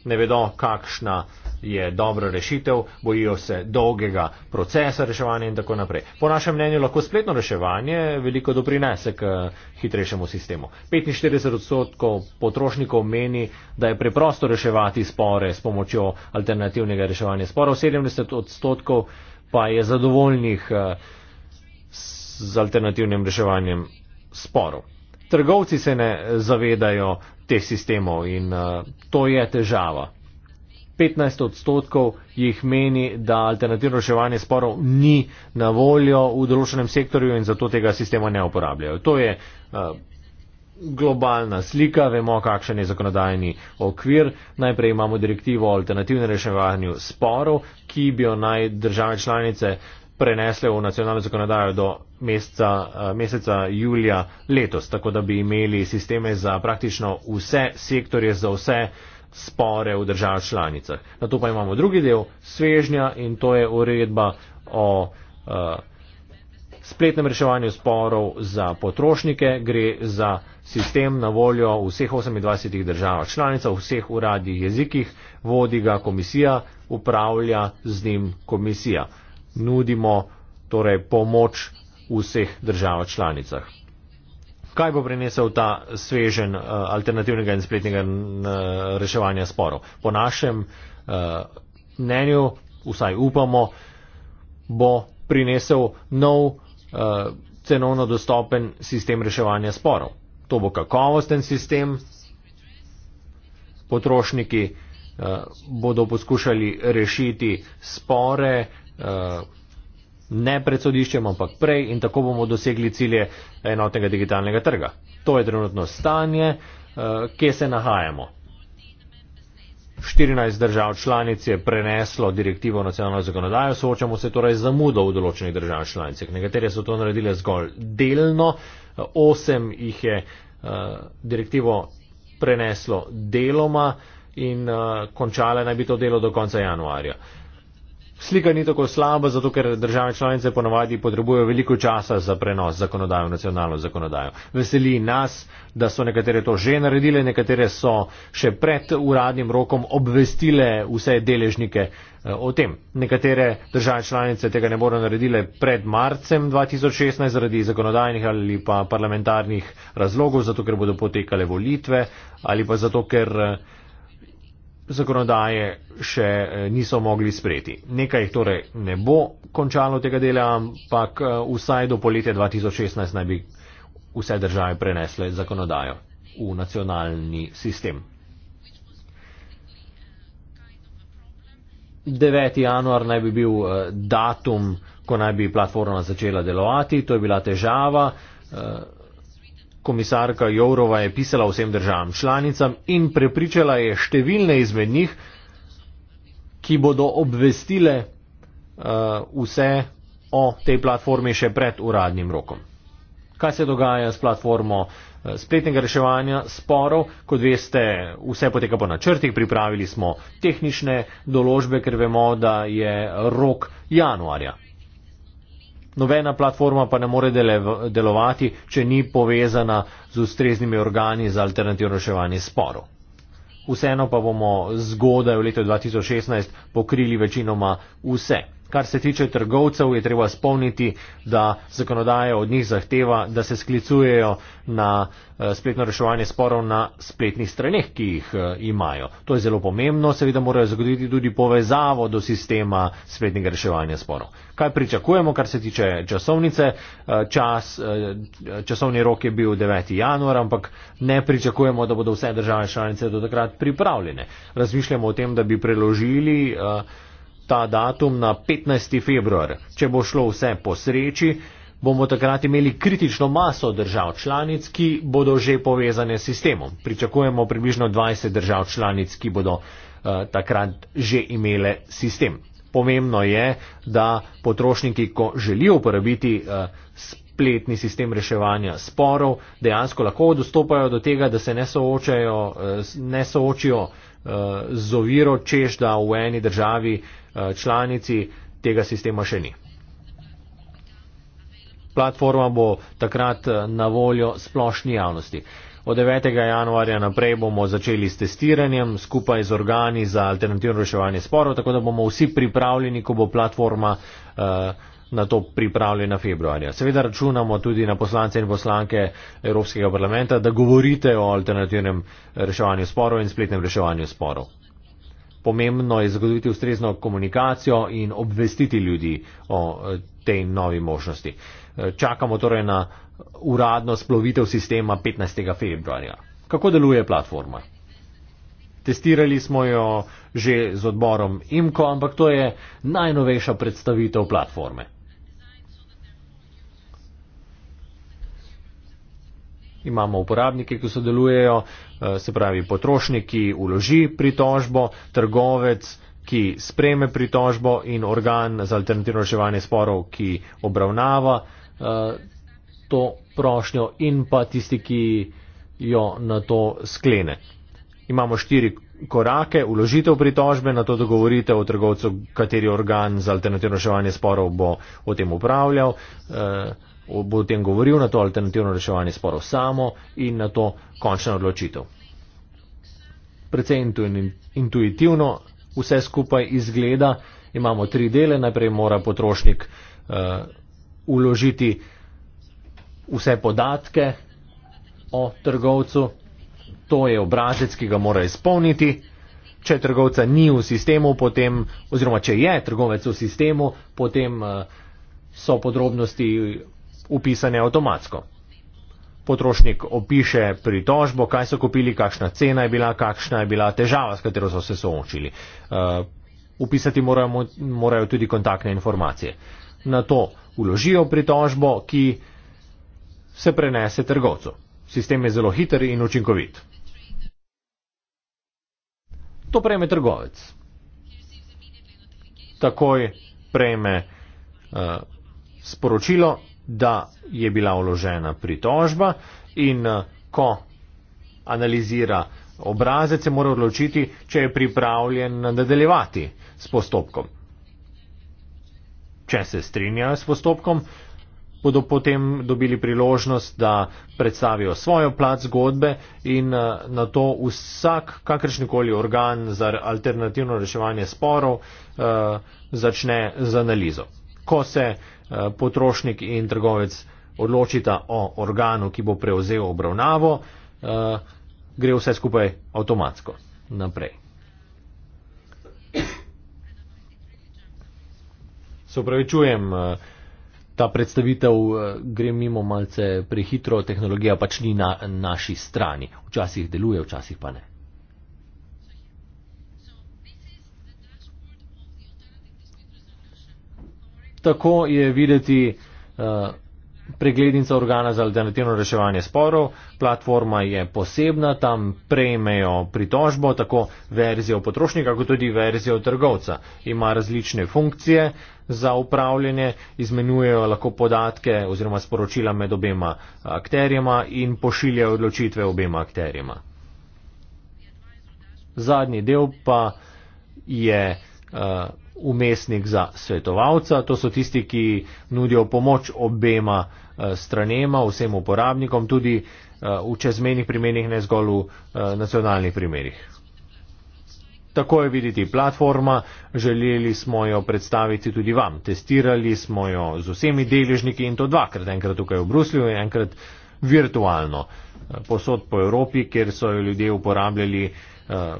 Ne vedo, kakšna je dobra rešitev, bojijo se dolgega procesa reševanja in tako naprej. Po našem mnenju lahko spletno reševanje veliko doprinese k hitrejšemu sistemu. 45 odstotkov potrošnikov meni, da je preprosto reševati spore s pomočjo alternativnega reševanja sporov, 70 odstotkov pa je zadovoljnih eh, z alternativnim reševanjem sporov. Trgovci se ne zavedajo teh sistemov in uh, to je težava. 15 odstotkov jih meni, da alternativno reševanje sporov ni na voljo v določenem sektorju in zato tega sistema ne uporabljajo. To je eh, globalna slika, vemo, kakšen je zakonodajni okvir. Najprej imamo direktivo o alternativnem reševanju sporov, ki bi jo naj države članice prenesle v nacionalno zakonodajo do meseca, eh, meseca julija letos, tako da bi imeli sisteme za praktično vse sektorje, za vse uh, spore v držav članicah. Na to pa imamo drugi del svežnja in to je uredba o uh, spletnem reševanju sporov za potrošnike. Gre za sistem na voljo v vseh 28 državah članicah, v vseh uradnih jezikih, vodi ga komisija, upravlja z njim komisija. Nudimo torej pomoč v vseh držav članicah kaj bo prinesel ta svežen uh, alternativnega in spletnega uh, reševanja sporov. Po našem uh, mnenju, vsaj upamo, bo prinesel nov uh, cenovno dostopen sistem reševanja sporov. To bo kakovosten sistem, potrošniki uh, bodo poskušali rešiti spore. Uh, ne pred sodiščem, ampak prej in tako bomo dosegli cilje enotnega digitalnega trga. To je trenutno stanje, uh, kje se nahajamo. 14 držav članic je preneslo direktivo v nacionalno zakonodajo, soočamo se torej z zamudo v določenih držav članicah. Nekatere so to naredile zgolj delno, osem jih je uh, direktivo preneslo deloma in uh, eh, končale naj bi to delo do konca januarja. Uh, Slika ni tako slaba, zato ker države članice ponovadi potrebujejo veliko časa za prenos zakonodajo, nacionalno zakonodajo. Veseli nas, da so nekatere to že naredile, nekatere so še pred uradnim rokom obvestile vse deležnike eh, o tem. Nekatere države članice tega ne bodo naredile pred marcem 2016 zaradi zakonodajnih ali pa parlamentarnih razlogov, zato ker bodo potekale volitve ali pa zato ker eh, zakonodaje še eh, niso mogli sprejeti. Nekaj jih torej ne bo končalo tega dela, ampak eh, vsaj do poletja 2016 naj bi vse države prenesle zakonodajo v nacionalni sistem. 9. januar naj bi bil eh, datum, ko naj bi platforma začela delovati, to je bila težava komisarka Jourova je pisala vsem državam članicam in prepričala je številne izmed njih, ki bodo obvestile uh, vse o tej platformi še pred uradnim rokom. Kaj se dogaja s platformo eh, spletnega reševanja sporov? Kot veste, vse poteka po načrtih, pripravili smo tehnične določbe, ker vemo, da je rok januarja. Nobena platforma pa ne more delovati, če ni povezana z ustreznimi organi za alternativno reševanje sporov. Vseeno pa bomo zgodaj v letu 2016 pokrili večinoma vse. Kar se tiče trgovcev, je treba spomniti, da zakonodaja od njih zahteva, da se sklicujejo na eh, spletno reševanje sporov na spletnih straneh, ki jih eh, imajo. To je zelo pomembno, seveda morajo zagotoviti tudi povezavo do sistema spletnega reševanja sporov. Kaj pričakujemo, kar se tiče časovnice? Eh, čas, časovni rok je bil 9. januar, ampak ne pričakujemo, da bodo vse države članice do takrat pripravljene. Razmišljamo o tem, da bi preložili ta datum na 15. februar. Če bo šlo vse po sreči, bomo takrat imeli kritično maso držav članic, ki bodo že povezane s sistemom. Pričakujemo približno 20 držav članic, ki bodo uh, takrat že imele sistem. Pomembno je, da potrošniki, ko želijo uporabiti uh, spletni sistem reševanja sporov, dejansko lahko dostopajo do tega, da se ne, soočajo, uh, ne soočijo uh, z oviro, čež da v eni državi uh, Eh, članici tega sistema še ni. Platforma bo takrat eh, na voljo splošni javnosti. Od 9. januarja naprej bomo začeli s testiranjem skupaj z organi za alternativno reševanje sporov, tako da bomo vsi pripravljeni, ko bo platforma eh, na to pripravljena februarja. Seveda računamo tudi na poslance in poslanke Evropskega parlamenta, da govorite o alternativnem reševanju sporov in spletnem reševanju sporov pomembno je zagotoviti ustrezno komunikacijo in obvestiti ljudi o eh, tej novi možnosti. Eh, čakamo torej na uradno splovitev sistema 15. februarja. Kako deluje platforma? Testirali smo jo že z odborom IMCO, ampak to je najnovejša predstavitev platforme. imamo uporabnike, ki sodelujejo, eh, se pravi potrošnik, ki uloži pritožbo, trgovec, ki spreme pritožbo in organ za alternativno reševanje sporov, ki obravnava eh, to prošnjo in pa tisti, ki jo na to sklene. Imamo štiri korake, uložitev pritožbe, na to dogovorite o trgovcu, kateri organ za alternativno reševanje sporov bo o tem upravljal. Eh, bo o tem govoril, na to alternativno reševanje sporov samo in na to končno odločitev. Predvsej intuitivno vse skupaj izgleda. Imamo tri dele. Najprej mora potrošnik uh, uložiti vse podatke o trgovcu. To je obrazec, ki ga mora izpolniti. Če trgovca ni v sistemu, potem, oziroma če je trgovec v sistemu, potem uh, so podrobnosti upisane avtomatsko. Potrošnik opiše pritožbo, kaj so kupili, kakšna cena je bila, kakšna je bila težava, s katero so se soočili. Uh, upisati morajo, morajo tudi kontaktne informacije. Na to uložijo pritožbo, ki se prenese trgovcu. Sistem je zelo hiter in učinkovit. To prejme trgovec. Takoj prejme uh, sporočilo, da je bila vložena pritožba in eh, ko analizira obrazec, se mora odločiti, če je pripravljen nadaljevati s postopkom. Če se strinjajo s postopkom, bodo potem dobili priložnost, da predstavijo svojo plat zgodbe in eh, na to vsak kakršnikoli organ za alternativno reševanje sporov eh, začne z analizo. Ko se Eh, potrošnik in trgovec odločita o organu, ki bo prevzel obravnavo, eh, gre vse skupaj avtomatsko naprej. Se upravičujem, eh, ta predstavitev gre mimo malce prehitro, tehnologija pač ni na naši strani. Včasih deluje, včasih pa ne. Tako je videti eh, preglednica organa za alternativno reševanje sporov, platforma je posebna, tam prejmejo pritožbo, tako verzijo potrošnika, kot tudi verzijo trgovca. Ima različne funkcije za upravljanje, izmenjujejo lahko podatke oziroma sporočila med obema akterjema in pošiljajo odločitve obema akterjema. Zadnji del pa je uh, umestnik za svetovalca, to so tisti, ki nudijo pomoč obema eh, stranema, vsem uporabnikom, tudi eh, v čezmenih primerih, ne zgolj v eh, nacionalnih primerih. Tako je videti platforma, želeli smo jo predstaviti tudi vam. Testirali smo jo z vsemi deležniki in to dvakrat, enkrat tukaj v Bruslju in enkrat virtualno, posod po Evropi, kjer so jo ljudje uporabljali. Uh,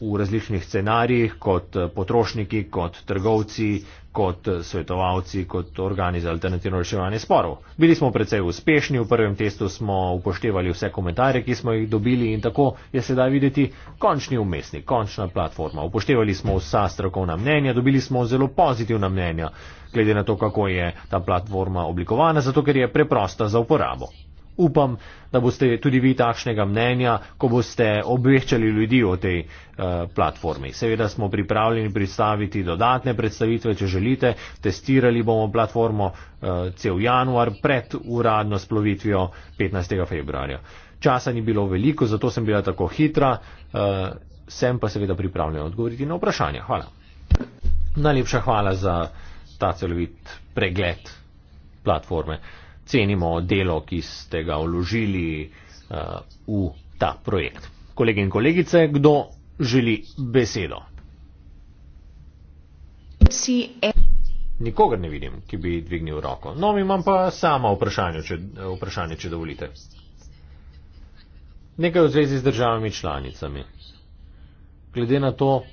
v različnih scenarijih, kot eh, potrošniki, kot trgovci, kot eh, svetovalci, kot organi za alternativno reševanje sporov. Bili smo precej uspešni, v prvem testu smo upoštevali vse komentarje, ki smo jih dobili in tako je sedaj videti končni umestnik, končna platforma. Upoštevali smo vsa strokovna mnenja, dobili smo zelo pozitivna mnenja, glede na to, kako je ta platforma oblikovana, zato ker je preprosta za uporabo upam, da boste tudi vi takšnega mnenja, ko boste obveščali ljudi o tej eh, platformi. Seveda smo pripravljeni pristaviti dodatne predstavitve, če želite. Testirali bomo platformo eh, cel januar pred uradno splovitvijo 15. februarja. Časa ni bilo veliko, zato sem bila tako hitra. Eh, sem pa seveda pripravljen odgovoriti na vprašanja. Hvala. Najlepša hvala za ta celovit pregled platforme cenimo delo, ki ste ga vložili uh, v ta projekt. Kolegi in kolegice, kdo želi besedo? E- Nikogar ne vidim, ki bi dvignil roko. No, imam pa sama vprašanje, če, vprašanje, če dovolite. Nekaj v zvezi z državami članicami. Glede na to,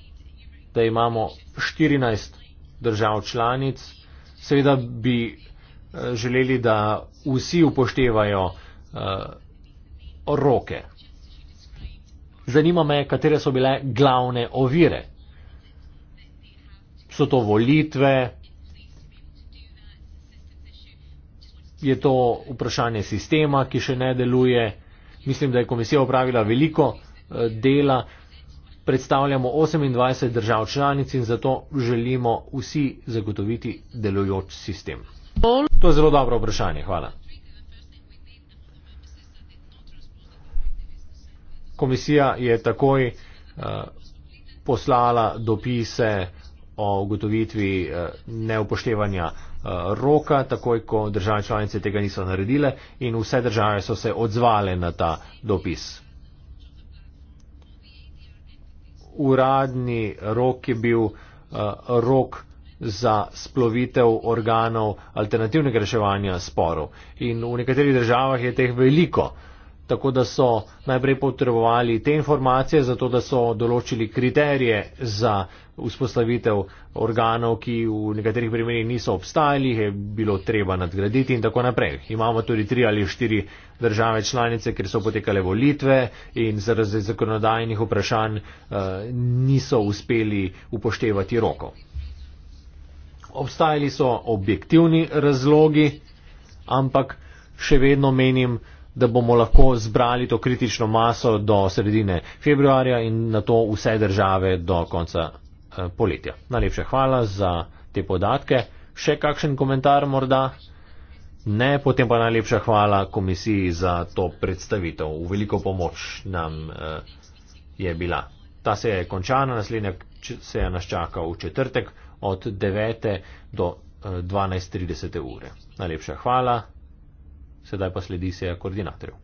da imamo 14 držav članic, seveda bi Eh, želeli, da vsi upoštevajo eh, roke. Zanima me, katere so bile glavne ovire. So to volitve? Je to vprašanje sistema, ki še ne deluje? Mislim, da je komisija opravila veliko eh, dela. Predstavljamo 28 držav članic in zato želimo vsi zagotoviti delujoč sistem bolj? To je zelo dobro vprašanje, hvala. Komisija je takoj uh, poslala dopise o ugotovitvi uh, neupoštevanja uh, roka, takoj ko države članice tega niso naredile in vse države so se odzvale na ta dopis. Uradni rok je bil uh, rok za splovitev organov alternativnega reševanja sporov. In v nekaterih državah je teh veliko, tako da so najprej potrebovali te informacije, zato da so določili kriterije za vzpostavitev organov, ki v nekaterih primerjih niso obstajali, je bilo treba nadgraditi in tako naprej. Imamo tudi tri ali štiri države članice, kjer so potekale volitve in zaradi zakonodajnih vprašanj eh, niso uspeli upoštevati rokov obstajali so objektivni razlogi, ampak še vedno menim, da bomo lahko zbrali to kritično maso do sredine februarja in na to vse države do konca eh, poletja. Najlepša hvala za te podatke. Še kakšen komentar morda? Ne, potem pa najlepša hvala komisiji za to predstavitev. V veliko pomoč nam eh, je bila. Ta se je končana, naslednja seja nas čaka v četrtek od 9. do 12.30 eh, ure. Najlepša hvala, sedaj pa sledi seja koordinatorjev.